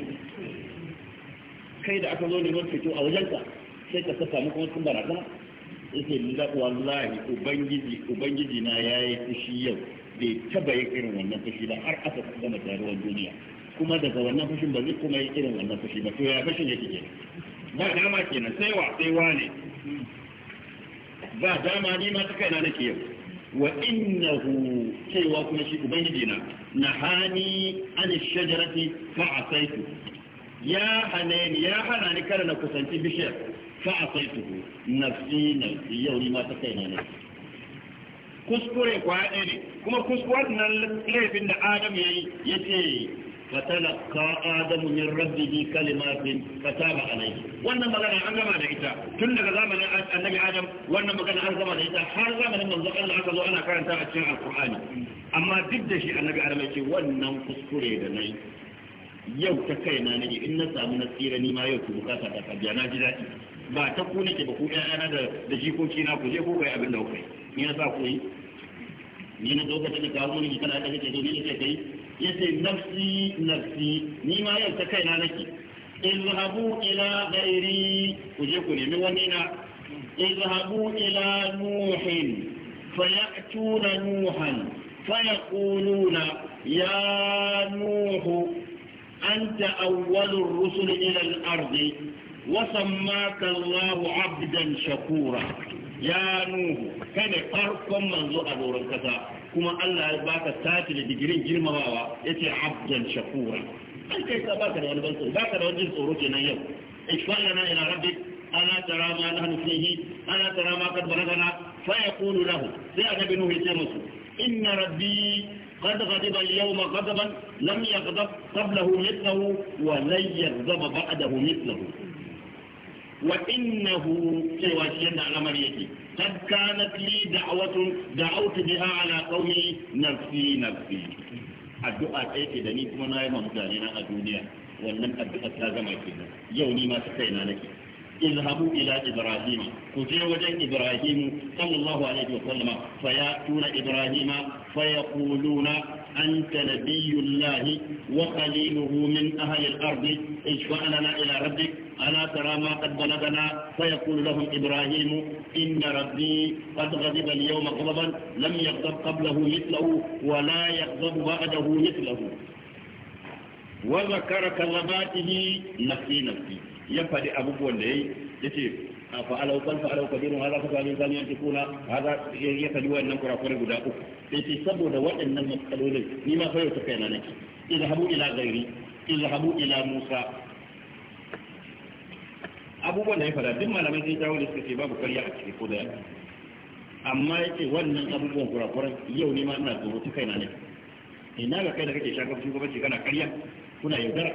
kai da aka zo ne wani fito a wajenka sai ka saka muku wasu barazana yake wallahi ubangiji ubangiji na yayi fushi yau bai taba yin irin wannan fushi ba har aka gama taruwar duniya kuma daga wannan fushin ba zai kuma yi irin wannan fushi ba to ya fushin yake ke, ba dama kenan sai wa sai wa ne ba dama ni ma ta kaina nake yau wa innahu cewa kuma shi ubangiji na nahani an shajarati fa asaitu ya hanani ya hana ni kada na kusanci bishiyar fa asaitu nafsi nafsi yau ni ma ta na ne kuskure kwa ne kuma kuskuwar nan laifin da adam ya yi ya ce فتلقى آدم من ربه كلمات فتاب عليه wannan magana an gama da ita tun daga zamanin annabi Adam wannan magana an gama da ita har zamanin manzon Allah aka zo ana karanta a cikin alkur'ani amma duk da shi annabi Adam yake wannan kuskure da nayi yau ta kaina nake in na samu nasira ni ma yau ku bukata da kabiya na ji daɗi ba ta ku nake ba ku ƴaƴana da da jikoki na ku je ku kai abin da ku kai ni na sa ku yi ni na zo ka ta kawo ni kana da kake so ni ne kai ya ce nafsi nafsi ni ma yau ta kaina nake in zahabu ila gairi ku je ku nemi wani na in zahabu ila nuhin faya tuna nuhan faya kununa ya nuhu an ta rusu rusul ila al'arzi wasan maka Allah abdan shakura ya nuhu kada farkon manzo a doron kasa kuma Allah ya baka sati da digirin girmamawa yace abdan shakura an kai ka baka da wani ban baka da wani jin tsoro kenan yau ikwallana ila rabbi ana tara ma nahnu fihi ana tara ma qad balagana fa yaqulu lahu sai annabi nuhu yace musu inna rabbi قد غضب اليوم غضبا لم يغضب قبله مثله ولن يغضب بعده مثله wa innahu cewa shi yadda al'amar yake tad kanat li da'watun biha ala qaumi nafsi nafsi addu'a ta da ni kuma na yi mamutane na a duniya wannan addu'a ta zama ke nan yau ni ma ta na nake izhabu ila ibrahim ku je wajen ibrahim sallallahu alaihi wa sallam fa ya tuna ibrahim fa yaquluna أنت نبي الله وخليله من أهل الأرض اشفع لنا إلى ربك ألا ترى ما قد بلغنا فيقول لهم إبراهيم إن ربي قد غضب اليوم غضبا لم يغضب قبله مثله ولا يغضب بعده مثله وذكر كظباته نفسي نفسي يفعل أبوه ليه يتيب fa'alau kan fa'alau kabirun hada fa kalin kan yanki kuna hada ya kalli wayannan kurakure guda uku sai ce saboda waɗannan matsalolin ni ma fa ta kaina ila ila musa abubuwan da ya fada duk malamai sun kawo da suka ce babu karya a cikin ko da amma ya ce wannan abubuwan kurakuran yau ne ma ina tsoro ta kaina ne ina ga kai da kake shakar shugabanci kana karya kuna yaudara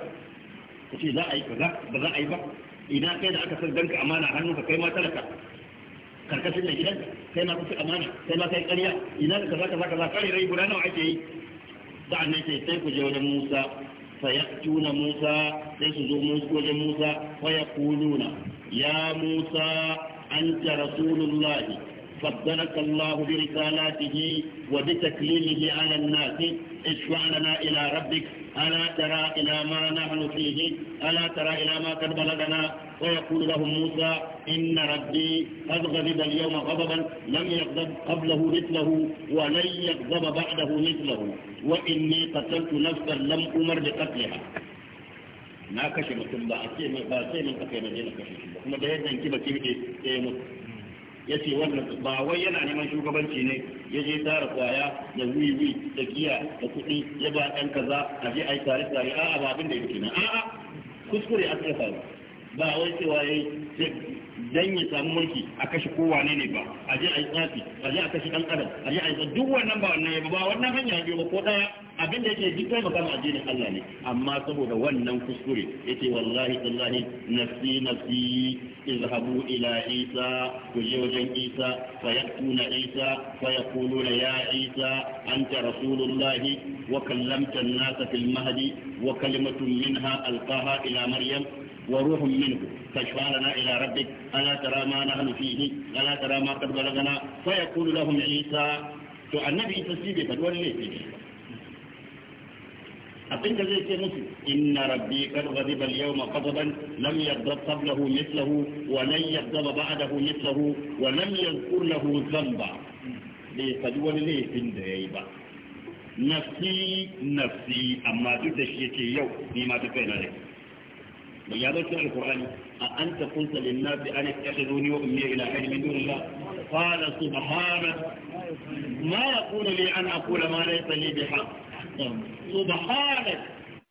ku ce za a yi kaza ba za a yi ba ina kai da aka san danka amana hannu ka kai ma talaka karkashin mai gidan kai na kusa amana kai na kai karya ina da kaza kaza kaza kare rai guda nawa ake yi sa'an nan ce sai ku je wajen Musa فيأتون موسى تسجوا موسى وجه موسى فيقولون يا موسى أنت رسول الله فضلك الله برسالاته وبتكليمه على الناس اشفع لنا إلى ربك ألا ترى إلى ما نحن فيه ألا ترى إلى ما قد بلغنا ويقول لهم موسى إن ربي قد غضب اليوم غضبا لم يغضب قبله مثله ولن يغضب بعده مثله وإني قتلت نفسا لم أمر بقتلها ما كشف ثم بعثي من بعثي من قتل مدينة كشف ثم بعثي من كيف كيف كيف yace wannan ba wai yana neman shugabanci ne ya je tara kwaya da wiwi da giya da kuɗi ya ba ɗan kaza a je a yi tare tare a'a ba abin da yake nan a'a kuskure a ƙasa ba wai cewa ya dan ya samu mulki a kashe kowa ne ne ba a je a yi tsafi a je a kashe dan adam a je a yi duk wannan ba wannan ya ba wannan hanya biyu ba ko daya abin da yake duk kai makama addinin Allah ne amma saboda wannan kuskure yace wallahi tallahi nafsi nafsi izhabu ila isa ku je wajen isa fa yatuna isa fa yaquluna ya isa anta rasulullahi wa kallamta an-nasa fil mahdi wa kalimatun minha alqaha ila maryam وروح منه فاشفع لنا إلى ربك ألا ترى ما نحن فيه ألا ترى ما قد بلغنا فيقول لهم عيسى فالنبي تسيبك تولي فيه abin da zai ke musu inna rabbi qad ghadiba al-yawma ghadaban lam yaghdab qablahu mithluhu wa lan yaghdab ba'dahu mithluhu wa lam yadhkur lahu dhanba bai faɗi wani laifin da yayi ba nafsi nafsi amma duk da shi yake yau ni ma duk يا بشر القرآن أأنت قلت للناس أن اتخذوني وأمي إلى غير من دون الله قال سبحانك ما يقول لي أن أقول ما ليس لي بحق سبحانك